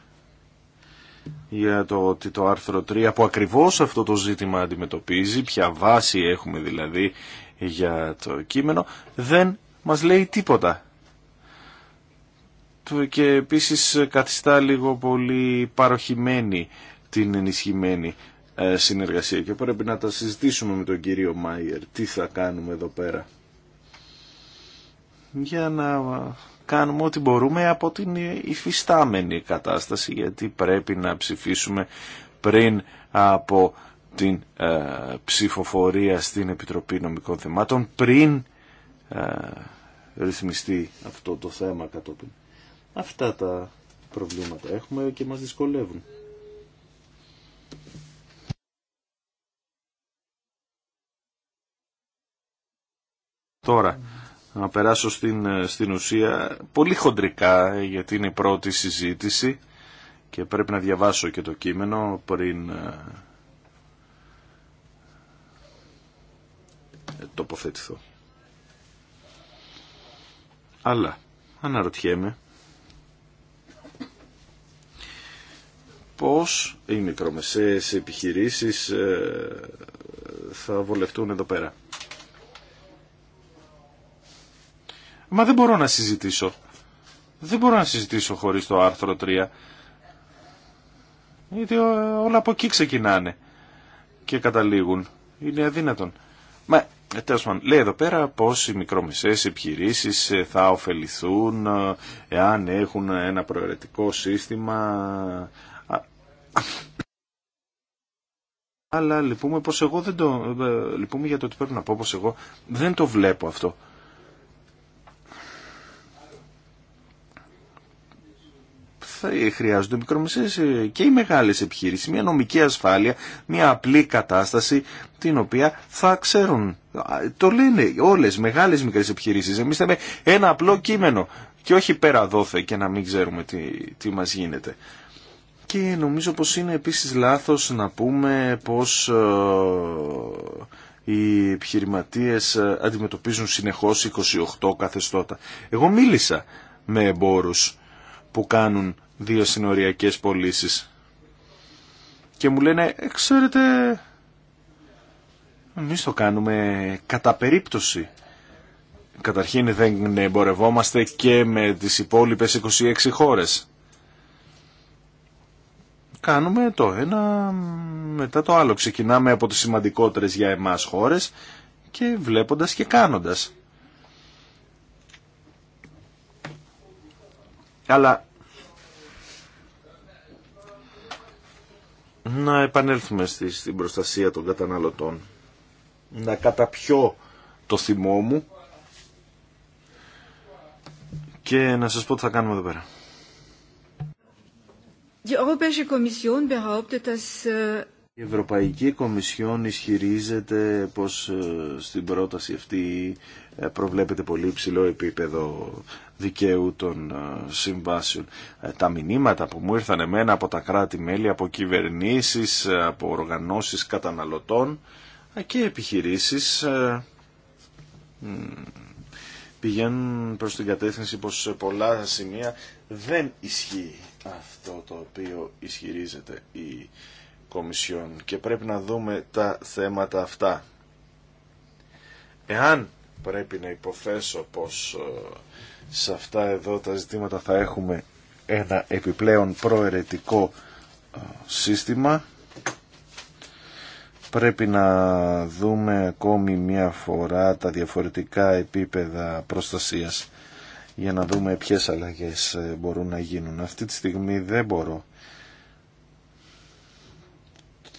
για το ότι το άρθρο 3 που ακριβώς αυτό το ζήτημα αντιμετωπίζει, ποια βάση έχουμε δηλαδή για το κείμενο, δεν μας λέει τίποτα. Και επίσης καθιστά λίγο πολύ παροχημένη την ενισχυμένη ε, συνεργασία και πρέπει να τα συζητήσουμε με τον κύριο Μάιερ τι θα κάνουμε εδώ πέρα για να κάνουμε ό,τι μπορούμε από την υφιστάμενη κατάσταση γιατί πρέπει να ψηφίσουμε πριν από την ε, ψηφοφορία στην Επιτροπή Νομικών Θεμάτων πριν ε, ρυθμιστεί αυτό το θέμα κατόπιν. Αυτά τα προβλήματα έχουμε και μας δυσκολεύουν. Τώρα, να περάσω στην, ε, στην ουσία πολύ χοντρικά ε, γιατί είναι η πρώτη συζήτηση και πρέπει να διαβάσω και το κείμενο πριν ε, τοποθετηθώ. Αλλά αναρωτιέμαι πώς οι μικρομεσαίες επιχειρήσεις θα βολευτούν εδώ πέρα. Μα δεν μπορώ να συζητήσω. Δεν μπορώ να συζητήσω χωρίς το άρθρο 3. Γιατί όλα από εκεί ξεκινάνε και καταλήγουν. Είναι αδύνατον. Μα ε, τέλος πάντων, λέει εδώ πέρα πως οι μικρομεσαίες επιχειρήσεις ε, θα ωφεληθούν ε, εάν έχουν ένα προαιρετικό σύστημα. Αλλά λυπούμε, πως εγώ δεν το, λυπούμε για το ότι πρέπει να πω πως εγώ δεν το βλέπω αυτό. θα ε, χρειάζονται μικρομεσαίες ε, και οι μεγάλες επιχείρησεις. Μια νομική ασφάλεια, μια απλή κατάσταση την οποία θα ξέρουν. Το λένε όλες, μεγάλες μικρές επιχειρήσεις. Εμείς θέλουμε ένα απλό κείμενο και όχι πέρα δόθε και να μην ξέρουμε τι, τι μας γίνεται. Και νομίζω πως είναι επίσης λάθος να πούμε πως ε, οι επιχειρηματίες αντιμετωπίζουν συνεχώς 28 καθεστώτα. Εγώ μίλησα με εμπόρους που κάνουν δύο συνοριακές πωλήσει. Και μου λένε, «Ε, ξέρετε, εμείς το κάνουμε κατά περίπτωση. Καταρχήν δεν εμπορευόμαστε και με τις υπόλοιπες 26 χώρες. Κάνουμε το ένα μετά το άλλο. Ξεκινάμε από τις σημαντικότερες για εμάς χώρες και βλέποντας και κάνοντας. Αλλά να επανέλθουμε στη, στην προστασία των καταναλωτών. Να καταπιώ το θυμό μου και να σας πω τι θα κάνουμε εδώ πέρα. Η Ευρωπαϊκή Κομισιόν ε, ισχυρίζεται πως ε, στην πρόταση αυτή ε, προβλέπεται πολύ υψηλό επίπεδο δικαίου των ε, συμβάσεων. Ε, τα μηνύματα που μου ήρθαν εμένα από τα κράτη-μέλη, από κυβερνήσεις, ε, από οργανώσεις καταναλωτών και επιχειρήσεις πηγαίνουν προς την κατεύθυνση πως σε πολλά σημεία δεν ισχύει αυτό το οποίο ισχυρίζεται η Κομισιόν και πρέπει να δούμε τα θέματα αυτά. Εάν πρέπει να υποθέσω πως σε αυτά εδώ τα ζητήματα θα έχουμε ένα επιπλέον προαιρετικό σύστημα. Πρέπει να δούμε ακόμη μία φορά τα διαφορετικά επίπεδα προστασίας για να δούμε ποιες αλλαγές ε, μπορούν να γίνουν. Αυτή τη στιγμή δεν μπορώ.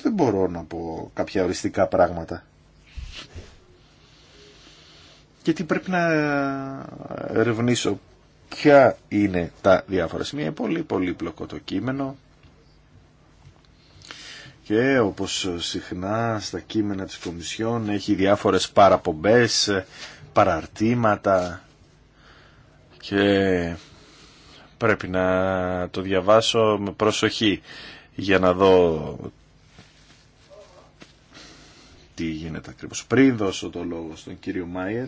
Δεν μπορώ να πω κάποια οριστικά πράγματα γιατί πρέπει να ερευνήσω. Ποια είναι τα διάφορα σημεία. Είναι πολύ πολύπλοκο το κείμενο. Και όπως συχνά στα κείμενα της Κομισιόν έχει διάφορες παραπομπές, παραρτήματα και πρέπει να το διαβάσω με προσοχή για να δω τι γίνεται ακριβώς. Πριν δώσω το λόγο στον κύριο Μάιερ,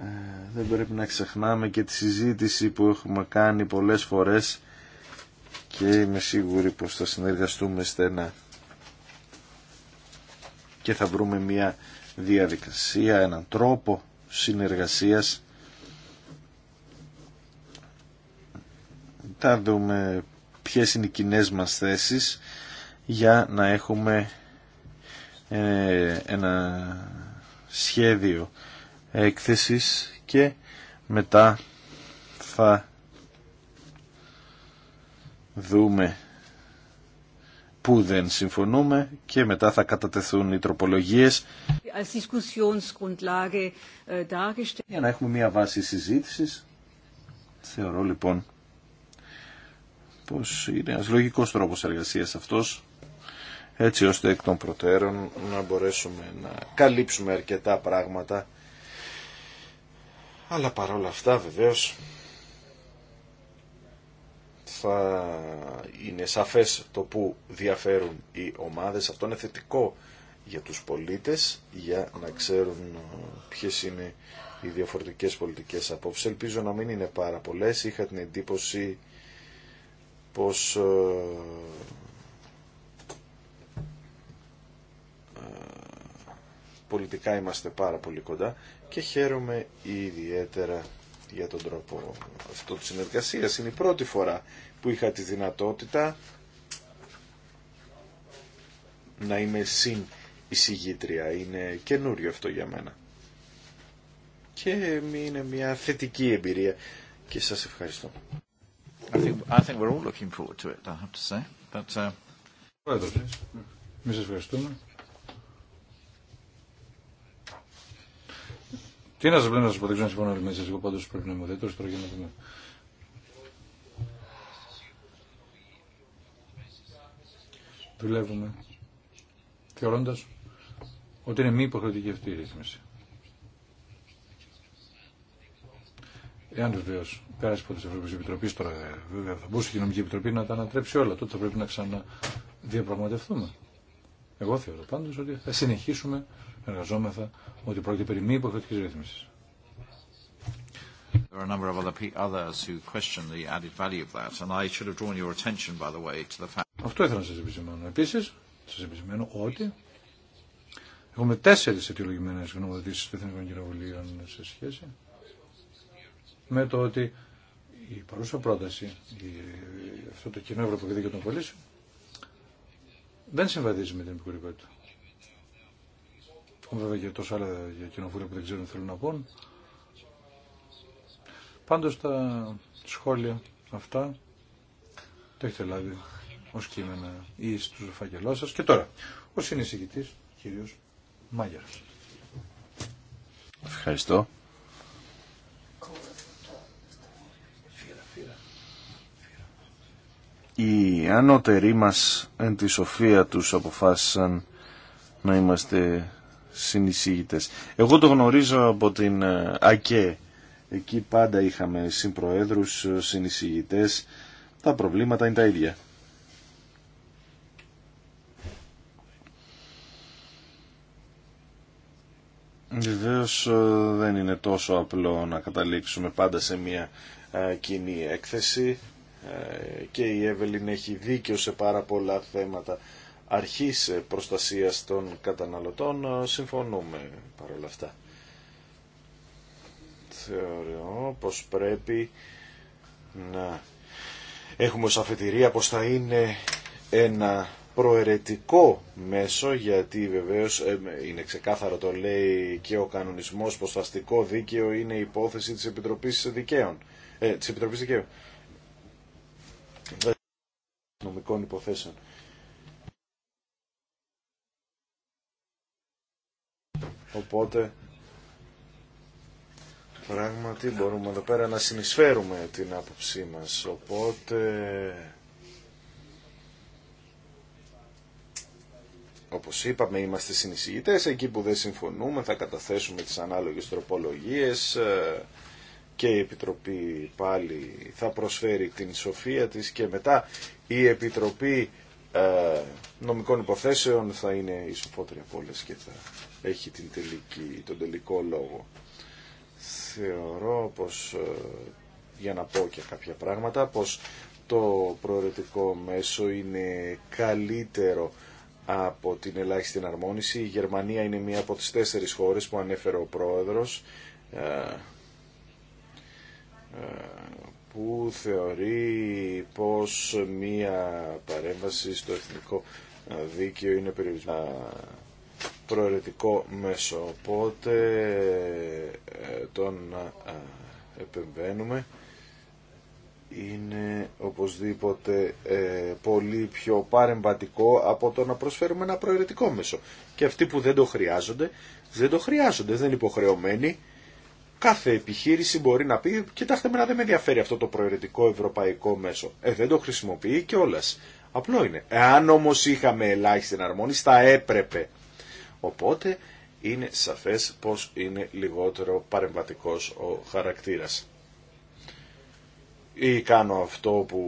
ε, δεν πρέπει να ξεχνάμε και τη συζήτηση που έχουμε κάνει πολλές φορές και είμαι σίγουρη πως θα συνεργαστούμε στενά και θα βρούμε μια διαδικασία, έναν τρόπο συνεργασίας θα δούμε ποιες είναι οι κοινέ μας θέσεις για να έχουμε ε, ένα σχέδιο έκθεσης και μετά θα δούμε που δεν συμφωνούμε και μετά θα κατατεθούν οι τροπολογίες äh, για να έχουμε μία βάση συζήτησης. Θεωρώ λοιπόν πως είναι ένας λογικός τρόπος εργασίας αυτός έτσι ώστε εκ των προτέρων να μπορέσουμε να καλύψουμε αρκετά πράγματα αλλά παρόλα αυτά βεβαίως θα είναι σαφές το που διαφέρουν οι ομάδες. Αυτό είναι θετικό για τους πολίτες για να ξέρουν ε, ποιες είναι οι διαφορετικές πολιτικές απόψεις. Ελπίζω να μην είναι πάρα πολλές. Είχα την εντύπωση πως ε, ε, πολιτικά είμαστε πάρα πολύ κοντά και χαίρομαι ιδιαίτερα για τον τρόπο αυτό της συνεργασίας. Είναι η πρώτη φορά που είχα τη δυνατότητα να είμαι συν εισηγήτρια. Είναι καινούριο αυτό για μένα. Και είναι μια θετική εμπειρία και σας ευχαριστώ. I think, ευχαριστούμε. Τι να σα πω, να σα πω, δεν ξέρω συμφωνώ με εσά. Εγώ πάντω πρέπει να είμαι ουδέτερο τώρα για να δούμε. Δουλεύουμε θεωρώντα ότι είναι μη υποχρεωτική αυτή η ρύθμιση. Εάν βεβαίω πέρασε από τη Ευρωπαϊκή Επιτροπή, τώρα βέβαια θα μπορούσε η κοινωνική Επιτροπή να τα ανατρέψει όλα. Τότε θα πρέπει να ξαναδιαπραγματευτούμε. Εγώ θεωρώ πάντω ότι θα συνεχίσουμε εργαζόμεθα ότι πρόκειται περί μη υποχρεωτικής ρύθμισης. There are a number of other others who question the added value of that, and I should have drawn your attention, by the way, to the fact. Αυτό ήθελα να σας επισημάνω. Επίσης, σας επισημάνω ότι έχουμε τέσσερις αιτιολογημένες γνωμοδοτήσεις του Εθνικών Κοινοβουλίων σε σχέση με το ότι η παρούσα πρόταση, η, αυτό το κοινό Ευρωπαϊκό Δίκαιο των Πολίσεων, δεν συμβαδίζει με την επικουρικότητα. Έχουν βέβαια και τόσα άλλα για κοινοβούλια που δεν ξέρουν θέλουν να πούν. Πάντως τα σχόλια αυτά το έχετε λάβει ως κείμενα ή στους φακελός σα Και τώρα, ο συνεισηγητής, κύριος Μάγερ. Ευχαριστώ. Οι ανώτεροι μας εν τη σοφία τους αποφάσισαν να είμαστε συνεισήγητες. Εγώ το γνωρίζω από την ε, ΑΚΕ. Εκεί πάντα είχαμε συμπροέδρους, ε, συνεισηγητές. Τα προβλήματα είναι τα ίδια. Βεβαίω ε, δεν είναι τόσο απλό να καταλήξουμε πάντα σε μια κοινή έκθεση και η Εύελιν έχει δίκιο σε πάρα πολλά θέματα αρχής ε, προστασίας των καταναλωτών ε, συμφωνούμε παρόλα αυτά. Θεωρώ πως πρέπει να έχουμε ως αφετηρία πως θα είναι ένα προαιρετικό μέσο γιατί βεβαίως ε, είναι ξεκάθαρο το λέει και ο κανονισμός πως το αστικό δίκαιο είναι η υπόθεση της Επιτροπής, Δικαίων, ε, της Επιτροπής Δικαίου νομικών υποθέσεων. Οπότε πράγματι μπορούμε εδώ πέρα να συνεισφέρουμε την άποψή μας. Οπότε όπως είπαμε είμαστε συνεισηγητές, εκεί που δεν συμφωνούμε θα καταθέσουμε τις ανάλογες τροπολογίες ε, και η Επιτροπή πάλι θα προσφέρει την σοφία της και μετά η Επιτροπή ε, Νομικών Υποθέσεων θα είναι η σοφότερη από όλες και θα έχει την τελική, τον τελικό λόγο. Θεωρώ πως, ε, για να πω και κάποια πράγματα, πως το προαιρετικό μέσο είναι καλύτερο από την ελάχιστη εναρμόνιση. Η Γερμανία είναι μία από τις τέσσερις χώρες που ανέφερε ο πρόεδρος ε, ε, που θεωρεί πως μία παρέμβαση στο εθνικό δίκαιο είναι περιορισμένη προαιρετικό μέσο. Οπότε ε, τον ε, επεμβαίνουμε είναι οπωσδήποτε ε, πολύ πιο παρεμβατικό από το να προσφέρουμε ένα προαιρετικό μέσο. Και αυτοί που δεν το χρειάζονται, δεν το χρειάζονται, δεν είναι υποχρεωμένοι. Κάθε επιχείρηση μπορεί να πει, κοιτάξτε να δεν με ενδιαφέρει αυτό το προαιρετικό ευρωπαϊκό μέσο. Ε, δεν το χρησιμοποιεί κιόλα. Απλό είναι. Εάν όμως είχαμε ελάχιστη εναρμόνιση, θα έπρεπε Οπότε είναι σαφές πως είναι λιγότερο παρεμβατικός ο χαρακτήρας. Ή κάνω αυτό που,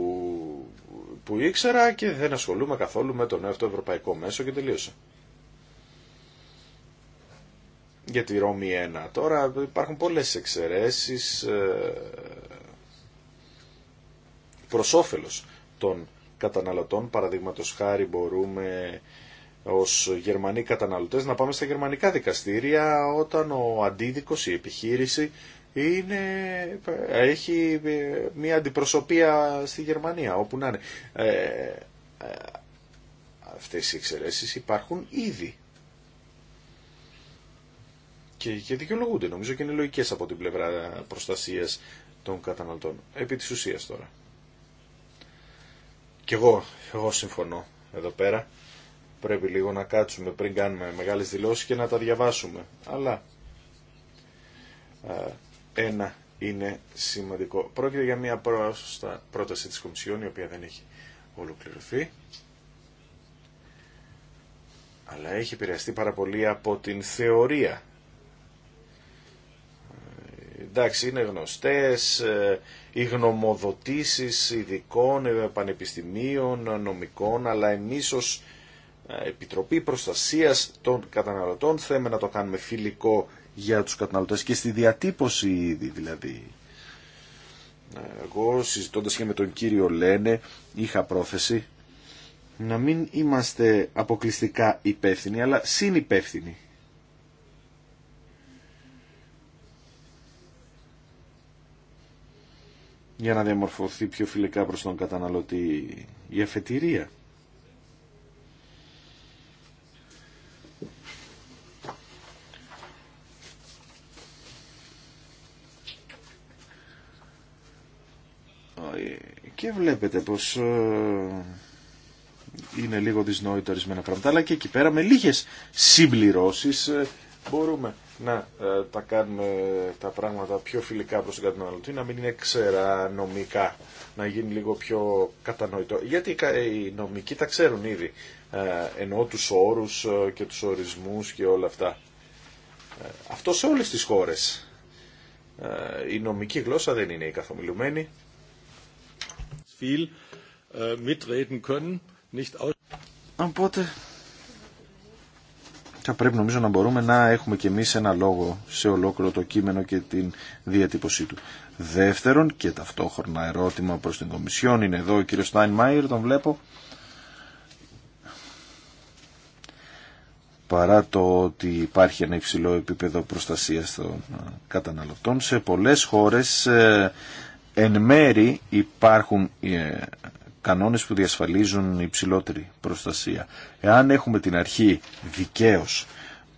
που ήξερα και δεν ασχολούμαι καθόλου με το νέο αυτό ευρωπαϊκό μέσο και τελείωσε. Για τη Ρώμη 1 τώρα υπάρχουν πολλές εξαιρέσεις ε, προς όφελος των καταναλωτών. Παραδείγματος χάρη μπορούμε ως Γερμανοί καταναλωτές να πάμε στα γερμανικά δικαστήρια όταν ο αντίδικος, η επιχείρηση είναι, έχει ε, μια αντιπροσωπεία στη Γερμανία όπου να είναι. Ε, ε, αυτές οι εξαιρέσεις υπάρχουν ήδη και, και δικαιολογούνται νομίζω και είναι λογικές από την πλευρά προστασίας των καταναλωτών. Επί της ουσίας τώρα. Κι εγώ, εγώ συμφωνώ εδώ πέρα πρέπει λίγο να κάτσουμε πριν κάνουμε μεγάλες δηλώσεις και να τα διαβάσουμε. Αλλά ε, ένα είναι σημαντικό. Πρόκειται για μια πρόταση της Κομισιόν η οποία δεν έχει ολοκληρωθεί αλλά έχει επηρεαστεί πάρα πολύ από την θεωρία. Ε, εντάξει, είναι γνωστές ε, οι γνωμοδοτήσεις ειδικών, πανεπιστημίων, νομικών, αλλά εμείς Επιτροπή Προστασίας των Καταναλωτών. Θέμε να το κάνουμε φιλικό για τους καταναλωτές και στη διατύπωση ήδη δηλαδή. Εγώ συζητώντας και με τον κύριο Λένε είχα πρόθεση να μην είμαστε αποκλειστικά υπεύθυνοι αλλά συνυπεύθυνοι. για να διαμορφωθεί πιο φιλικά προς τον καταναλωτή η αφετηρία. και βλέπετε πως ε, είναι λίγο δυσνόητο ορισμένα πράγματα, αλλά και εκεί πέρα με λίγες συμπληρώσεις ε, μπορούμε να ε, τα κάνουμε τα πράγματα πιο φιλικά προς τον καταναλωτή, να μην είναι ξέρα νομικά, να γίνει λίγο πιο κατανοητό. Γιατί οι νομικοί τα ξέρουν ήδη, εννοώ τους όρους και τους ορισμούς και όλα αυτά. Αυτό σε όλες τις χώρες. Η νομική γλώσσα δεν είναι η καθομιλουμένη viel äh, mitreden können, nicht Οπότε θα πρέπει νομίζω να μπορούμε να έχουμε και εμείς ένα λόγο σε ολόκληρο το κείμενο και την διατύπωσή του. Δεύτερον και ταυτόχρονα ερώτημα προς την Κομισιόν είναι εδώ ο κύριος Στάινμαϊρ, τον βλέπω. παρά το ότι υπάρχει ένα υψηλό επίπεδο προστασίας των ε, καταναλωτών. Σε πολλές χώρες ε, εν μέρη υπάρχουν ε, κανόνες που διασφαλίζουν υψηλότερη προστασία. Εάν έχουμε την αρχή δικαίως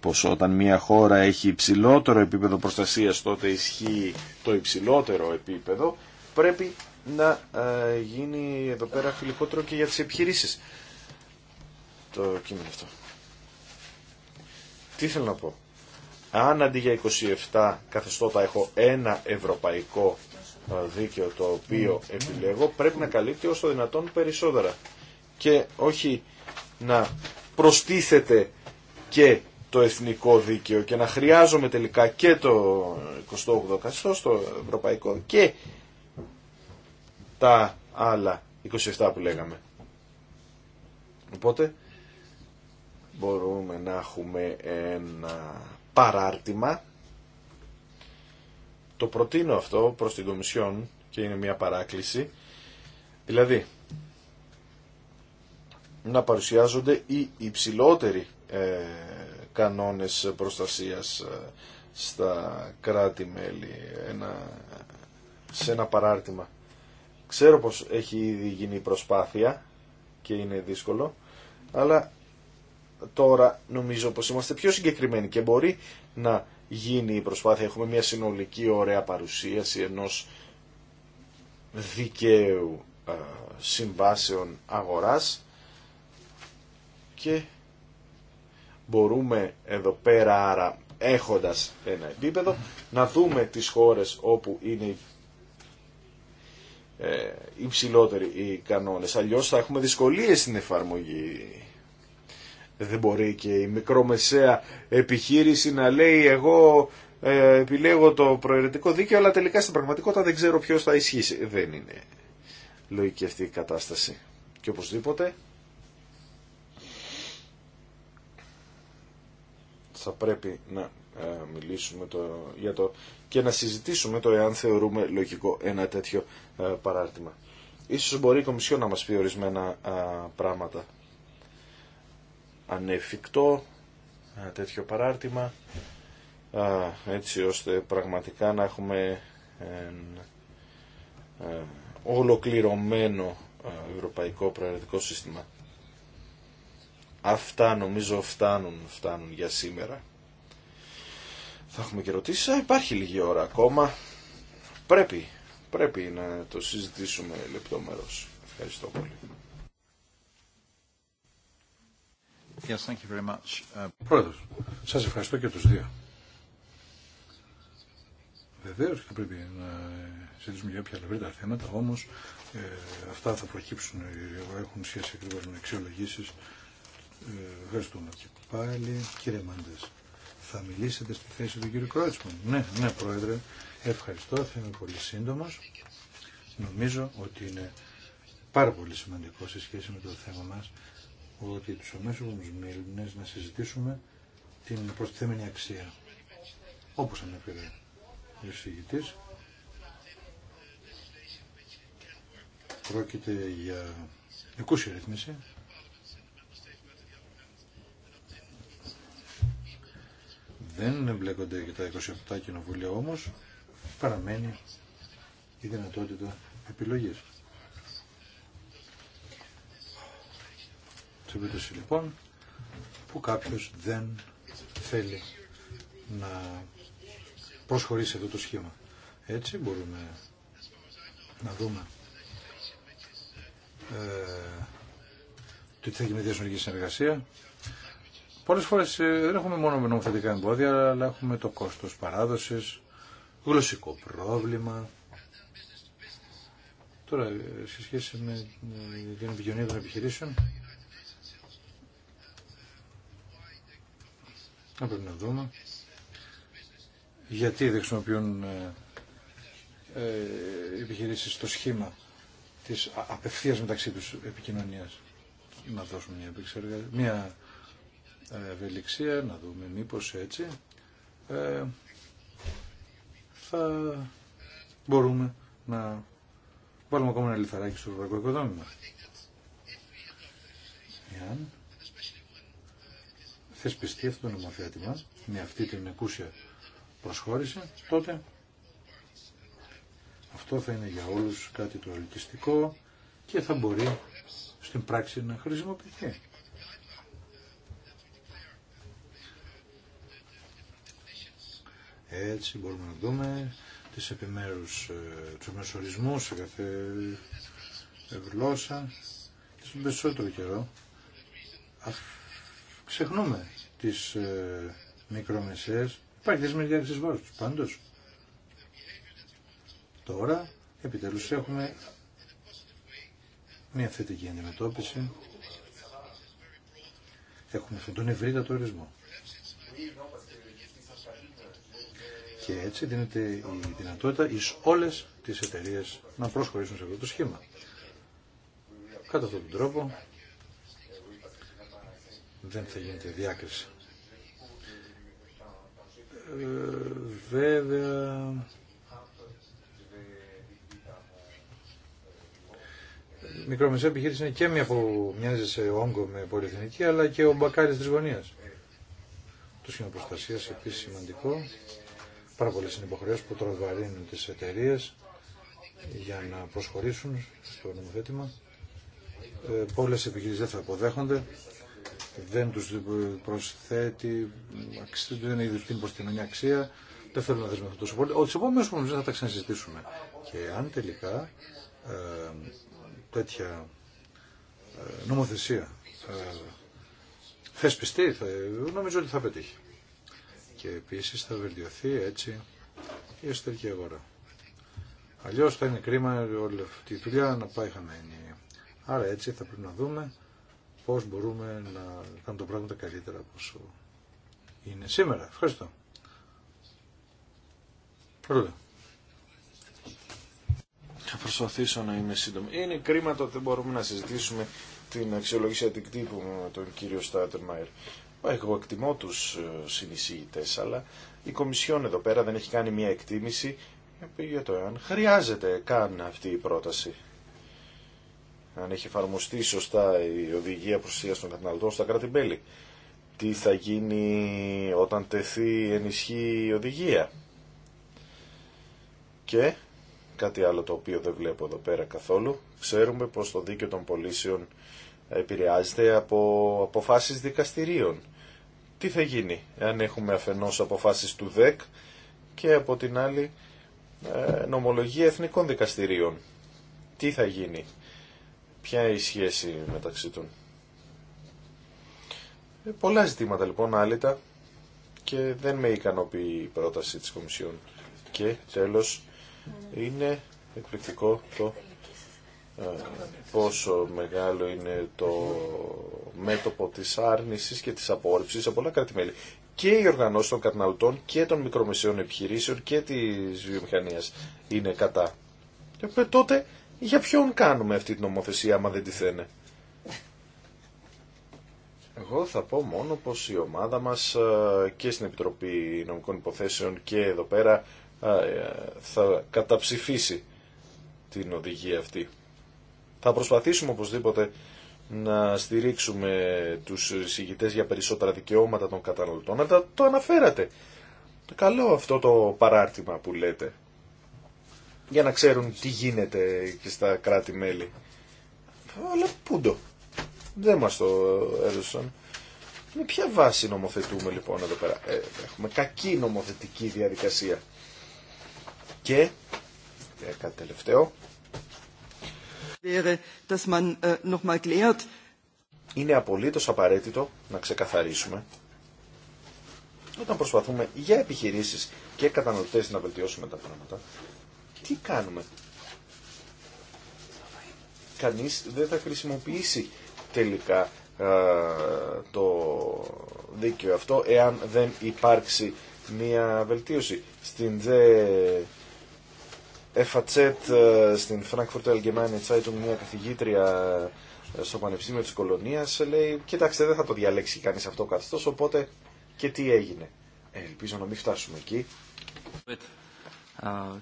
πως όταν μια χώρα έχει υψηλότερο επίπεδο προστασίας τότε ισχύει το υψηλότερο επίπεδο, πρέπει να ε, γίνει εδώ πέρα φιλικότερο και για τις επιχειρήσεις. Το κείμενο αυτό. Τι θέλω να πω. Αν αντί για 27 καθεστώτα έχω ένα ευρωπαϊκό το δίκαιο το οποίο mm. επιλέγω πρέπει να καλύπτει όσο δυνατόν περισσότερα και όχι να προστίθεται και το εθνικό δίκαιο και να χρειάζομαι τελικά και το 28ο στο το ευρωπαϊκό και τα άλλα 27 που λέγαμε. Οπότε μπορούμε να έχουμε ένα παράρτημα το προτείνω αυτό προς την Κομισιόν και είναι μια παράκληση. Δηλαδή, να παρουσιάζονται οι υψηλότεροι ε, κανόνες προστασίας ε, στα κράτη-μέλη σε ένα παράρτημα. Ξέρω πως έχει ήδη γίνει προσπάθεια και είναι δύσκολο, αλλά τώρα νομίζω πως είμαστε πιο συγκεκριμένοι και μπορεί να γίνει η προσπάθεια. Έχουμε μια συνολική ωραία παρουσίαση ενός δικαίου συμβάσεων αγοράς και μπορούμε εδώ πέρα άρα έχοντας ένα επίπεδο να δούμε τις χώρες όπου είναι ε, υψηλότεροι οι κανόνες αλλιώς θα έχουμε δυσκολίες στην εφαρμογή δεν μπορεί και η μικρομεσαία επιχείρηση να λέει εγώ ε, επιλέγω το προαιρετικό δίκαιο αλλά τελικά στην πραγματικότητα δεν ξέρω ποιος θα ισχύσει. Δεν είναι λογική αυτή η κατάσταση. Και οπωσδήποτε θα πρέπει να ε, μιλήσουμε το, για το και να συζητήσουμε το εάν θεωρούμε λογικό ένα τέτοιο ε, παράρτημα. Ίσως μπορεί η Κομισιό να μας πει ορισμένα πράγματα ανεφικτό ένα τέτοιο παράρτημα έτσι ώστε πραγματικά να έχουμε ολοκληρωμένο ευρωπαϊκό προαιρετικό σύστημα. Αυτά νομίζω φτάνουν, φτάνουν για σήμερα. Θα έχουμε και Υπάρχει λίγη ώρα ακόμα. Πρέπει, πρέπει να το συζητήσουμε λεπτομερώς. Ευχαριστώ πολύ. Yes, thank you very much. Uh, Πρόεδρος, σας ευχαριστώ και τους δύο. Βεβαίω θα πρέπει να συζητήσουμε για όποια τα θέματα, όμως ε, αυτά θα προκύψουν, ε, έχουν σχέση ακριβώ με αξιολογήσει. Ε, ευχαριστούμε και πάλι. Κύριε Μάντες, θα μιλήσετε στη θέση του κύριου Κρότσμαν. Ναι, ναι, Πρόεδρε, ευχαριστώ. Θα είμαι πολύ σύντομο. Νομίζω ότι είναι πάρα πολύ σημαντικό σε σχέση με το θέμα μας ότι τους αμέσως μήλυνες να συζητήσουμε την προστιθέμενη αξία. Όπως ανέφερε ο εισηγητής, πρόκειται για εκούσια ρυθμίση, Δεν εμπλέκονται και τα 27 κοινοβούλια όμως, παραμένει η δυνατότητα επιλογής. Σε περίπτωση λοιπόν που κάποιος δεν θέλει να προσχωρήσει αυτό το σχήμα. Έτσι μπορούμε να δούμε ε, το τι θα γίνει με συνεργασία. Πολλές φορές ε, δεν έχουμε μόνο με νομοθετικά εμπόδια, αλλά έχουμε το κόστος παράδοσης, γλωσσικό πρόβλημα. Τώρα, ε, σε σχέση με την επικοινωνία των επιχειρήσεων, Να πρέπει να δούμε γιατί δεν χρησιμοποιούν ε, ε επιχειρήσεις το σχήμα της απευθείας μεταξύ τους επικοινωνίας. Να δώσουμε μια, επεξεργα... μια ε, ευελιξία, να δούμε μήπως έτσι ε, θα μπορούμε να βάλουμε ακόμα ένα λιθαράκι στο ευρωπαϊκό οικοδόμημα θεσπιστεί αυτό το νομοθέτημα με αυτή την εκούσια προσχώρηση, τότε αυτό θα είναι για όλους κάτι το ελκυστικό και θα μπορεί στην πράξη να χρησιμοποιηθεί. Έτσι μπορούμε να δούμε τις επιμέρους, ε, τους μεσορισμούς σε κάθε γλώσσα και στον περισσότερο καιρό ξεχνούμε τις ε, μικρομεσαίες. Υπάρχει με διάρκεια της τους. τώρα επιτέλους έχουμε μια θετική αντιμετώπιση. Έχουμε αυτόν τον ευρύτατο ορισμό. Και έτσι δίνεται η δυνατότητα εις όλες τις εταιρείες να προσχωρήσουν σε αυτό το σχήμα. Κατά αυτόν τον τρόπο δεν θα γίνεται διάκριση. Ε, βέβαια, μικρομεσαία επιχείρηση είναι και μια που μοιάζει σε όγκο με πολυεθνική, αλλά και ο μπακάρι τη γωνία. Το σχήμα προστασία επίση σημαντικό. Πάρα πολλέ είναι υποχρεώσει που τροβαρύνουν τι εταιρείε για να προσχωρήσουν στο νομοθέτημα. Ε, πολλέ επιχειρήσει δεν θα αποδέχονται δεν τους προσθέτει, δεν είναι την προστιμένη αξία, δεν θέλω να δεσμευτούν τόσο πολύ. Ότι επόμενες χρονισμού θα τα ξανασυζητήσουμε. Και αν τελικά ε, τέτοια ε, νομοθεσία ε, θεσπιστεί, θα, νομίζω ότι θα πετύχει. Και επίσης θα βελτιωθεί έτσι η εσωτερική αγορά. Αλλιώς θα είναι κρίμα όλη αυτή η δουλειά να πάει χαμένη. Άρα έτσι θα πρέπει να δούμε πώς μπορούμε να κάνουμε τα πράγματα καλύτερα από όσο είναι σήμερα. Ευχαριστώ. Πρώτα. Θα προσπαθήσω να είμαι σύντομη. Είναι κρίμα το ότι δεν μπορούμε να συζητήσουμε την αξιολόγηση αντικτύπου με τον κύριο Στάτερμαϊρ. Εγώ εκτιμώ του ε, συνεισήγητε, αλλά η Κομισιόν εδώ πέρα δεν έχει κάνει μια εκτίμηση για το εάν χρειάζεται καν αυτή η πρόταση αν έχει εφαρμοστεί σωστά η οδηγία προστασία των καταναλωτών στα κρατη Τι θα γίνει όταν τεθεί ενισχύ η οδηγία. Και κάτι άλλο το οποίο δεν βλέπω εδώ πέρα καθόλου. Ξέρουμε πως το δίκαιο των πωλήσεων επηρεάζεται από αποφάσεις δικαστηρίων. Τι θα γίνει αν έχουμε αφενός αποφάσεις του ΔΕΚ και από την άλλη ε, νομολογία εθνικών δικαστηρίων. Τι θα γίνει Ποια είναι η σχέση μεταξύ των. Ε, πολλά ζητήματα λοιπόν άλυτα και δεν με ικανοποιεί η πρόταση της Κομισιόν. Και τέλος είναι εκπληκτικό το ε, πόσο μεγάλο είναι το μέτωπο της άρνησης και της απόρριψης από πολλά Και οι οργανώσει των καταναλωτών και των μικρομεσαίων επιχειρήσεων και της βιομηχανίας είναι κατά. Και ε, τότε για ποιον κάνουμε αυτή την νομοθεσία άμα δεν τη θένε. Εγώ θα πω μόνο πως η ομάδα μας ε, και στην Επιτροπή Νομικών Υποθέσεων και εδώ πέρα ε, θα καταψηφίσει την οδηγία αυτή. Θα προσπαθήσουμε οπωσδήποτε να στηρίξουμε τους συγητές για περισσότερα δικαιώματα των καταναλωτών. Αλλά το αναφέρατε. Καλό αυτό το παράρτημα που λέτε για να ξέρουν τι γίνεται και στα κράτη-μέλη. Αλλά πούντο. Δεν μας το έδωσαν. Με ποια βάση νομοθετούμε λοιπόν εδώ πέρα. Ε, έχουμε κακή νομοθετική διαδικασία. Και, ε, κάτι τελευταίο, äh, είναι απολύτως απαραίτητο να ξεκαθαρίσουμε όταν προσπαθούμε για επιχειρήσεις και καταναλωτές να βελτιώσουμε τα πράγματα τι κάνουμε. Κανείς δεν θα χρησιμοποιήσει τελικά το δίκαιο αυτό εάν δεν υπάρξει μια βελτίωση. Στην δε εφατσέτ στην Frankfurt Allgemeine Zeitung μια καθηγήτρια στο Πανεπιστήμιο της Κολονίας λέει κοιτάξτε δεν θα το διαλέξει κανείς αυτό καθώς οπότε και τι έγινε. Ε, ελπίζω να μην φτάσουμε εκεί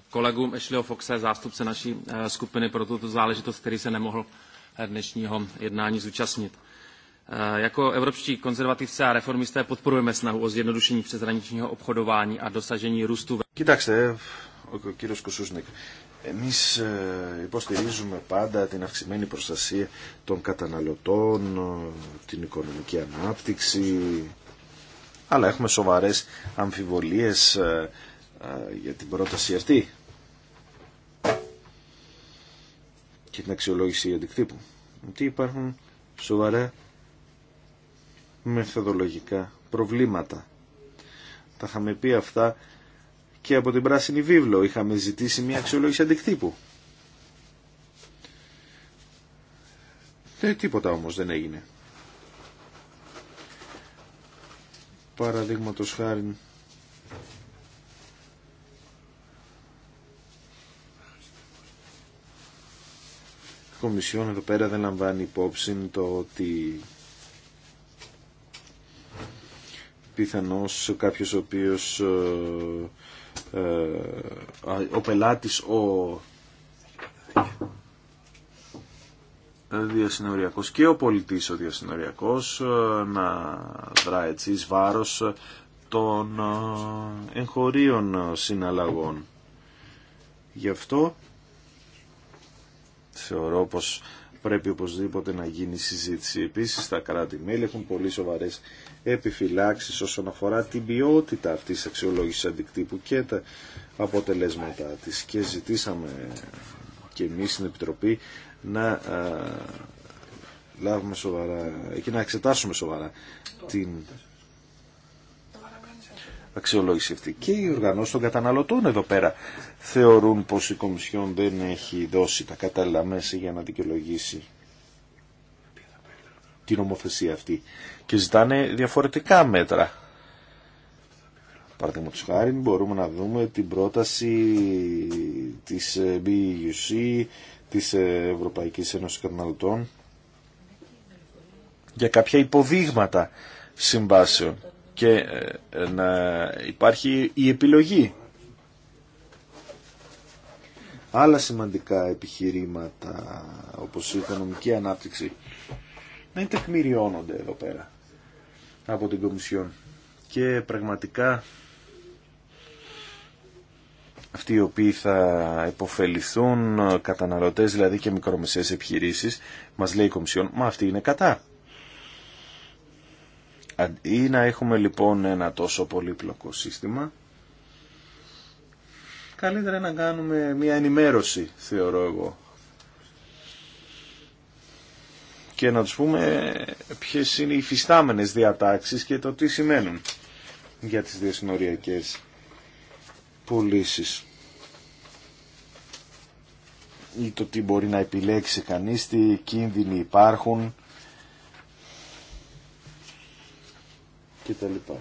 kolegům Ashleyho Foxe, zástupce naší skupiny pro tuto záležitost, který se nemohl dnešního jednání zúčastnit. Jako evropští konzervativci a reformisté podporujeme snahu o zjednodušení přeshraničního obchodování a dosažení růstu. Κοιτάξτε, ο κύριος Κουσούσνικ, εμείς υποστηρίζουμε πάντα την αυξημένη προστασία των καταναλωτών, την οικονομική ανάπτυξη, αλλά έχουμε σοβαρές αμφιβολίες για την πρόταση αυτή και την αξιολόγηση αντικτύπου ότι υπάρχουν σοβαρά μεθοδολογικά προβλήματα. Τα είχαμε πει αυτά και από την Πράσινη Βίβλο είχαμε ζητήσει μια αξιολόγηση αντικτύπου. Δεν τίποτα όμως δεν έγινε. Παραδείγματος χάρη Κομισιόν εδώ πέρα δεν λαμβάνει υπόψη το ότι πιθανώς κάποιος ο οποίος ε, ε, ο πελάτης ο διασυνοριακός και ο πολιτής ο διασυνοριακός ε, να δρά έτσι βάρος των εγχωρίων συναλλαγών. Γι' αυτό θεωρώ πως πρέπει οπωσδήποτε να γίνει συζήτηση. Επίσης τα κράτη-μέλη έχουν πολύ σοβαρές επιφυλάξεις όσον αφορά την ποιότητα αυτής της αξιολόγησης αντικτύπου και τα αποτελέσματά της και ζητήσαμε και εμείς στην Επιτροπή να λάβουμε σοβαρά και να εξετάσουμε σοβαρά την και οι οργανώσει των καταναλωτών εδώ πέρα θεωρούν πως η Κομισιόν δεν έχει δώσει τα κατάλληλα μέσα για να δικαιολογήσει την νομοθεσία αυτή και ζητάνε διαφορετικά μέτρα. Παραδείγματο χάρη μπορούμε να δούμε την πρόταση της BUC, της Ευρωπαϊκής Ένωσης Καταναλωτών για κάποια υποδείγματα συμβάσεων και ε, να υπάρχει η επιλογή. Άλλα σημαντικά επιχειρήματα όπως η οικονομική ανάπτυξη δεν τεκμηριώνονται εδώ πέρα από την Κομισιόν και πραγματικά αυτοί οι οποίοι θα υποφεληθούν καταναλωτές δηλαδή και μικρομεσαίες επιχειρήσεις μας λέει η Κομισιόν μα αυτοί είναι κατά ή να έχουμε λοιπόν ένα τόσο πολύπλοκο σύστημα, καλύτερα να κάνουμε μια ενημέρωση, θεωρώ εγώ. Και να τους πούμε ποιες είναι οι φυστάμενες διατάξεις και το τι σημαίνουν για τις διασυνοριακές πωλήσει ή το τι μπορεί να επιλέξει κανείς, τι κίνδυνοι υπάρχουν κτλ.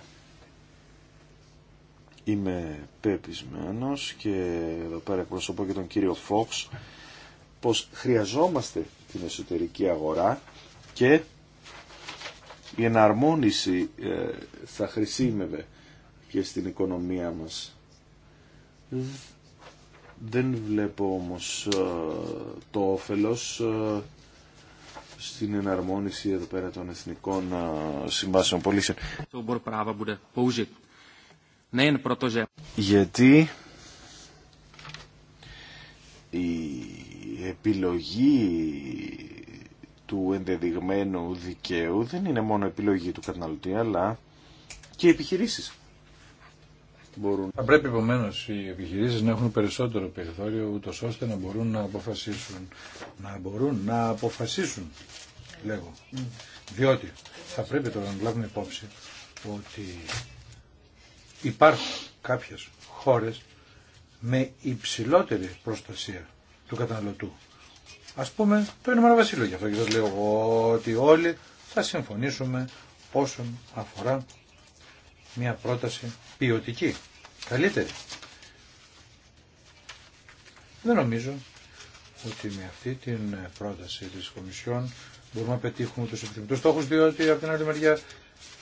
Είμαι πεπισμένος και εδώ πέρα εκπροσωπώ και τον κύριο Φόξ πως χρειαζόμαστε την εσωτερική αγορά και η εναρμόνιση ε, θα χρησιμεύε και στην οικονομία μας. Δεν βλέπω όμως ε, το όφελος ε, στην εναρμόνιση εδώ πέρα των εθνικών συμβάσεων πολίσεων. Γιατί η επιλογή του ενδεδειγμένου δικαίου δεν είναι μόνο επιλογή του καταναλωτή αλλά και επιχειρήσεις. Θα πρέπει επομένω οι επιχειρήσει να έχουν περισσότερο περιθώριο, ούτω ώστε να μπορούν να αποφασίσουν. Να μπορούν να αποφασίσουν, λέγω. Διότι θα πρέπει τώρα να λάβουν υπόψη ότι υπάρχουν κάποιε χώρε με υψηλότερη προστασία του καταναλωτού. Α πούμε το Ηνωμένο Βασίλειο. Γι' αυτό και σα λέω ότι όλοι θα συμφωνήσουμε όσον αφορά μια πρόταση ποιοτική, καλύτερη. Δεν νομίζω ότι με αυτή την πρόταση της Κομισιόν μπορούμε να πετύχουμε τους επιθυμητούς στόχους, διότι από την άλλη μεριά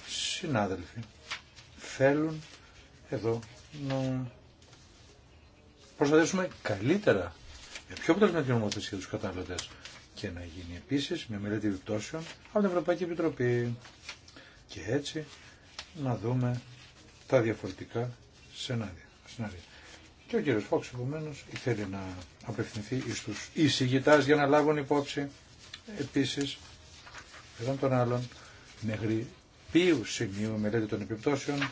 συνάδελφοι θέλουν εδώ να προστατεύσουμε καλύτερα, με πιο αποτελεσματική νομοθεσία τους καταναλωτές και να γίνει επίσης μια μελέτη επιπτώσεων από την Ευρωπαϊκή Επιτροπή. Και έτσι να δούμε τα διαφορετικά σενάρια. Και ο κύριος Φόξ, επομένω ήθελε να απευθυνθεί εις τους εισηγητάς για να λάβουν υπόψη επίσης των των άλλων μέχρι ποιου σημείου μελέτη των επιπτώσεων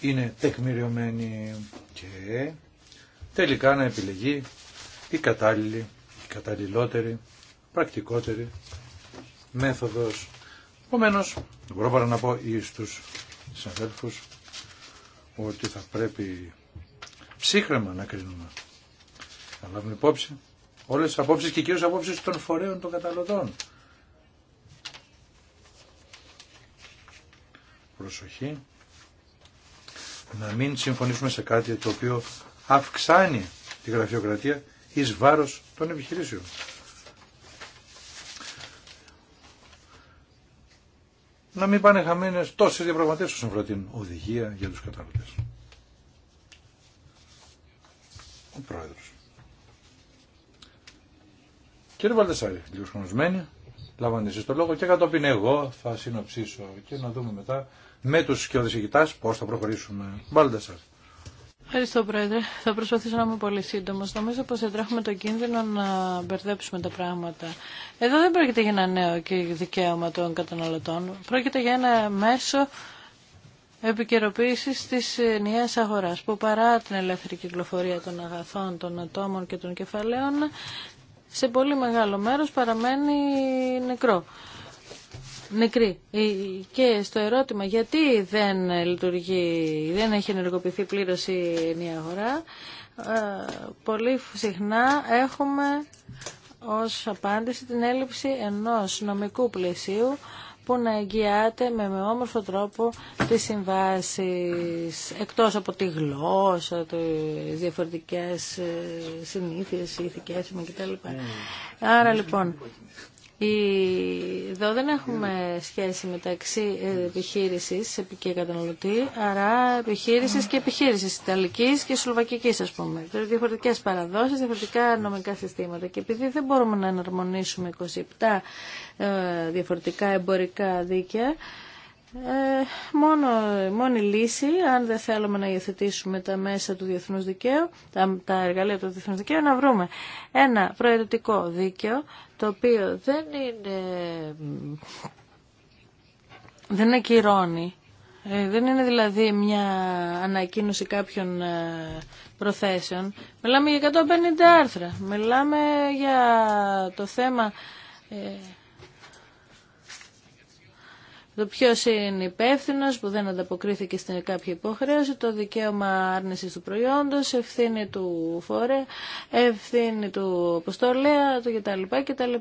είναι τεκμηριωμένη και τελικά να επιλεγεί η κατάλληλη, η καταλληλότερη, πρακτικότερη μέθοδος Επομένω, μπορώ παρά να πω στου συναδέλφου ότι θα πρέπει ψύχρεμα να κρίνουμε. Να λάβουμε υπόψη όλες τι απόψει και κυρίω απόψει των φορέων των καταναλωτών. Προσοχή. Να μην συμφωνήσουμε σε κάτι το οποίο αυξάνει τη γραφειοκρατία εις βάρος των επιχειρήσεων. να μην πάνε χαμένε τόσε διαπραγματεύσει όσον αφορά την οδηγία για του καταναλωτέ. Ο πρόεδρο. Κύριε Βαλτεσάρη, λίγο σκονοσμένοι, λάβανε εσεί το λόγο και κατόπιν εγώ θα συνοψίσω και να δούμε μετά με του σκιώδει ηγητά πώ θα προχωρήσουμε. Βαλτεσάρη. Ευχαριστώ, Πρόεδρε. Θα προσπαθήσω να είμαι πολύ σύντομο. Νομίζω πω εντρέχουμε τον κίνδυνο να μπερδέψουμε τα πράγματα. Εδώ δεν πρόκειται για ένα νέο δικαίωμα των καταναλωτών. Πρόκειται για ένα μέσο επικαιροποίηση τη ενιαία αγορά που παρά την ελεύθερη κυκλοφορία των αγαθών, των ατόμων και των κεφαλαίων σε πολύ μεγάλο μέρος παραμένει νεκρό νεκρή. Ε, και στο ερώτημα γιατί δεν λειτουργεί, δεν έχει ενεργοποιηθεί πλήρωση η νέα αγορά, ε, πολύ συχνά έχουμε ως απάντηση την έλλειψη ενός νομικού πλαισίου που να εγγυάται με, με όμορφο τρόπο τις συμβάσεις εκτός από τη γλώσσα, τις διαφορετικές ε, συνήθειες, ηθικές κτλ. Ναι. Άρα λοιπόν, εδώ δεν έχουμε σχέση μεταξύ επιχείρηση και καταναλωτή, άρα επιχείρησης και επιχείρηση Ιταλική και Σουλβακικής, α πούμε. Διαφορετικές παραδόσεις, διαφορετικά νομικά συστήματα. Και επειδή δεν μπορούμε να εναρμονίσουμε 27 ε, διαφορετικά εμπορικά δίκαια, ε, μόνο, μόνη λύση, αν δεν θέλουμε να υιοθετήσουμε τα μέσα του διεθνούς δικαίου, τα, τα εργαλεία του διεθνούς δικαίου, να βρούμε ένα προαιρετικό δίκαιο, το οποίο δεν είναι... Δεν ακυρώνει ε, δεν είναι δηλαδή μια ανακοίνωση κάποιων ε, προθέσεων. Μιλάμε για 150 άρθρα. Μιλάμε για το θέμα το ποιο είναι υπεύθυνο που δεν ανταποκρίθηκε στην κάποια υποχρέωση, το δικαίωμα άρνηση του προϊόντο, ευθύνη του φόρε... ευθύνη του αποστολέα κτλ, κτλ.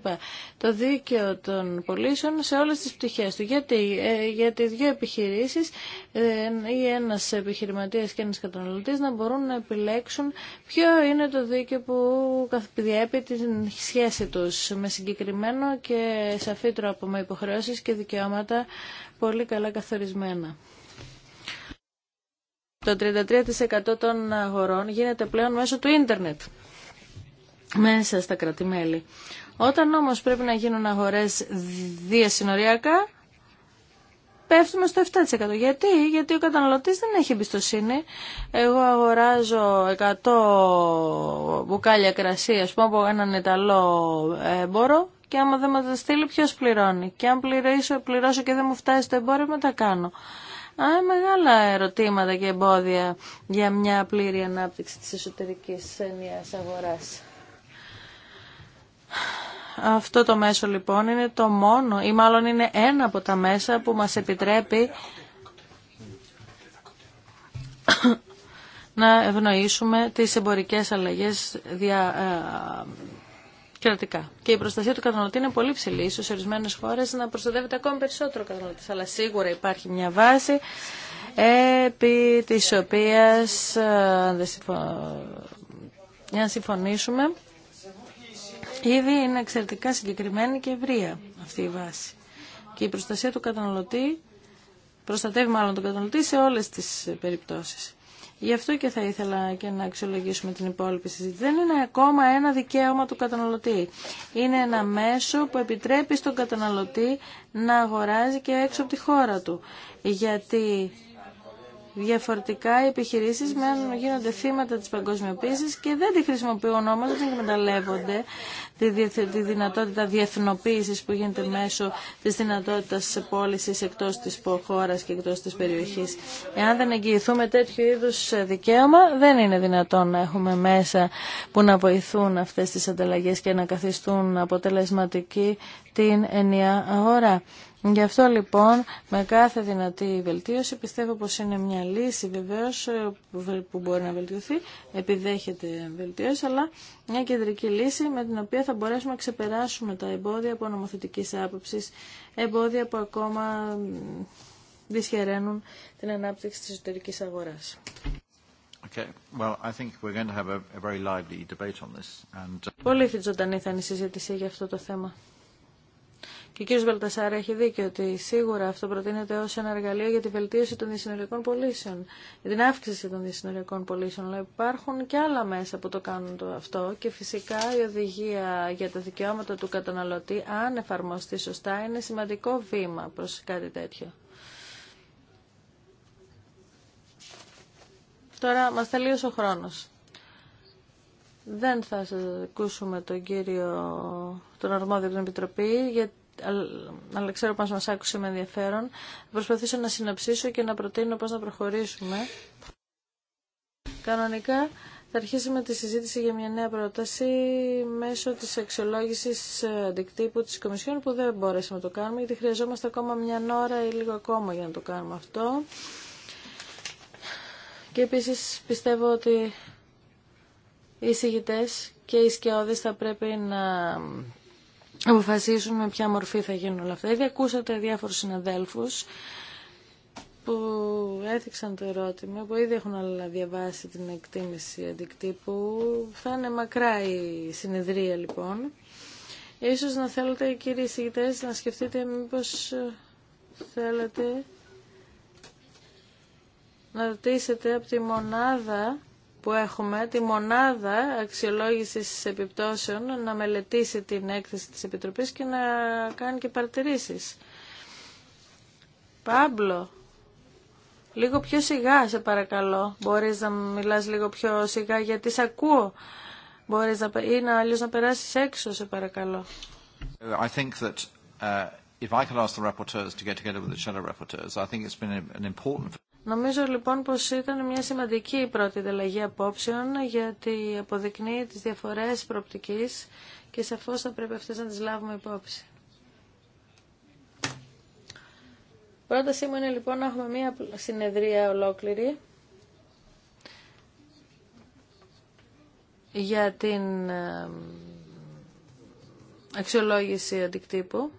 Το δίκαιο των πωλήσεων σε όλε τι πτυχέ του. Γιατί, ε, γιατί δύο επιχειρήσει ε, ή ένα επιχειρηματία και ένα καταναλωτή να μπορούν να επιλέξουν ποιο είναι το δίκαιο που διέπει τη σχέση του με συγκεκριμένο και σαφή τρόπο με υποχρεώσει και δικαιώματα πολύ καλά καθορισμένα. Το 33% των αγορών γίνεται πλέον μέσω του ίντερνετ μέσα στα κρατημέλη. Όταν όμως πρέπει να γίνουν αγορές διασυνοριακά, πέφτουμε στο 7%. Γιατί, Γιατί ο καταναλωτής δεν έχει εμπιστοσύνη. Εγώ αγοράζω 100 μπουκάλια κρασί, ας πούμε, από έναν Ιταλό έμπορο και άμα δεν μου τα στείλει ποιος πληρώνει. Και αν πληρώσω, πληρώσω και δεν μου φτάσει το με τα κάνω. Α, μεγάλα ερωτήματα και εμπόδια για μια πλήρη ανάπτυξη της εσωτερικής ενιαίας αγοράς. Αυτό το μέσο λοιπόν είναι το μόνο ή μάλλον είναι ένα από τα μέσα που μας επιτρέπει να ευνοήσουμε τις εμπορικές αλλαγές δια, ε, κρατικά. Και η προστασία του καταναλωτή είναι πολύ ψηλή. Ίσως σε ορισμένε χώρε να προστατεύεται ακόμη περισσότερο ο καταναλωτή. Αλλά σίγουρα υπάρχει μια βάση επί τη οποία ε, να συμφωνήσουμε. Ήδη είναι εξαιρετικά συγκεκριμένη και ευρεία αυτή η βάση. Και η προστασία του καταναλωτή προστατεύει μάλλον τον καταναλωτή σε όλες τις περιπτώσεις. Γι' αυτό και θα ήθελα και να αξιολογήσουμε την υπόλοιπη συζήτηση. Δεν είναι ακόμα ένα δικαίωμα του καταναλωτή. Είναι ένα μέσο που επιτρέπει στον καταναλωτή να αγοράζει και έξω από τη χώρα του. Γιατί Διαφορετικά οι επιχειρήσει γίνονται θύματα τη παγκοσμιοποίηση και δεν τη χρησιμοποιούν όμω δεν εκμεταλλεύονται τη, δυνατότητα διεθνοποίηση που γίνεται μέσω τη δυνατότητα πώληση εκτό τη χώρα και εκτό τη περιοχή. Εάν δεν εγγυηθούμε τέτοιου είδου δικαίωμα, δεν είναι δυνατόν να έχουμε μέσα που να βοηθούν αυτέ τι ανταλλαγέ και να καθιστούν αποτελεσματική την ενιαία αγορά. Γι' αυτό λοιπόν με κάθε δυνατή βελτίωση πιστεύω πως είναι μια λύση βεβαίως που μπορεί να βελτιωθεί, επιδέχεται βελτίωση, αλλά μια κεντρική λύση με την οποία θα μπορέσουμε να ξεπεράσουμε τα εμπόδια από νομοθετικής άποψης, εμπόδια που ακόμα δυσχεραίνουν την ανάπτυξη της εσωτερικής αγοράς. Πολύ ζωντανή θα είναι η συζήτηση για αυτό το θέμα. Και ο κ. Βαλτασάρα έχει δίκιο ότι σίγουρα αυτό προτείνεται ω ένα εργαλείο για τη βελτίωση των δυσυνοριακών πωλήσεων, για την αύξηση των δυσυνοριακών πωλήσεων. Αλλά υπάρχουν και άλλα μέσα που το κάνουν το αυτό και φυσικά η οδηγία για τα δικαιώματα του καταναλωτή, αν εφαρμοστεί σωστά, είναι σημαντικό βήμα προ κάτι τέτοιο. Τώρα μας τελείωσε ο χρόνος. Δεν θα σας ακούσουμε τον κύριο, τον αρμόδιο την Επιτροπή, γιατί αλλά ξέρω πως μας άκουσε με ενδιαφέρον. Προσπαθήσω να συναψίσω και να προτείνω πώς να προχωρήσουμε. Κανονικά θα αρχίσουμε τη συζήτηση για μια νέα πρόταση μέσω της αξιολόγησης ε, αντικτύπου της Κομισιόν που δεν μπόρεσαμε να το κάνουμε γιατί χρειαζόμαστε ακόμα μια ώρα ή λίγο ακόμα για να το κάνουμε αυτό. Και επίσης πιστεύω ότι οι συγητές και οι σκιώδεις θα πρέπει να με ποια μορφή θα γίνουν όλα αυτά. Ήδη ακούσατε διάφορους συναδέλφους που έθιξαν το ερώτημα, που ήδη έχουν αλλά διαβάσει την εκτίμηση αντικτύπου. Θα είναι μακρά η συνεδρία λοιπόν. Ίσως να θέλετε κύριοι συγητές να σκεφτείτε μήπως ε, θέλετε να ρωτήσετε από τη μονάδα που έχουμε τη μονάδα αξιολόγησης επιπτώσεων να μελετήσει την έκθεση της Επιτροπής και να κάνει και παρατηρήσεις. Πάμπλο, λίγο πιο σιγά σε παρακαλώ. Μπορείς να μιλάς λίγο πιο σιγά γιατί σε ακούω. Μπορείς να, ή να, αλλιώς να περάσεις έξω σε παρακαλώ. I think that, uh, if I could ask the rapporteurs to get together with the shadow rapporteurs, I think it's been an important... Νομίζω λοιπόν πως ήταν μια σημαντική πρώτη ανταλλαγή απόψεων γιατί αποδεικνύει τις διαφορές προοπτικής και σαφώς θα πρέπει αυτές να τις λάβουμε υπόψη. Πρότασή μου είναι λοιπόν να έχουμε μια συνεδρία ολόκληρη για την ε, αξιολόγηση αντικτύπου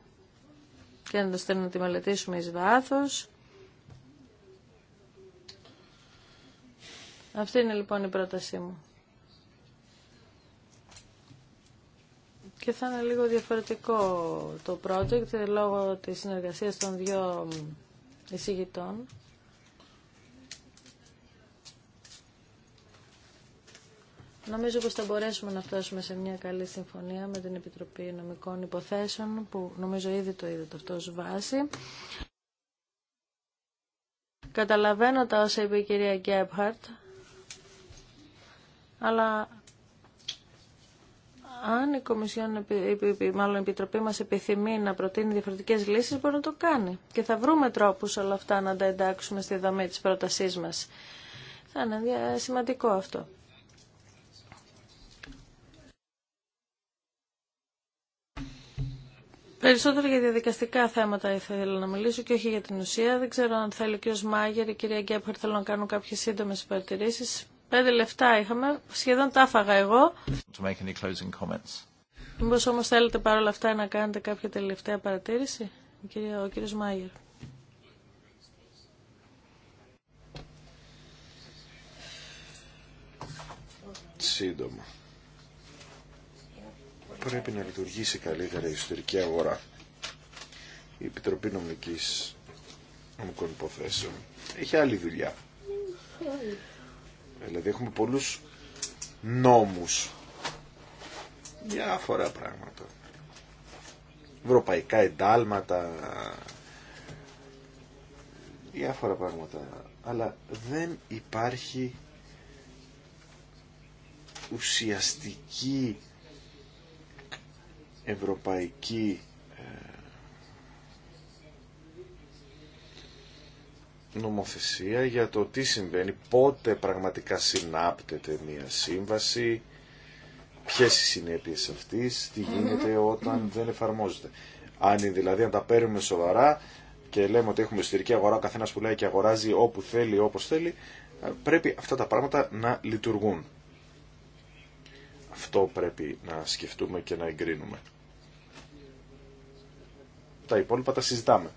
και να το στέλνουμε να τη μελετήσουμε εις βάθος Αυτή είναι λοιπόν η πρότασή μου. Και θα είναι λίγο διαφορετικό το project λόγω της συνεργασίας των δύο εισηγητών. Νομίζω πως θα μπορέσουμε να φτάσουμε σε μια καλή συμφωνία με την Επιτροπή Νομικών Υποθέσεων που νομίζω ήδη το είδατε αυτό ως βάση. Καταλαβαίνω τα όσα είπε η κυρία Γκέμπχαρτ αλλά αν η Κομισιόν, μάλλον η Επιτροπή μας επιθυμεί να προτείνει διαφορετικές λύσεις, μπορεί να το κάνει. Και θα βρούμε τρόπους όλα αυτά να τα εντάξουμε στη δομή της πρότασής μας. Θα είναι σημαντικό αυτό. Περισσότερο για διαδικαστικά θέματα ήθελα να μιλήσω και όχι για την ουσία. Δεν ξέρω αν θέλει ο κ. Μάγερ, η κυρία Γκέπχερ θέλουν να κάνουν κάποιες σύντομες παρατηρήσεις. Πέντε λεφτά είχαμε, σχεδόν τα έφαγα εγώ. Μήπω όμω θέλετε παρόλα αυτά να κάνετε κάποια τελευταία παρατήρηση, ο κύριος, ο Μάγερ. Σύντομα. Πρέπει να λειτουργήσει καλύτερα η ιστορική αγορά. Η Επιτροπή Νομικής Νομικών Υποθέσεων έχει άλλη δουλειά. Δηλαδή έχουμε πολλούς νόμους. Διάφορα πράγματα. Ευρωπαϊκά εντάλματα. Διάφορα πράγματα. Αλλά δεν υπάρχει ουσιαστική ευρωπαϊκή νομοθεσία για το τι συμβαίνει, πότε πραγματικά συνάπτεται μία σύμβαση, ποιες οι συνέπειες αυτής, τι γίνεται όταν δεν εφαρμόζεται. Αν δηλαδή αν τα παίρνουμε σοβαρά και λέμε ότι έχουμε εσωτερική αγορά, ο καθένας λέει και αγοράζει όπου θέλει, όπως θέλει, ε, πρέπει αυτά τα πράγματα να λειτουργούν. Αυτό πρέπει να σκεφτούμε και να εγκρίνουμε. Τα υπόλοιπα τα συζητάμε.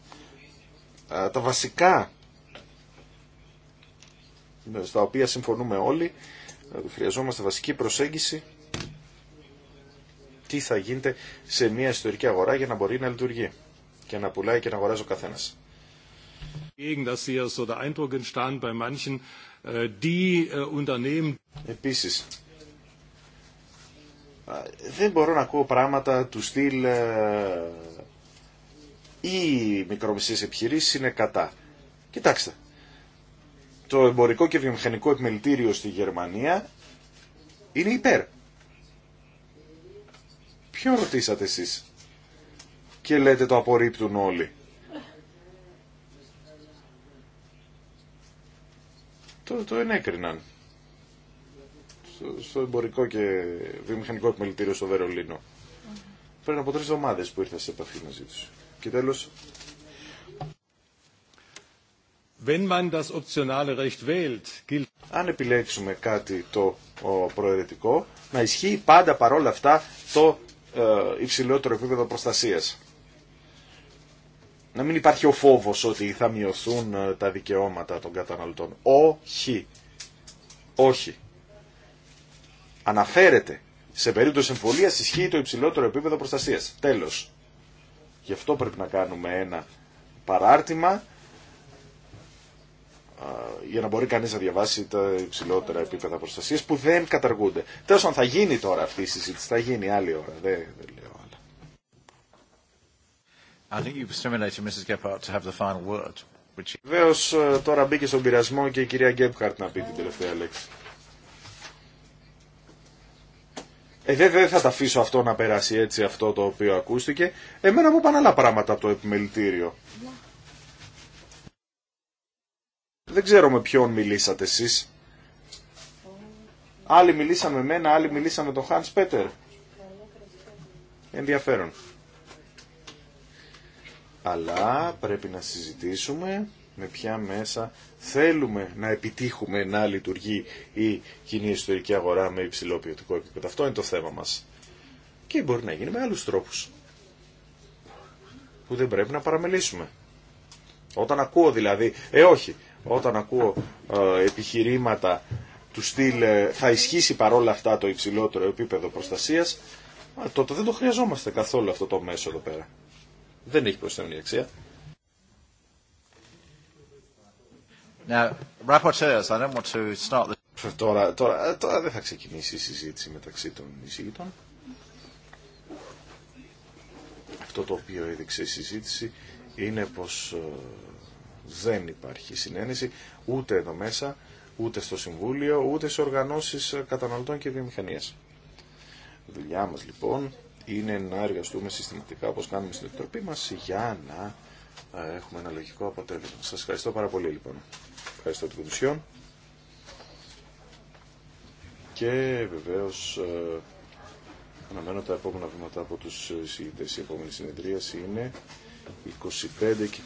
Ε, τα βασικά στα οποία συμφωνούμε όλοι. Ε, χρειαζόμαστε βασική προσέγγιση τι θα γίνεται σε μια ιστορική αγορά για να μπορεί να λειτουργεί και να πουλάει και να αγοράζει ο καθένας. Επίσης, δεν μπορώ να ακούω πράγματα του στυλ ή ε, μικρομεσαίες επιχειρήσεις είναι κατά. Κοιτάξτε, το εμπορικό και βιομηχανικό επιμελητήριο στη Γερμανία είναι υπέρ. Ποιο ρωτήσατε εσείς και λέτε το απορρίπτουν όλοι. Το, το ενέκριναν στο, στο εμπορικό και βιομηχανικό επιμελητήριο στο Βερολίνο. Πριν από τρει εβδομάδε που ήρθα σε επαφή μαζί του. Και τέλος... Wenn man das optionale Recht Αν επιλέξουμε κάτι το προαιρετικό, να ισχύει πάντα παρόλα αυτά το ε, υψηλότερο επίπεδο προστασίας. Να μην υπάρχει ο φόβος ότι θα μειωθούν ε, τα δικαιώματα των καταναλωτών. Όχι. Όχι. Αναφέρεται. Σε περίπτωση εμφωλίας ισχύει το υψηλότερο επίπεδο προστασίας. Τέλος. Γι' αυτό πρέπει να κάνουμε ένα παράρτημα για να μπορεί κανείς να διαβάσει τα υψηλότερα επίπεδα προστασίας που δεν καταργούνται. Τέλος αν θα γίνει τώρα αυτή η συζήτηση, θα γίνει άλλη ώρα, δεν, λέω άλλα. Βεβαίω ε, τώρα μπήκε στον πειρασμό και η κυρία Γκέμπχαρτ να πει την τελευταία λέξη. Ε, δεν θα τα αφήσω αυτό να περάσει έτσι αυτό το οποίο ακούστηκε. Εμένα μου πάνε άλλα πράγματα από το επιμελητήριο. Ναι. Δεν ξέρω με ποιον μιλήσατε εσείς. Άλλοι μιλήσαμε με μένα, άλλοι μιλήσαμε με τον Χάνς Πέτερ. Ενδιαφέρον. Αλλά πρέπει να συζητήσουμε με ποια μέσα θέλουμε να επιτύχουμε να λειτουργεί η κοινή ιστορική αγορά με υψηλό ποιοτικό επίπεδο. Αυτό είναι το θέμα μας. Και μπορεί να γίνει με άλλους τρόπους που δεν πρέπει να παραμελήσουμε. Όταν ακούω δηλαδή, ε όχι, όταν ακούω ε, επιχειρήματα του στυλ ε, θα ισχύσει παρόλα αυτά το υψηλότερο επίπεδο προστασίας, ε, τότε δεν το χρειαζόμαστε καθόλου αυτό το μέσο εδώ πέρα. Δεν έχει προσθέμενη αξία. Τώρα, τώρα, τώρα δεν θα ξεκινήσει η συζήτηση μεταξύ των εισηγητών. Αυτό το οποίο έδειξε η συζήτηση είναι πως δεν υπάρχει συνένεση ούτε εδώ μέσα, ούτε στο Συμβούλιο, ούτε σε οργανώσεις ε, καταναλωτών και βιομηχανίας. δουλειά μας λοιπόν είναι να εργαστούμε συστηματικά όπως κάνουμε στην Επιτροπή μας για να ε, έχουμε ένα λογικό αποτέλεσμα. Σας ευχαριστώ πάρα πολύ λοιπόν. Ευχαριστώ την Κομισιόν και βεβαίως ε, αναμένω τα επόμενα βήματα από τους εισηγητές. Η επόμενη συνεδρίαση είναι 25 και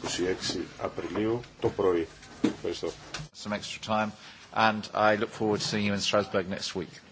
26 Απριλίου το πρωί. Ευχαριστώ. Some extra time and I look forward to seeing you in Strasbourg next week.